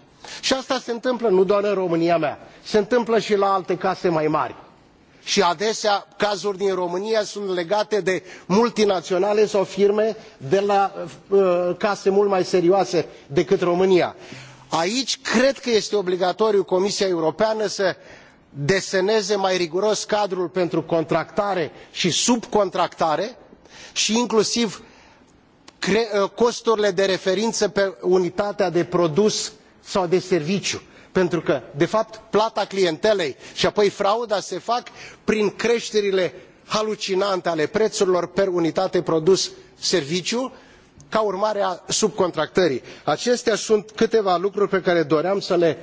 i asta se întâmplă nu doar în românia mea se întâmplă i la alte case mai mari i adesea cazuri din românia sunt legate de multinaionale sau firme de la uh, case mult mai serioase decât românia. aici cred că este obligatoriu ca comisia europeană să deseneze mai riguros cadrul pentru contractare i subcontractare i inclusiv uh, costurile de referină pe unitatea de produs sau de serviciu pentru că de fapt plata clientelei i apoi frauda se fac prin creterile halucinante ale preurilor per unitate produs serviciu ca urmare a subcontractării. acestea sunt câteva lucruri pe care doream să le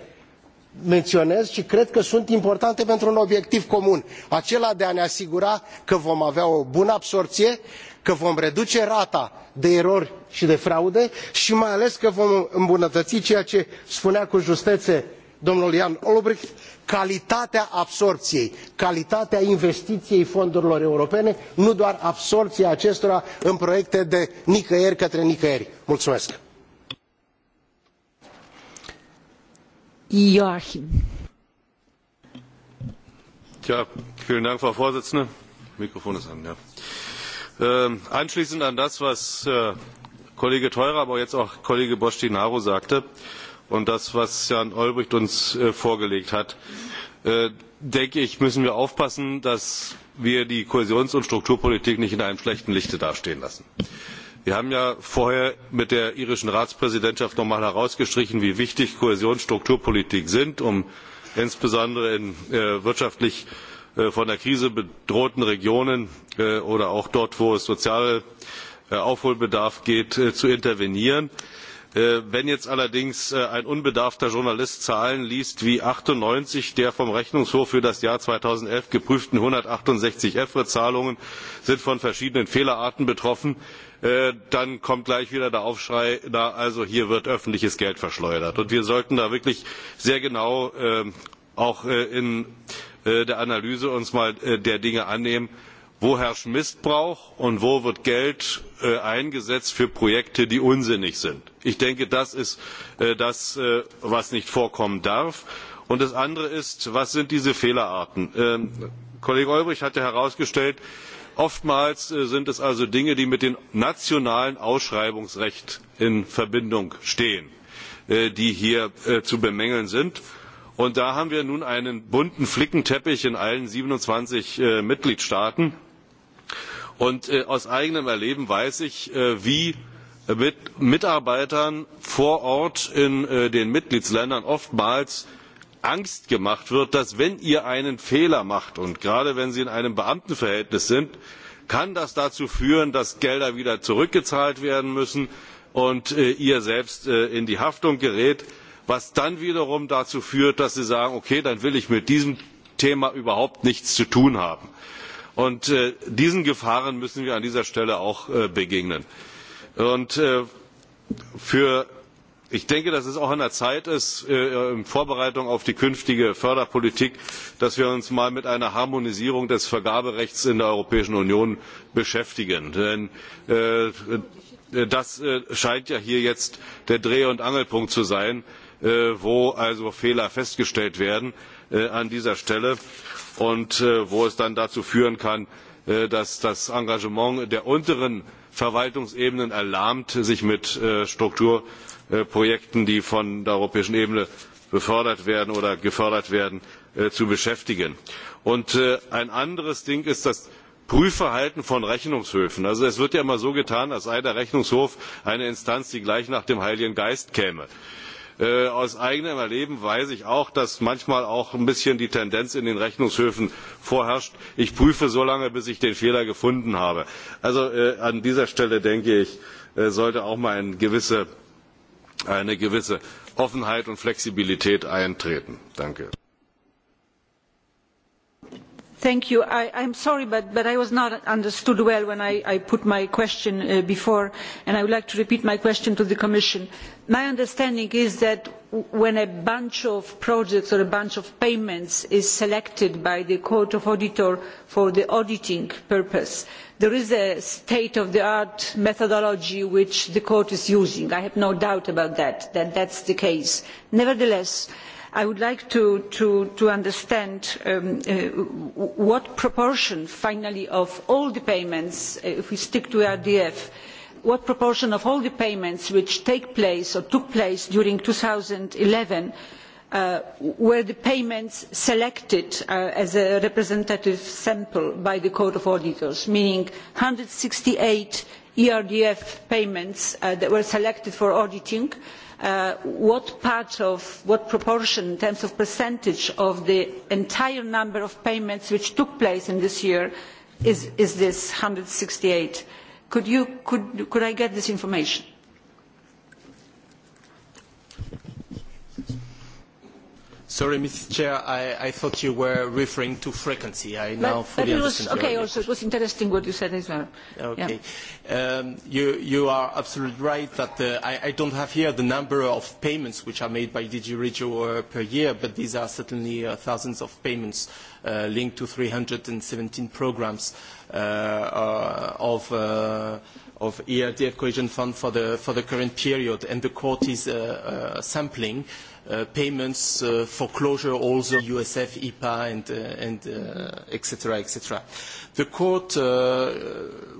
menionez i cred că sunt importante pentru un obiectiv comun acela de a ne asigura că vom avea o bună absorbie că vom reduce rata de erori i de fraude i mai ales că vom îmbunătăi ceea ce spunea cu justee domnul jan olbrycht calitatea absorbiei calitatea investiiei fondurilor europene nu doar absorbia acestora în proiecte de nicăieri către nicăieri. frau präsidentin! Ähm, anschließend an das was äh, kollege theurer aber jetzt auch kollege botinaru sagte und das, was Jan Olbricht uns äh, vorgelegt hat, äh, denke ich, müssen wir aufpassen, dass wir die Kohäsions- und Strukturpolitik nicht in einem schlechten Lichte dastehen lassen. Wir haben ja vorher mit der irischen Ratspräsidentschaft noch einmal herausgestrichen, wie wichtig Kohäsions- und Strukturpolitik sind, um insbesondere in äh, wirtschaftlich von der Krise bedrohten Regionen oder auch dort, wo es soziale Aufholbedarf geht, zu intervenieren. Äh, wenn jetzt allerdings äh, ein unbedarfter journalist zahlen liest wie achtundneunzig der vom rechnungshof für das jahr zweitausendelf geprüften einhundertachtundsechzig efre zahlungen sind von verschiedenen fehlerarten betroffen äh, dann kommt gleich wieder der aufschrei na also hier wird öffentliches geld verschleudert. wir sollten uns da wirklich sehr genau ähm, auch in der analyse der dinge annehmen wo herrscht missbrauch und wo wird geld äh, eingesetzt für projekte die unsinnig sind? ich denke das ist äh, das äh, was nicht vorkommen darf. und das andere ist was sind diese fehlerarten? Ähm, kollege olbrycht hat ja herausgestellt oftmals sind es also dinge die mit dem nationalen ausschreibungsrecht in verbindung stehen die hier zu bemängeln sind und da haben wir nun einen bunten flickenteppich in allen siebenundzwanzig mitgliedstaaten Und äh, aus eigenem Erleben weiß ich, äh, wie mit Mitarbeitern vor Ort in äh, den mitgliedstaaten oftmals Angst gemacht wird, dass wenn ihr einen Fehler macht und gerade wenn sie in einem Beamtenverhältnis sind, kann das dazu führen, dass Gelder wieder zurückgezahlt werden müssen und äh, ihr selbst in die Haftung gerät, was dann wiederum dazu führt, dass sie sagen, okay, dann will ich mit diesem Thema überhaupt nichts zu tun haben. Und äh, diesen Gefahren müssen wir an dieser Stelle auch äh, begegnen. Äh, ich denke, dass es auch an der Zeit ist, in Vorbereitung auf die künftige Förderpolitik, dass wir uns mal mit einer Harmonisierung des Vergaberechts in der Europäischen Union beschäftigen. Denn das scheint ja hier jetzt der Dreh- und Angelpunkt zu sein, wo also Fehler festgestellt werden an dieser Stelle und äh, wo es dann dazu führen kann äh, dass das engagement der unteren verwaltungsebenen erlahmt sich mit äh, strukturprojekten die von der europäischen ebene befördert werden oder gefördert werden zu beschäftigen. ein anderes ding ist das prüfverhalten von rechnungshöfen. es wird ja immer so getan als sei der rechnungshof eine instanz die gleich nach dem heiligen geist käme. Äh, aus eigenem erleben weiß ich auch dass manchmal auch ein bisschen die tendenz in den rechnungshöfen vorherrscht ich prüfe so lange bis ich den fehler gefunden habe. also äh, an dieser stelle denke ich äh, sollte auch mal eine gewisse offenheit und flexibilität eintreten. danke. Thank you. I, I'm sorry, but, I was not understood well when I, put my question uh, before, and I would like to repeat my question to the Commission. My understanding is that when a bunch of projects or a bunch of payments is selected by the Court of Auditor for the auditing purpose, there is a state of the art methodology which the Court is using. I have no doubt about that, that that's the case. Nevertheless, i would like to, understand um, uh, what proportion finally of all the payments uh, if we stick to rdf what proportion of all the payments which take place or took place during two thousand and eleven uh, were the payments selected as a representative sample by the court of auditors meaning one hundred and sixty eight erdf payments that were selected for auditing and Uh, what part what proportion in terms of percentage of the entire number of payments which took place in this year is, is this 168 could you could, could i get this information Sorry, Mr. Chair, I, I thought you were referring to frequency. I now fully but it was, understand. Okay, also, it was interesting what you said as well. Okay. Yeah. Um, you, you are absolutely right that the, I, I don't have here the number of payments which are made by DG Regio uh, per year, but these are certainly uh, thousands of payments uh, linked to 317 programs uh, uh, of. Uh, of ERDF cohesion fund for the, for the current period and the court is uh, uh, sampling uh, uh, payments, uh, foreclosure, also USF, IPA, e and, uh, and uh, etc., etc. The court uh,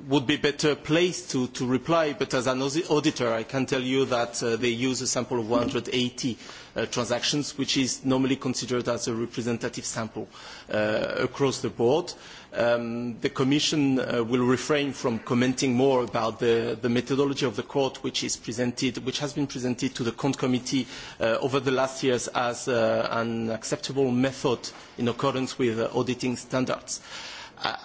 would be better placed to, to reply, but as an auditor, I can tell you that uh, they use a sample of 180 uh, transactions, which is normally considered as a representative sample uh, across the board. Uh, Um, the Commission uh, will refrain from commenting more about the, the methodology of the court which is presented, which has been presented to the Cont Committee uh, over the last years as uh, an acceptable method in accordance with uh, auditing standards. Uh,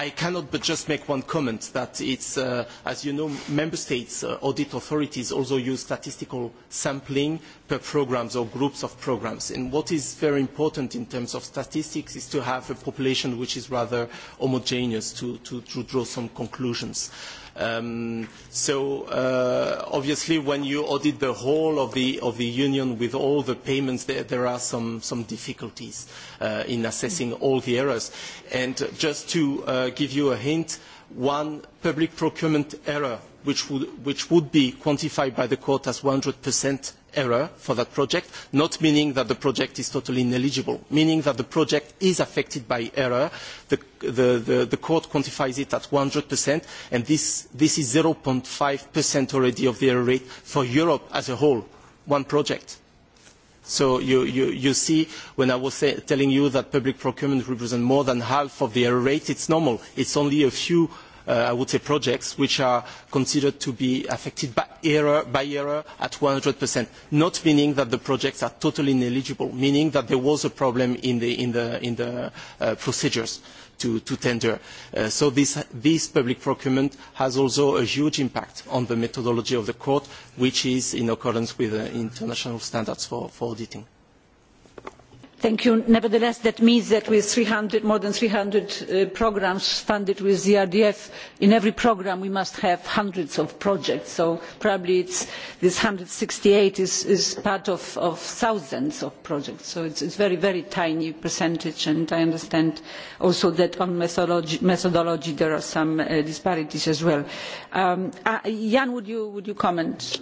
I cannot but just make one comment that it's, uh, as you know, member states uh, audit authorities also use statistical sampling per programs or groups of programs. And what is very important in terms of statistics is to have a population which is rather homogeneous to, to, to draw some conclusions. Uh, Um, so uh, obviously, when you audit the whole of the of the union with all the payments, there, there are some some difficulties uh, in assessing all the errors. And just to uh, give you a hint, one public procurement error which would, be quantified by the court as 100% error for that project, not meaning that the project is totally ineligible, meaning that the project is affected by error. The, the, the, the court quantifies it at 100%, and this, this is 0.5% already of the error rate for Europe as a whole, one project. So you, you, you see, when I was say, telling you that public procurement represents more than half of the error rate, it's normal. It's only a few Uh, I would say, projects which are considered to be affected by error, by error at 100%, not meaning that the projects are totally ineligible, meaning that there was a problem in the, in the, in the uh, procedures. To, to, tender. Uh, so this, this, public procurement has also a huge impact on the methodology of the court, which is in accordance with uh, international standards for, for auditing nevertheless that means that with more than three hundred uh, programmes funded with the erdf in every programme we must have hundreds of projects so probably this one hundred and sixty eight is part of, thousands of projects so it is a very very tiny percentage and i understand also that on methodology, there are some uh, disparities as well. Um, uh, jan would you, comment you comment?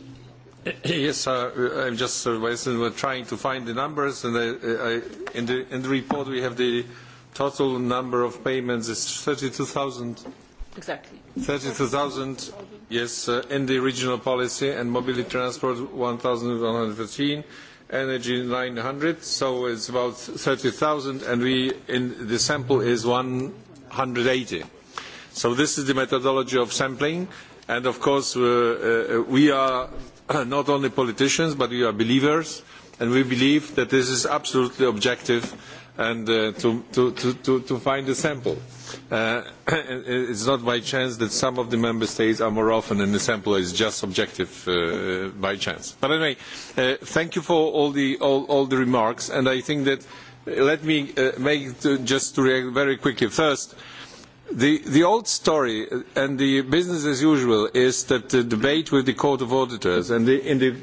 Yes, uh, I'm just uh, we're trying to find the numbers, in, the, report we have the total number of payments is 32,000. Exactly. 32,000, yes, uh, in the regional policy, and mobility transport 1,113, energy 900, so it's about 30,000, and we, in the sample is 180. So this is the methodology of sampling, and of course, uh, we are not only politicians, but we are believers, and we believe that this is absolutely objective and uh, to, to, to, to find a sample. Uh, it's not by chance that some of the member states are more often in the sample is just subjective uh, by chance. But anyway, uh, thank you for all the, all, all the remarks, and I think that uh, let me uh, make to, just to react very quickly. First, uh, The, the old story and the business as usual is that the debate with the Court of Auditors and the, in the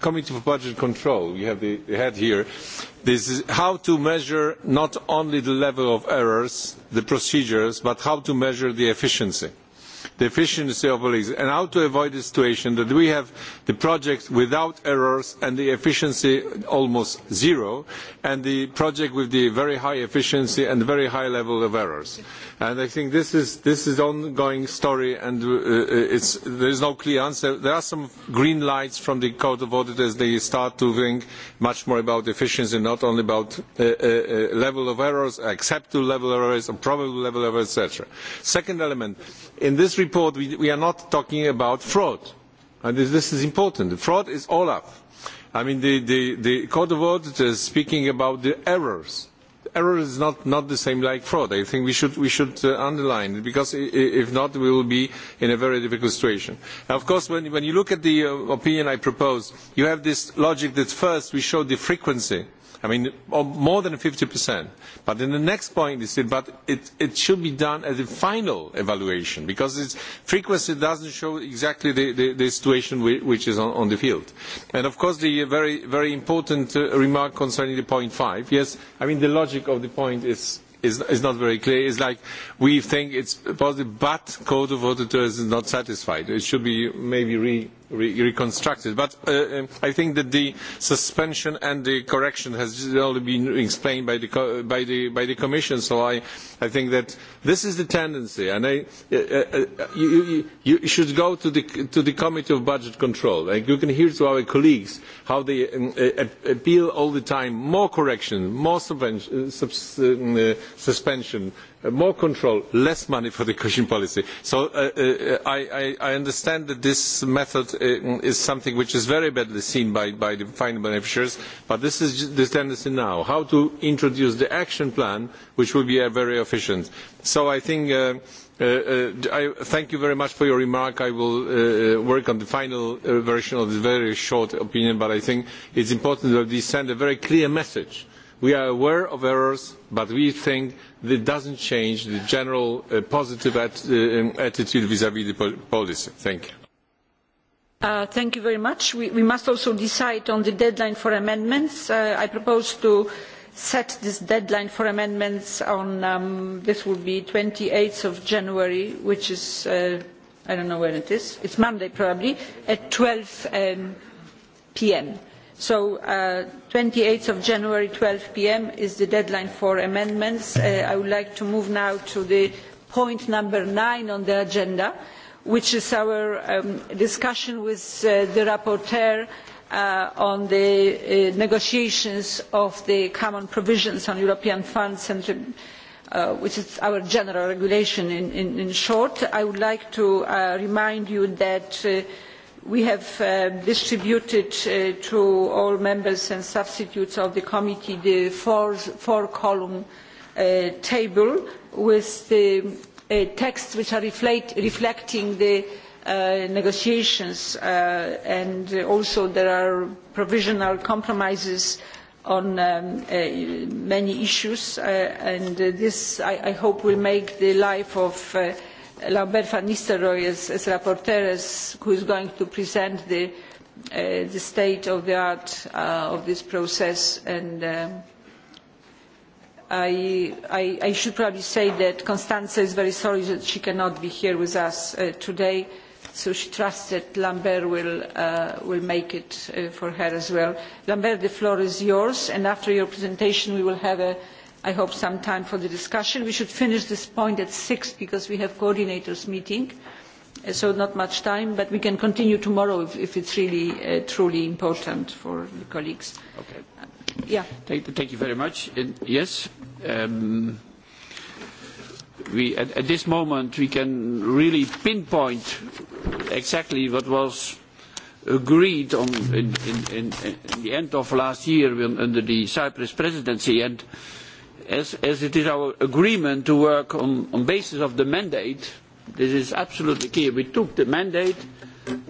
Committee for Budget Control, you have the, the head here, this is how to measure not only the level of errors, the procedures, but how to measure the efficiency the efficiency of leaks and how to avoid the situation that we have the project without errors and the efficiency almost zero and the project with the very high efficiency and very high level of errors. And I think this is this is ongoing story and uh, uh it's, there is no clear answer. There are some green lights from the Court of Auditors. They start to think much more about efficiency, not only about uh, uh, uh level of errors, acceptable level of errors, or probable level of errors, etc. Second element, in this report we, are not talking about fraud and this, is important. The fraud is olaf. i mean the, the, the court of auditors speaking about the errors error is not, not the same like fraud. I think we should, we should uh, underline it because if not, we will be in a very difficult situation. Now, of course, when, when you look at the uh, opinion I propose, you have this logic that first we show the frequency I mean, oh, more than 50%. But then the next point is that but it, it should be done as a final evaluation because its frequency doesn't show exactly the, the, the situation which is on, on the field. And of course, the very, very important uh, remark concerning the point five. Yes, I mean, the logic of the point is, is, is not very clear. It's like we think it's positive, but code of auditors is not satisfied. It should be maybe re reconstructed. But uh, um, I think that the suspension and the correction has only been explained by the, by the, by the Commission, so I, I think that this is the tendency, and I, uh, uh, you, you, should go to the, to the Committee of Budget Control. Like you can hear to our colleagues how they um, uh, appeal all the time, more correction, more suspension, uh, uh, suspension, more control less money for the cohesion policy. so uh, uh, I, I understand that this method uh, is something which is very badly seen by, by the final beneficiaries but this is the tendency now how to introduce the action plan which will be uh, very efficient. so i think uh, uh, I thank you very much for your remark. i will work on the final version of this very short opinion but i think it is important that we send a very clear message we are aware of errors but we think that doesn't change the general uh, positive at, uh, um, attitude vis-à-vis -vis the po policy. Thank you. Uh, thank you very much. We, we, must also decide on the deadline for amendments. Uh, I propose to set this deadline for amendments on, um, this will be 28th of January, which is, uh, I don't know when it is, it's Monday probably, at 12 um, p.m so uh, twenty eight january at twelve pm is the deadline for amendments. Uh, i would like to move now to point number nine on the agenda which is our um, discussion with uh, the rapporteur on the negotiations of the common provisions on european funds which is our general regulation in short. i would like to remind you that we have uh, distributed uh, to all members and substitutes of the committee the four, column uh, table with the texts which are reflect, reflecting the negotiations and also there are provisional compromises on um, many issues and this I, I, hope will make the life of Lambert van Nistelrooy as, as rapporteur, as, who is going to present the, uh, the state of the art uh, of this process. And um, I, I, I should probably say that Constanza is very sorry that she cannot be here with us uh, today so she trusts that Lambert will, uh, will make it uh, for her as well. Lambert, the floor is yours, and after your presentation we will have a i hope some time for the discussion. we should finish this point at six because we have a coordinators' meeting uh, so not much time but we can continue tomorrow if, if it's really uh, truly important for the colleagues. Okay. Uh, yeah. Thank, thank you very much. And yes, um, we, at, at this moment we can really pinpoint exactly what was agreed on in, in, in, in the end of last year when, under the Cyprus presidency and as, it is our agreement to work on, on basis of the mandate, this is absolutely clear. We took the mandate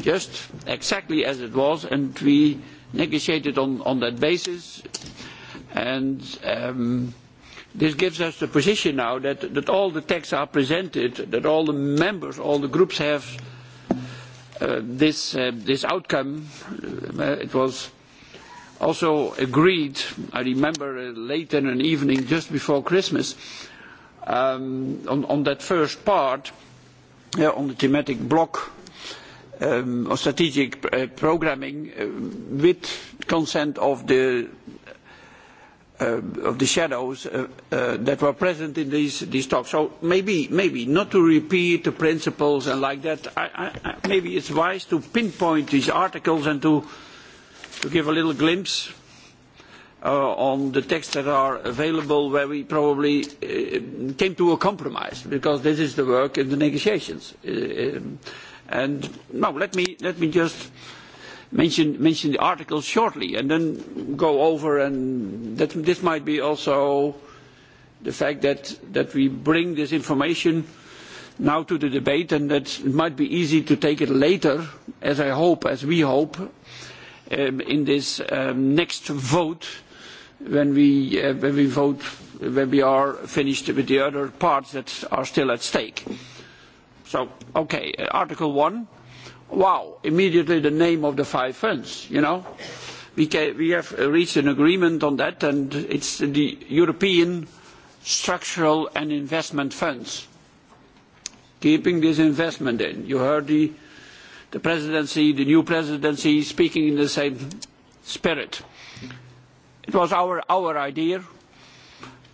just exactly as it was, and we negotiated on, on that basis. And um, this gives us the position now that, that all the texts are presented, that all the members, all the groups have uh, this, uh, this outcome. Uh, it was also agreed, I remember uh, late in an evening just before Christmas, um, on, on, that first part, yeah, on the thematic block um, or strategic uh, programming uh, with consent of the, uh, of the shadows uh, uh, that were present in these, these talks. So maybe, maybe not to repeat the principles and like that, I, I, maybe it's wise to pinpoint these articles and to to give a little glimpse uh, on the texts that are available where we probably uh, came to a compromise because this is the work in the negotiations. Um, and now let me, let me just mention, mention the articles shortly and then go over and that, this might be also the fact that, that we bring this information now to the debate and that it might be easy to take it later as I hope, as we hope, Um, in this um, next vote uh, when we, vote when we are finished with the other parts that are still at stake. So, okay, uh, Article 1. Wow, immediately the name of the five funds, you know. we have reached an agreement on that, and it's the European Structural and Investment Funds. Keeping this investment in. You heard the the presidency, the new presidency, speaking in the same spirit. It was our, our idea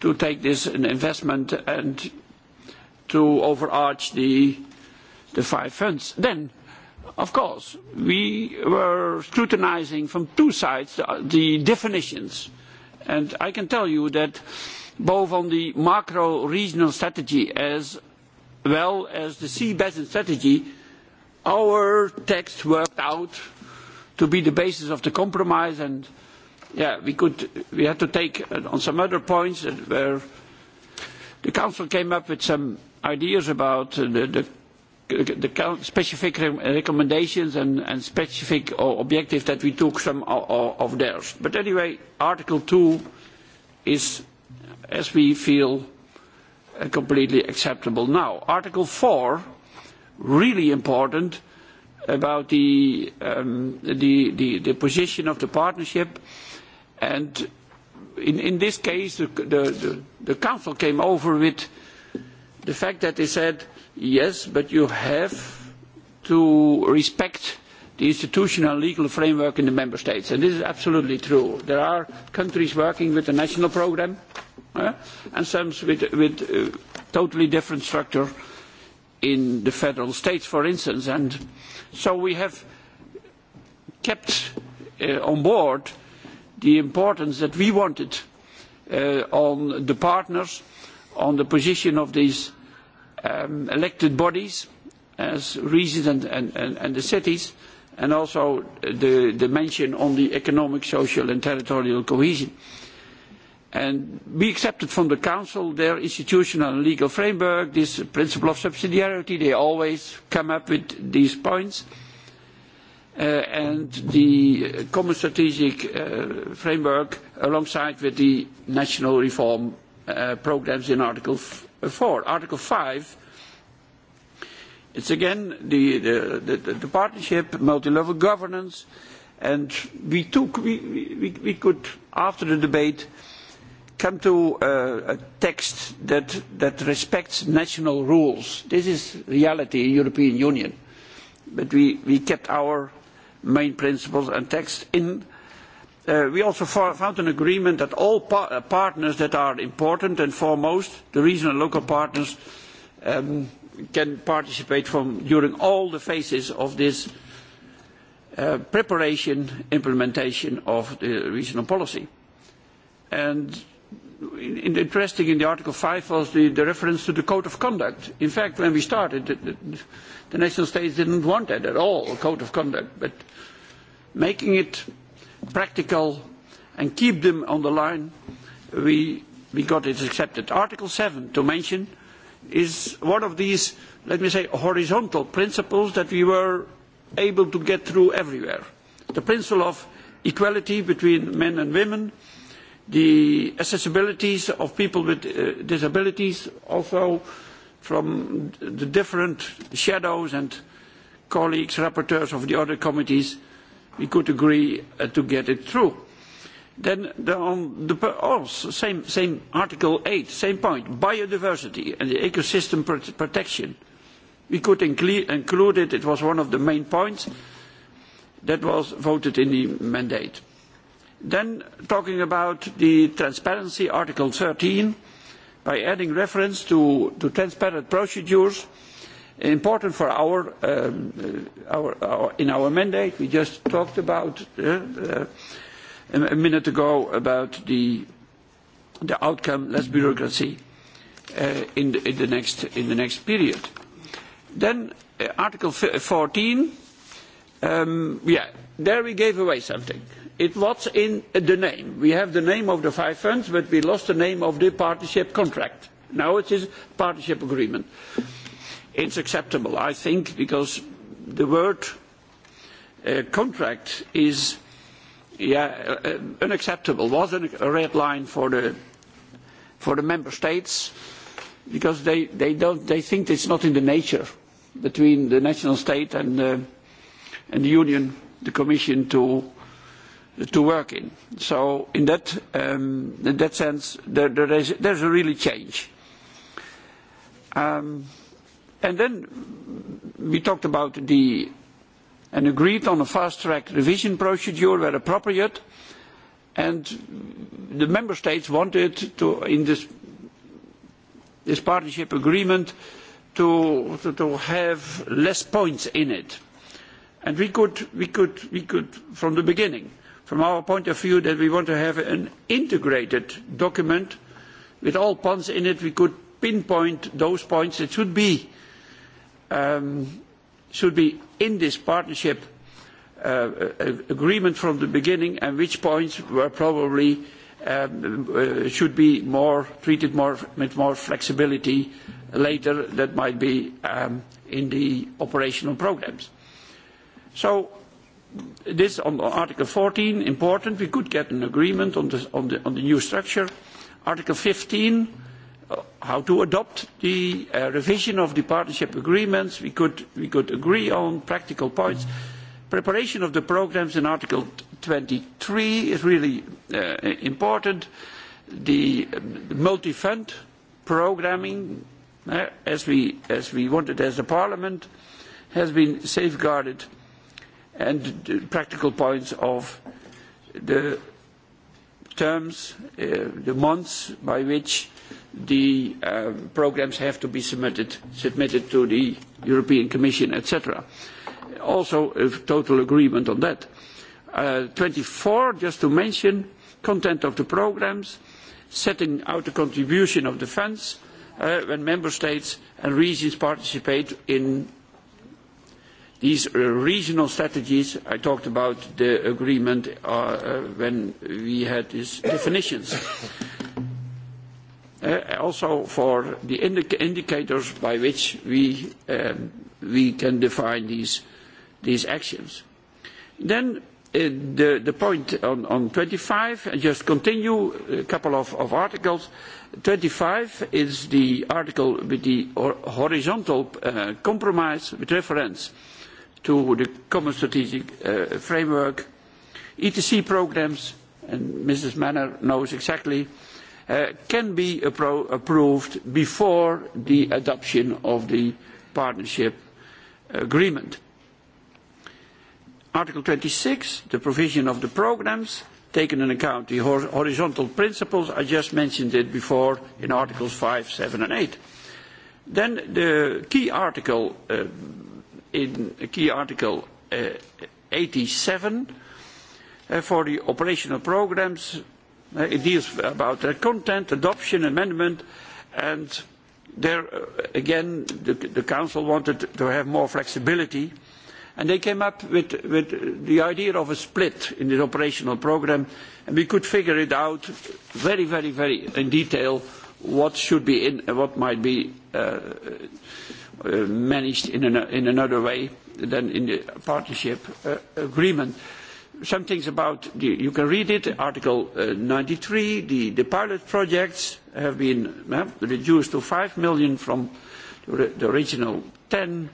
to take this an investment and to overarch the, the five funds. Then, of course, we were scrutinizing from two sides the, the definitions. And I can tell you that both on the macro-regional strategy as well as the sea-basin strategy, our text worked out to be the basis of the compromise and yeah, we could we had to take uh, on some other points uh, where the council came up with some ideas about uh, the, the, the specific recommendations and, and specific objectives that we took some of theirs. But anyway, Article 2 is, as we feel, completely acceptable now. Article 4 really important about the, um, the, the, the position of the partnership. And in, in this case, the, the, the Council came over with the fact that they said, yes, but you have to respect the institutional legal framework in the member states. And this is absolutely true. There are countries working with a national program uh, and some with, with uh, totally different structure in the federal states, for instance. And so we have kept uh, on board the importance that we wanted uh, on the partners, on the position of these um, elected bodies as regions and, and, and, and the cities, and also the, the mention on the economic, social and territorial cohesion and we accepted from the Council, their institutional and legal framework, this principle of subsidiarity, they always come up with these points. Uh, and the common strategic uh, framework alongside with the national reform uh, programs in Article 4. Uh, Article 5, it's again the, the, the, the partnership, multi-level governance, and we, took, we, we, we could, after the debate, come to uh, a text that, that respects national rules. This is reality in European Union. But we, we kept our main principles and text in. Uh, we also found an agreement that all par uh, partners that are important and foremost, the regional and local partners, um, can participate from, during all the phases of this uh, preparation, implementation of the regional policy. And in, interesting in the Article 5 was the, the, reference to the code of conduct. In fact, when we started, the, the, the national states didn't want that at all, a code of conduct. But making it practical and keep them on the line, we, we got it accepted. Article 7, to mention, is one of these, let me say, horizontal principles that we were able to get through everywhere. The principle of equality between men and women, the accessibility of people with uh, disabilities also from the different shadows and colleagues, rapporteurs of the other committees, we could agree uh, to get it through. Then the, on the also same, same Article 8, same point, biodiversity and the ecosystem protection. We could include it, it was one of the main points that was voted in the mandate Then, talking about the transparency, Article 13, by adding reference to, transparent procedures, important for um, uh, our, in our mandate. We just talked about uh, uh, a minute ago about the, the outcome, less bureaucracy in, the, next, in the next period. Then Article 14, um, yeah, there we gave away something it was in the name. We have the name of the five funds, but we lost the name of the partnership contract. Now it is a partnership agreement. it is acceptable, I think, because the word uh, contract is yeah, uh, unacceptable, was a red line for the, for the member states because they, they, don't, they think it's not in the nature between the national state and, uh, and the union, the commission, to to work in. So in that, um, in that sense, there, there is, there's a really change. Um, and then we talked about the and agreed on a fast-track revision procedure where appropriate, and the member states wanted to, in this, this partnership agreement, to, to, to have less points in it. And we could, we could, we could from the beginning from our point of view that we want to have an integrated document with all points in it. We could pinpoint those points that should be um, should be in this partnership uh, agreement from the beginning, and which points were probably um, uh, should be more treated more with more flexibility later. That might be um, in the operational programs. So this on Article 14, important. We could get an agreement on, this, on, the, on the new structure. Article 15, uh, how to adopt the uh, revision of the partnership agreements. We could, we could agree on practical points. Preparation of the programs in Article 23 is really uh, important. The, um, the multi-fund programming, uh, as, we, as we wanted as a parliament, has been safeguarded and the practical points of the terms, uh, the months by which the uh, programs have to be submitted, submitted to the European Commission, etc. Also, a total agreement on that. Uh, 24, just to mention, content of the programs, setting out the contribution of the funds uh, when member states and regions participate in These uh, regional strategies, I talked about the agreement uh, uh, when we had these definitions. Uh, also for the indicators by which we, um, we can define these, these actions. Then uh, the, the point on, on 25, and just continue a couple of, of articles. 25 is the article with the horizontal uh, compromise with reference to the common strategic uh, framework, ETC programs, and Mrs. Manner knows exactly, uh, can be appro approved before the adoption of the partnership agreement. Article 26, the provision of the programs, taking into account the horizontal principles, I just mentioned it before in Articles 5, 7 and 8. Then the key article uh, in key article uh, 87 uh, for the operational programs. Uh, it deals about their content, adoption, amendment, and there uh, again the, the Council wanted to have more flexibility. And they came up with, with the idea of a split in the operational program, and we could figure it out very, very, very in detail what should be in and what might be uh, Uh, managed in, an, in another way than in the partnership uh, agreement. Some things about, the, you can read it, Article uh, 93, the, the pilot projects have been uh, reduced to 5 million from the, the original 10.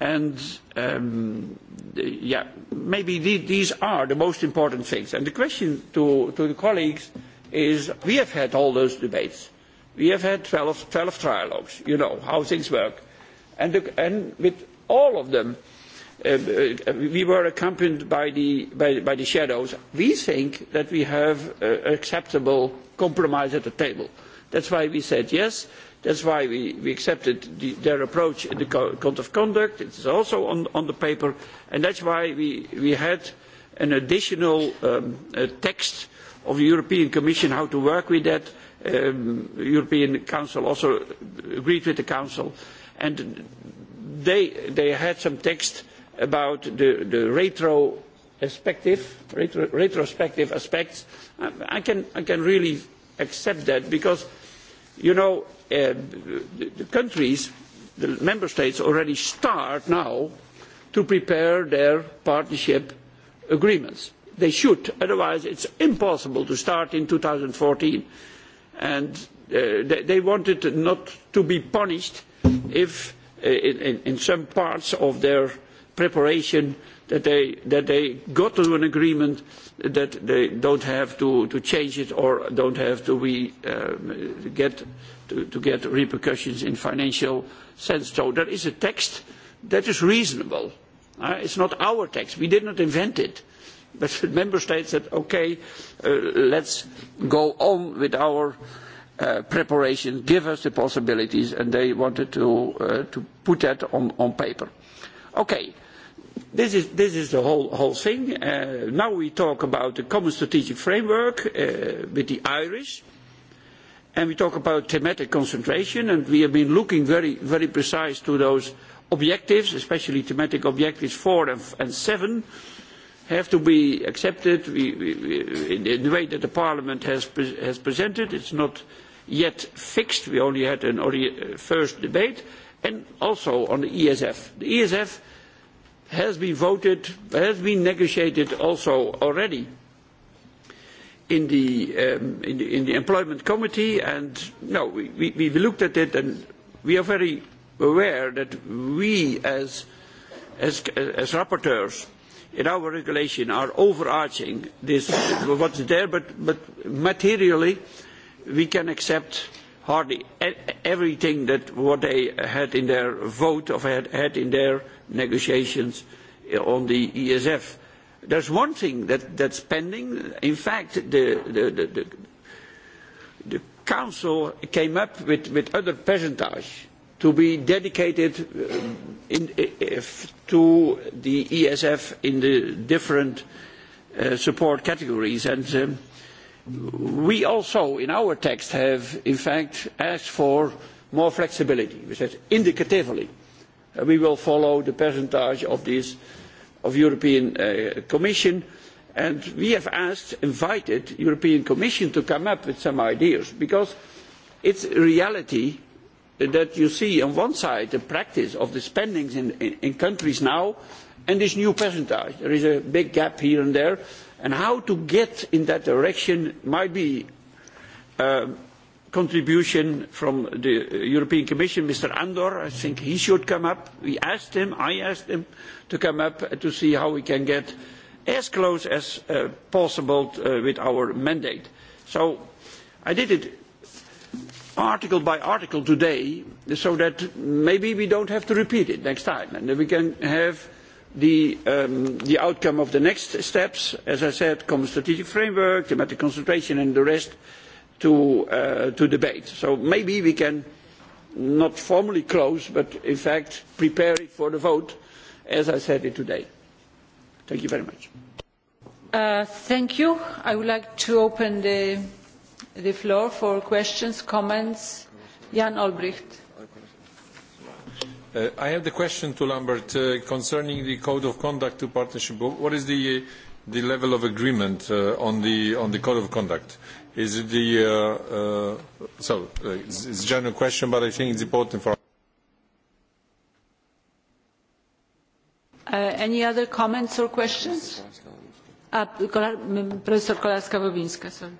And um, the, yeah, maybe the, these are the most important things. And the question to, to the colleagues is, we have had all those debates. We have had 12, 12 trilogues, you know, how things work and, and with all of them, uh, uh, we were accompanied by the, by, by the shadows. We think that we have an uh, acceptable compromise at the table. That's why we said yes. That's why we, we accepted the, their approach in the code of conduct. It's also on, on the paper. And that's why we, we had an additional um, text of the European Commission how to work with that. Um, European Council also agreed with the Council. Uh, and they, they had some text about the, the retro retrospective, retro, retrospective aspects. I can, I can really accept that because, you know, uh, the, the countries, the member states already start now to prepare their partnership agreements. They should, otherwise it's impossible to start in 2014. And uh, they, they wanted not to be punished if uh, in, in some parts of their preparation that they, that they got to an agreement that they don't have to, to change it or don't have to, be, um, get, to, to get repercussions in financial sense. So there is a text that is reasonable. Uh, it's not our text. We did not invent it. But member states said, okay, uh, let's go on with our Uh, preparation give us the possibilities and they wanted to uh, to put that on on paper okay this is this is the whole whole thing uh, now we talk about the common strategic framework uh, with the irish and we talk about thematic concentration and we have been looking very very precise to those objectives especially thematic objectives four and, and seven, have to be accepted we, we, we, in the way that the parliament has, pre has presented it's not yet fixed. We only had a uh, first debate. And also on the ESF. The ESF has been voted, has been negotiated also already in the, um, in the, in the employment committee and no, we, we, looked at it and we are very aware that we as, as, as rapporteurs in our regulation are overarching this, what's there, but, but materially uh, we can accept hardly e-, everything that what they had in their vote or had, had in their negotiations eh, on the ESF. There's one thing that, that's pending. In fact, the, the, the, the, the Council came up with, with other percentage to be dedicated eh, in, if, eh, to the ESF in the different uh, support categories. And um, we also in our text have in fact asked for more flexibility. We said indicatively uh, we will follow the percentage of this of European uh, Commission and we have asked, invited European Commission to come up with some ideas because it's a reality that you see on one side the practice of the spendings in, in, in countries now and this new percentage. There is a big gap here and there And how to get in that direction might be a uh, contribution from the European Commission, Mr. Andor. I think he should come up. We asked him, I asked him to come up to see how we can get as close as uh, possible uh, with our mandate. So I did it article by article today so that maybe we don't have to repeat it next time and we can have Um, the, outcome of the next steps, as I said, common strategic framework, thematic concentration and the rest uh, to, debate. So maybe we can not formally close, but in fact prepare it for the vote, as I said it today. Thank you very much. Uh, thank you. I would like to open the, floor for questions, comments. Jan olbrycht. Uh, I have the question to Lambert uh, concerning the code of conduct to partnership. What is the, uh, the level of agreement uh, on, the, on the code of conduct? Is it the... Uh, so, it's, it's a general question, but I think it's important for... Any other comments or questions? Professor Kolarska-Bobińska, sorry.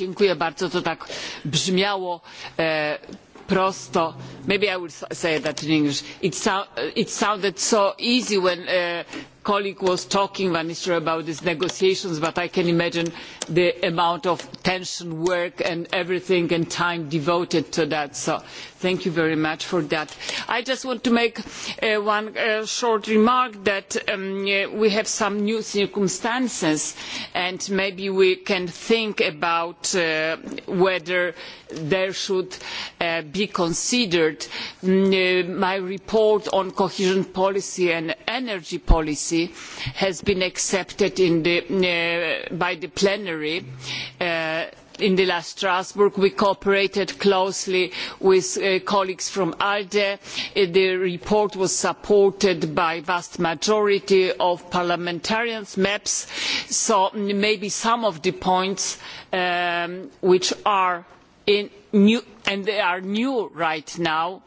dziękuję bardzo to tak brzmiało e, prosto maybe i will say that in english it, sounded so easy when uh, colleague was talking, Van about these negotiations, but I can imagine the amount of tension, work and everything and time devoted to that. So thank you very much for that. I just want to make uh, one uh, short remark that um, uh, we have some new circumstances and maybe we can think about uh, whether there should uh, be considered um, my report on cohesion policy and energy policy policy has been accepted the, uh, by the plenary uh, in the last strasbourg we cooperated closely with uh, colleagues from alde uh, the report was supported by a vast majority of parliamentarians meps so maybe some of the points um, which are new and they are new right now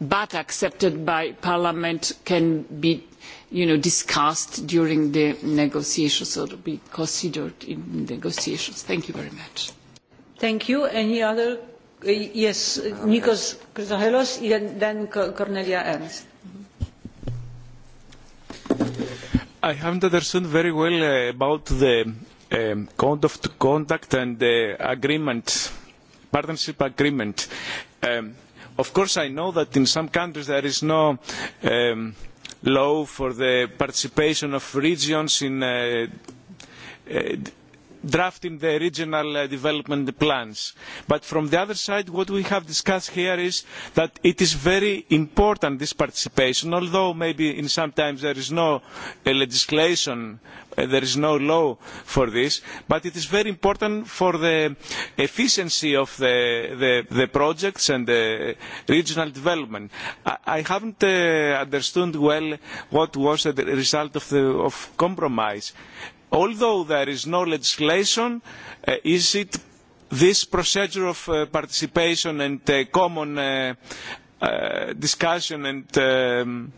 but accepted by parliament can be you know, discussed during the negotiations or be considered in negotiations. Thank you very much. Thank you. Any other? Uh, yes, Nikos Chrysohelos, then Cornelia Ernst. I haven't understood very well uh, about the um, code of conduct and the agreement, partnership agreement. Um, of course, I know that in some countries there is no um, law for the participation of regions in uh, uh, drafting the regional uh, development plans. But from the other side, what we have discussed here is that it is very important, this participation, although maybe in sometimes there is no uh, legislation, uh, there is no law for this, but it is very important for the efficiency of the, the, the projects and the regional development. I, I haven't uh, understood well what was the result of the of compromise although there is no legislation, uh, is it this procedure of uh, participation and uh, common uh, uh, discussion and um,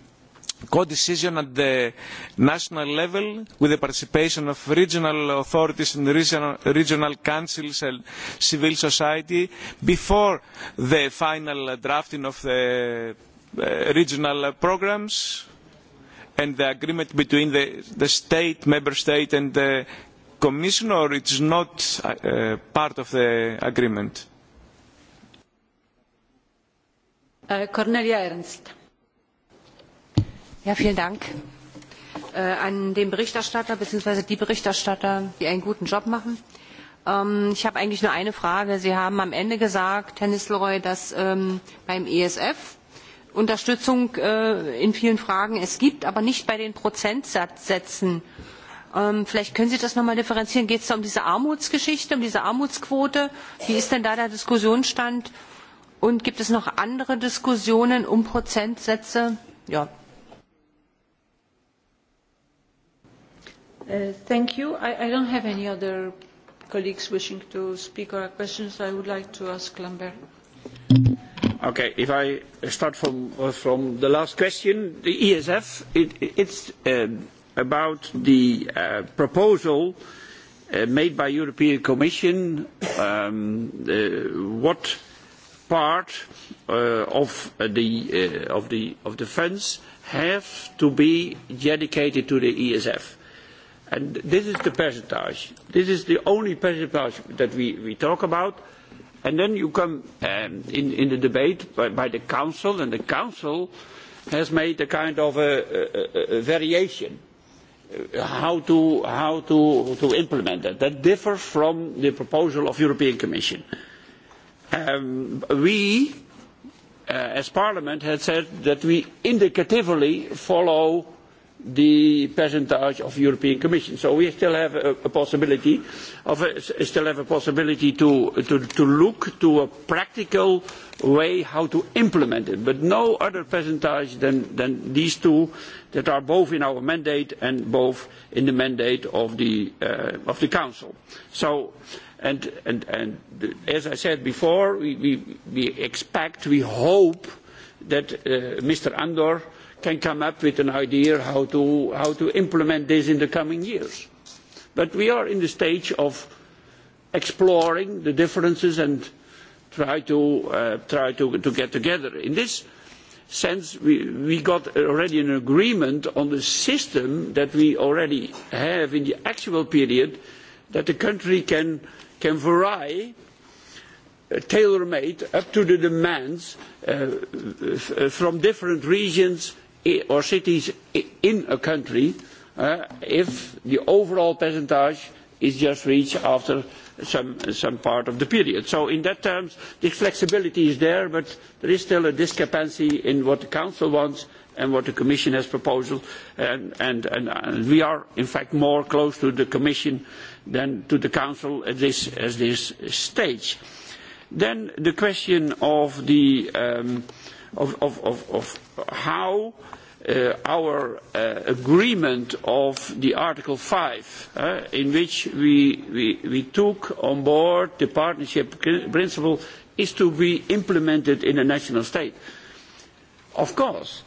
co-decision at the national level with the participation of regional authorities and regional, regional councils and civil society before the final drafting of the uh, regional programs? and the agreement between the, the state, member state and the commission or it's not uh, part of the agreement? Uh, Cornelia Ernst. Ja, vielen Dank äh, an den Berichterstatter bzw. die Berichterstatter, die einen guten Job machen. Ähm, ich habe eigentlich nur eine Frage. Sie haben am Ende gesagt, Herr Nistelrooy, dass ähm, beim ESF Unterstützung äh, in vielen Fragen es gibt, aber nicht bei den Prozentsätzen. Ähm, vielleicht können Sie das nochmal differenzieren. Geht es da um diese Armutsgeschichte, um diese Armutsquote? Wie ist denn da der Diskussionsstand? Und gibt es noch andere Diskussionen um Prozentsätze? Ja. Uh, thank you. I, I don't have any other colleagues wishing to speak or questions. I would like to ask Lambert. Okay, if I start from, uh, from the last question, the ESF, it, it's uh, about the uh, proposal uh, made by European Commission, um, uh, what part uh, of the, of, the, of the funds have to be dedicated to the ESF. And this is the percentage. This is the only percentage that we, we talk about And then you come um, in, in the debate by, by the Council, and the Council has made a kind of a, a, a variation uh, how to, how to, to implement that. That differs from the proposal of European Commission. Um, we, uh, as Parliament, had said that we indicatively follow the percentage of European Commission. So we still have a, a possibility of a, still have a possibility to, to, to look to a practical way how to implement it, but no other percentage than, than these two that are both in our mandate and both in the mandate of the, uh, of the Council. So, and, and, and as I said before, we, we, we expect, we hope that uh, Mr. Andor can come up with an idea of how to implement this in the coming years. But we are at the stage of exploring the differences and trying uh, to, get together. In this sense, we, have already got an agreement on the system that we already have in the actual period that the country can, vary uh, tailor made up to the demands uh, from different regions or cities in a country uh, if the overall percentage is just reached after some, part of the period. So in that terms, the flexibility is there, but there is still a discrepancy in what the Council wants and what the Commission has proposed. And, we are, in fact, more close to the Commission than to the Council at this, stage. Then the question of um, how Uh, our uh, agreement of the Article 5, uh, in which we, we, we, took on board the partnership principle, is to be implemented in a national state. Of course,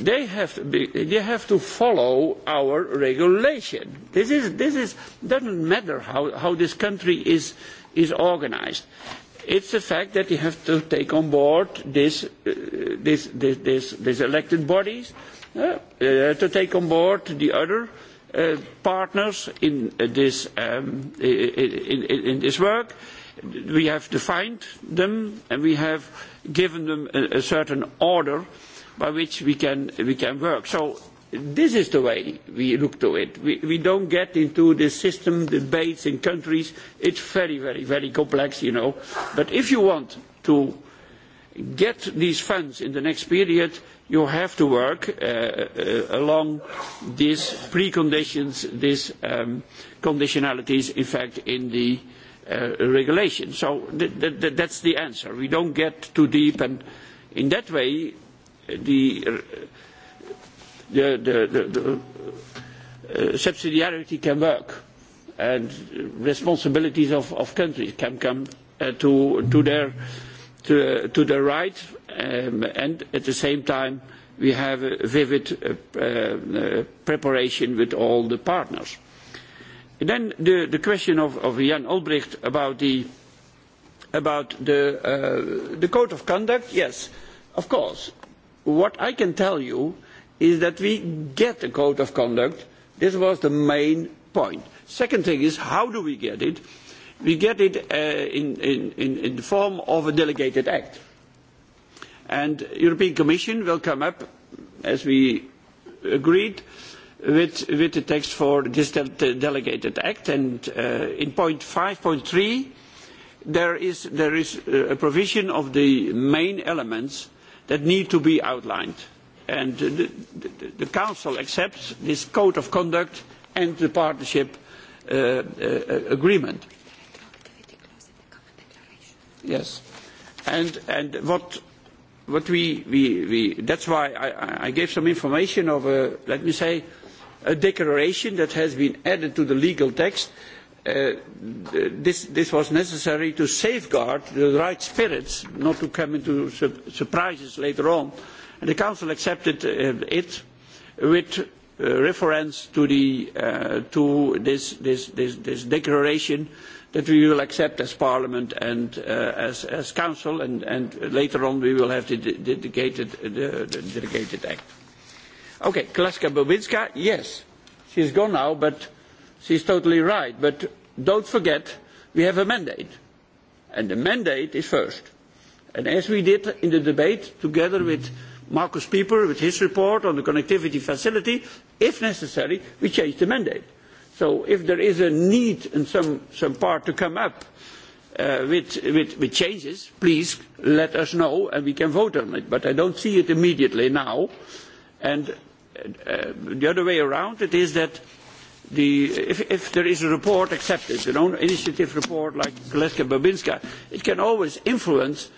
they have to, be, they have to follow our regulation. This is, this is, doesn't matter how, how this country is, is organized. It's the fact that you have to take on board these uh, this, this, this, this elected bodies, uh, uh, to take on board the other uh, partners in uh, this um, in, in, in this work. We have defined them and we have given them a, a certain order by which we can we can work. So This is the way we look to it. We, we don't get into the system debates in countries. It's very, very, very complex, you know. But if you want to get these funds in the next period, you have to work uh, uh, along these preconditions, these um, conditionalities, in fact, in the uh, regulation. So th th th that's the answer. We don't get too deep, and in that way, the the, the, the, the uh, subsidiarity can work and responsibilities of, of countries can come uh, to, to, their, to, to their right um, and at the same time we have a vivid uh, uh, preparation with all the partners. And then the, the question of, of Jan Olbricht about the, about the, uh, the code of conduct, yes, of course. What I can tell you is that we get a code of conduct. This was the main point. Second thing is, how do we get it? We get it uh, in, in, in the form of a delegated act. And European Commission will come up, as we agreed, with, with the text for this de delegated act. And uh, in point 5.3, there is, there is uh, a provision of the main elements that need to be outlined and the, Council accepts this code of conduct and the partnership uh, uh, agreement. Yes, and and what what we, we, we that's why I, I gave some information of a, let me say a declaration that has been added to the legal text. Uh, this, this was necessary to safeguard the right spirits, not to come into su surprises later on. Uh, And the Council accepted uh, it with uh, reference to, uh, this, declaration that we will accept as Parliament and as, Council, and, later on we will have the, delegated act. Okay, Klaska Bobinska, yes, she's gone now, but she's totally right. But don't forget, we have a mandate, and the mandate is first. And as we did in the debate, together with. Mm -hmm Markus Pieper with his report on the connectivity facility, if necessary, we change the mandate. So if there is a need in some, some part to come up uh, with, with, with changes, please let us know and we can vote on it. But I don't see it immediately now. And uh, uh the other way around, it is that the, if, if there is a report accepted, an own initiative report like Galeska-Babinska, it can always influence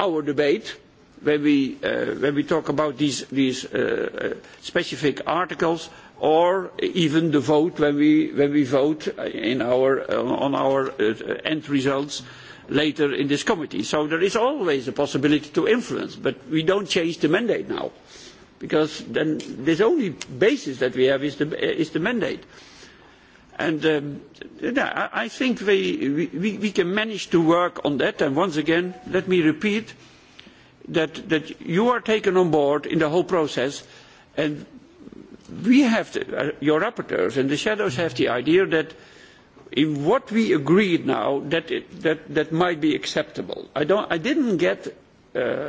our debate when we, uh, when we talk about these, these uh, uh, specific articles or even the vote when we, when we vote in our, uh, on our uh, end results later in this committee. So there is always a possibility to influence, but we don't change the mandate now because then the only basis that we have is the, is the mandate. And um, I think we, we, we can manage to work on that. And once again, let me repeat, uh, that, that you are taken on board in the whole process and we have, to, uh, your rapporteurs and the shadows have the idea that in what we agreed now, that, it, that, that might be acceptable. I, don't, I didn't get uh,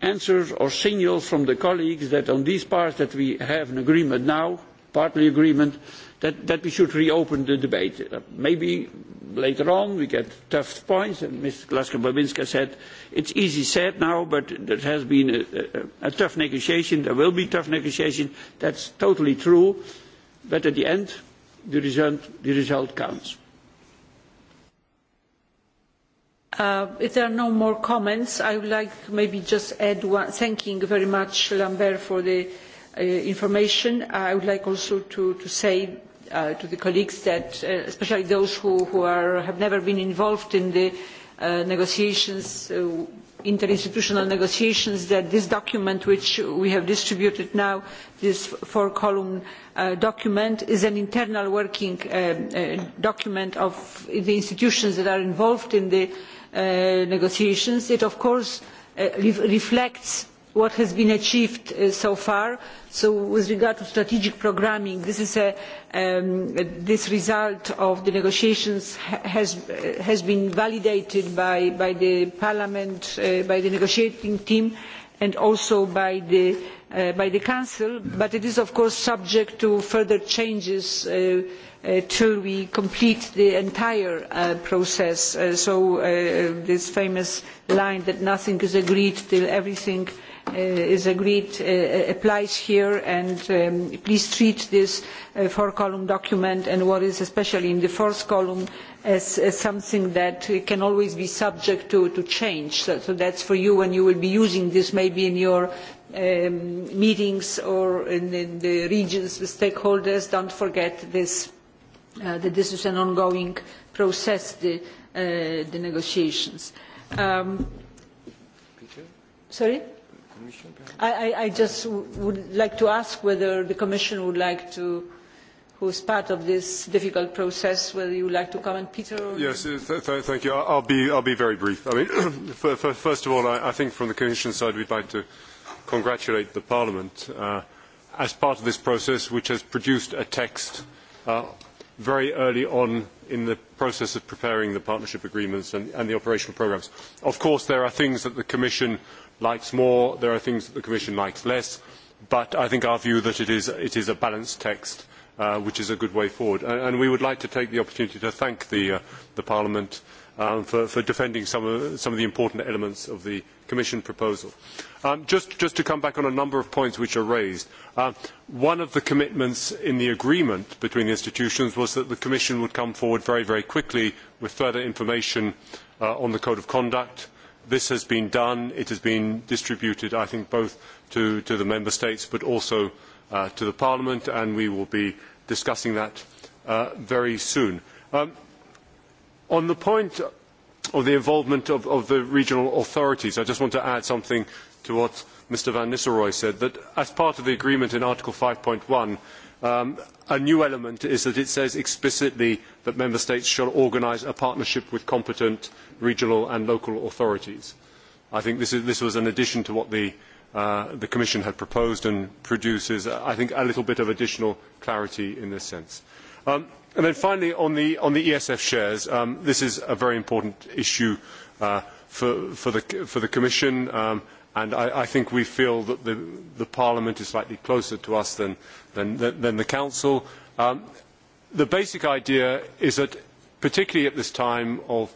answers or signals from the colleagues that on these parts that we have an agreement now, partly agreement, that, that we should reopen the debate. Uh, maybe later on we get tough points, and Ms. Glaska-Babinska said it's easy said now, but there has been a, a, a tough negotiation, there will be tough negotiation, that's totally true, but at the end the result, the result counts. Uh, if there are no more comments, I would like maybe just add one, thanking very much Lambert for the Uh, information. I would like also to, to say Uh, to the colleagues that, uh, especially those who, who are, have never been involved in the uh, negotiations, uh, interinstitutional negotiations, that this document which we have distributed now, this four-column uh, document, is an internal working uh, uh, document of the institutions that are involved in the uh, negotiations. It, of course, uh, re reflects what has been achieved uh, so far. So with regard to strategic programming, this, is a, um, this result of the negotiations has, uh, has been validated by, by the Parliament, uh, by the negotiating team, and also by the, uh, by the Council, but it is of course subject to further changes uh, Uh, till we complete the entire uh, process. Uh, so uh, this famous line that nothing is agreed till everything Uh, is agreed uh, uh, applies here and um, please treat this four column document and what is especially in the fourth column as, as something that can always be subject to, to change. So, so that is for you when you will be using this maybe in your um, meetings or in, in, the regions with stakeholders. Don't forget this, uh, that this is an ongoing process, the, uh, the negotiations. Um, Sorry? I, just would like to ask whether the Commission would like to, who is part of this difficult process, whether you would like to comment, Peter? Or... Yes, uh, thank you. I'll be, I'll be very brief. I mean, first of all, I, think from the Commission side we'd like to congratulate the Parliament uh, as part of this process, which has produced a text uh, very early on in the process of preparing the partnership agreements and, and the operational programmes. Of course, there are things that the Commission likes more, there are things that the Commission likes less, but I think our view that it is, it is a balanced text, uh, which is a good way forward. And, and we would like to take the opportunity to thank the, uh, the Parliament um, for, for defending some of, some of the important elements of the Commission proposal. Um, just, to come back on a number of points which were raised. Um, one of the commitments in the agreement between the institutions was that the Commission would come forward very, very quickly with further information uh, on the Code of Conduct. This has been done. It has been distributed, I think, both to, the Member States but also uh, to the Parliament, and we will be discussing that uh, very soon. Um, on the point of the involvement of, of the regional authorities. I just want to add something to what Mr Van Nistelrooy said, that as part of the agreement in Article 5.1, um, a new element is that it says explicitly that Member States shall organise a partnership with competent regional and local authorities. I think this, is, this was an addition to what the, uh, the Commission had proposed and produces, uh, I think, a little bit of additional clarity in this sense. Um, finally, on the, ESF e shares, um, this is a very important issue uh, for, the, Commission, um, and I, think we feel that the, Parliament is slightly closer to us than, the Council. Um, the basic idea is that, particularly at this time of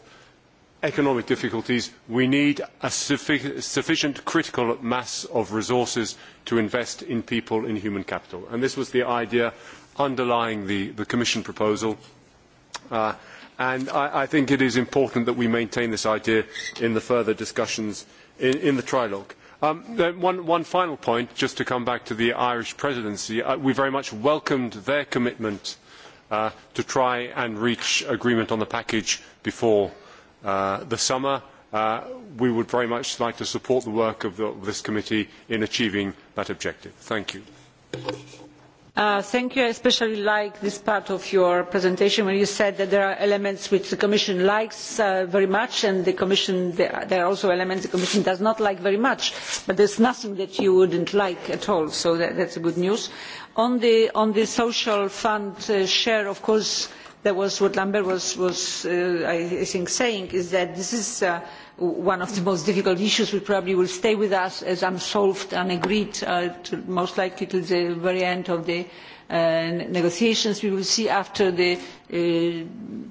economic difficulties, we need a sufficient critical mass of resources to invest in people in human capital. And this was the idea underlying the, the Commission proposal. Uh, and I, I think it is important that we maintain this idea in the further discussions in, in the trilogue. Um, then uh, one, one final point, just to come back to the Irish presidency. Uh, we very much welcomed their commitment uh, to try and reach agreement on the package before uh, the summer. Uh, we would very much like to support the work of, the, of this committee in achieving that objective. Thank you. Uh, i especially like this part of your presentation where you said that there are elements which the commission likes uh, very much and there are also elements the commission does not like very much but there is nothing that you would not like at all so that is good news. on the, social fund uh, share of course that was what Lambert was, was uh, I think, saying, is that this is uh, one of the most difficult issues which probably will stay with us as unsolved, unagreed, uh, most likely to the very end of the negotiations. We will see after the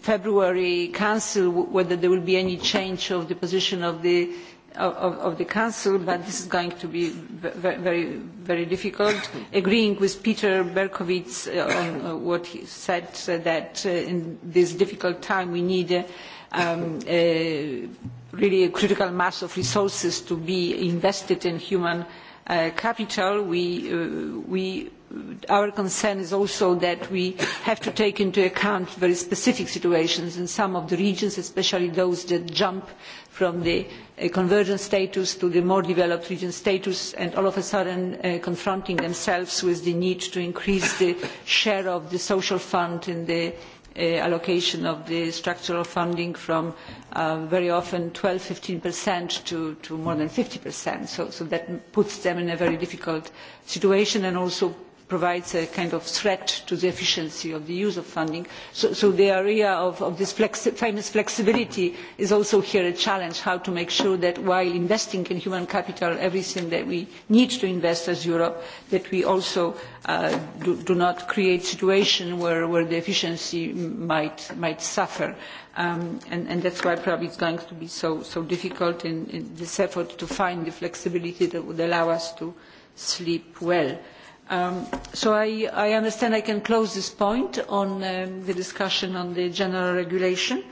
February Council whether there will be any change of the position of the of, of the Council, but this is going to be very, very, very difficult. Agreeing with Peter Berkowitz on what he said, that uh, in this difficult time we need uh, um, uh, really a critical mass of resources to be invested in human uh, capital, we, uh, we our concern is also that we have to take into account very specific situations in some of the regions, especially those that jump from the uh, convergence status to the more developed region status and all of a sudden confront uh, confronting themselves with the need to increase the share of the social fund in the uh, allocation of the structural funding from uh, very often 12-15% to, to more than 50%. So, so that puts them in a very difficult situation and also provides a kind of threat to the efficiency of the use of funding. So, so the area of, of this flexi famous flexibility is also here a challenge, how to make sure that while investing in human capital, everything that we need to invest as Europe, that we also uh, do, do, not create a situation where, where the efficiency might, might suffer. Um, and, and that's why probably it's going to be so, so difficult in, in this effort to find the flexibility that would allow us to sleep well. Um, so I, understand I can close this point on um, the discussion on the general regulation.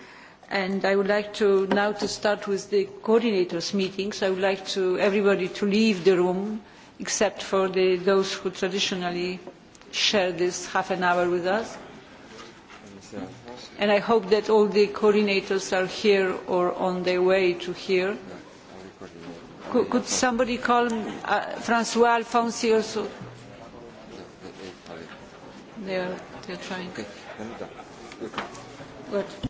And I would like now to start with the coordinators' meeting. So I would like everybody to leave the room, except for those who traditionally share this half an hour with us. And I hope that all the coordinators are here or on their way to here. Could, somebody call uh, Francois Alfonsi also? They are, they're trying. Good.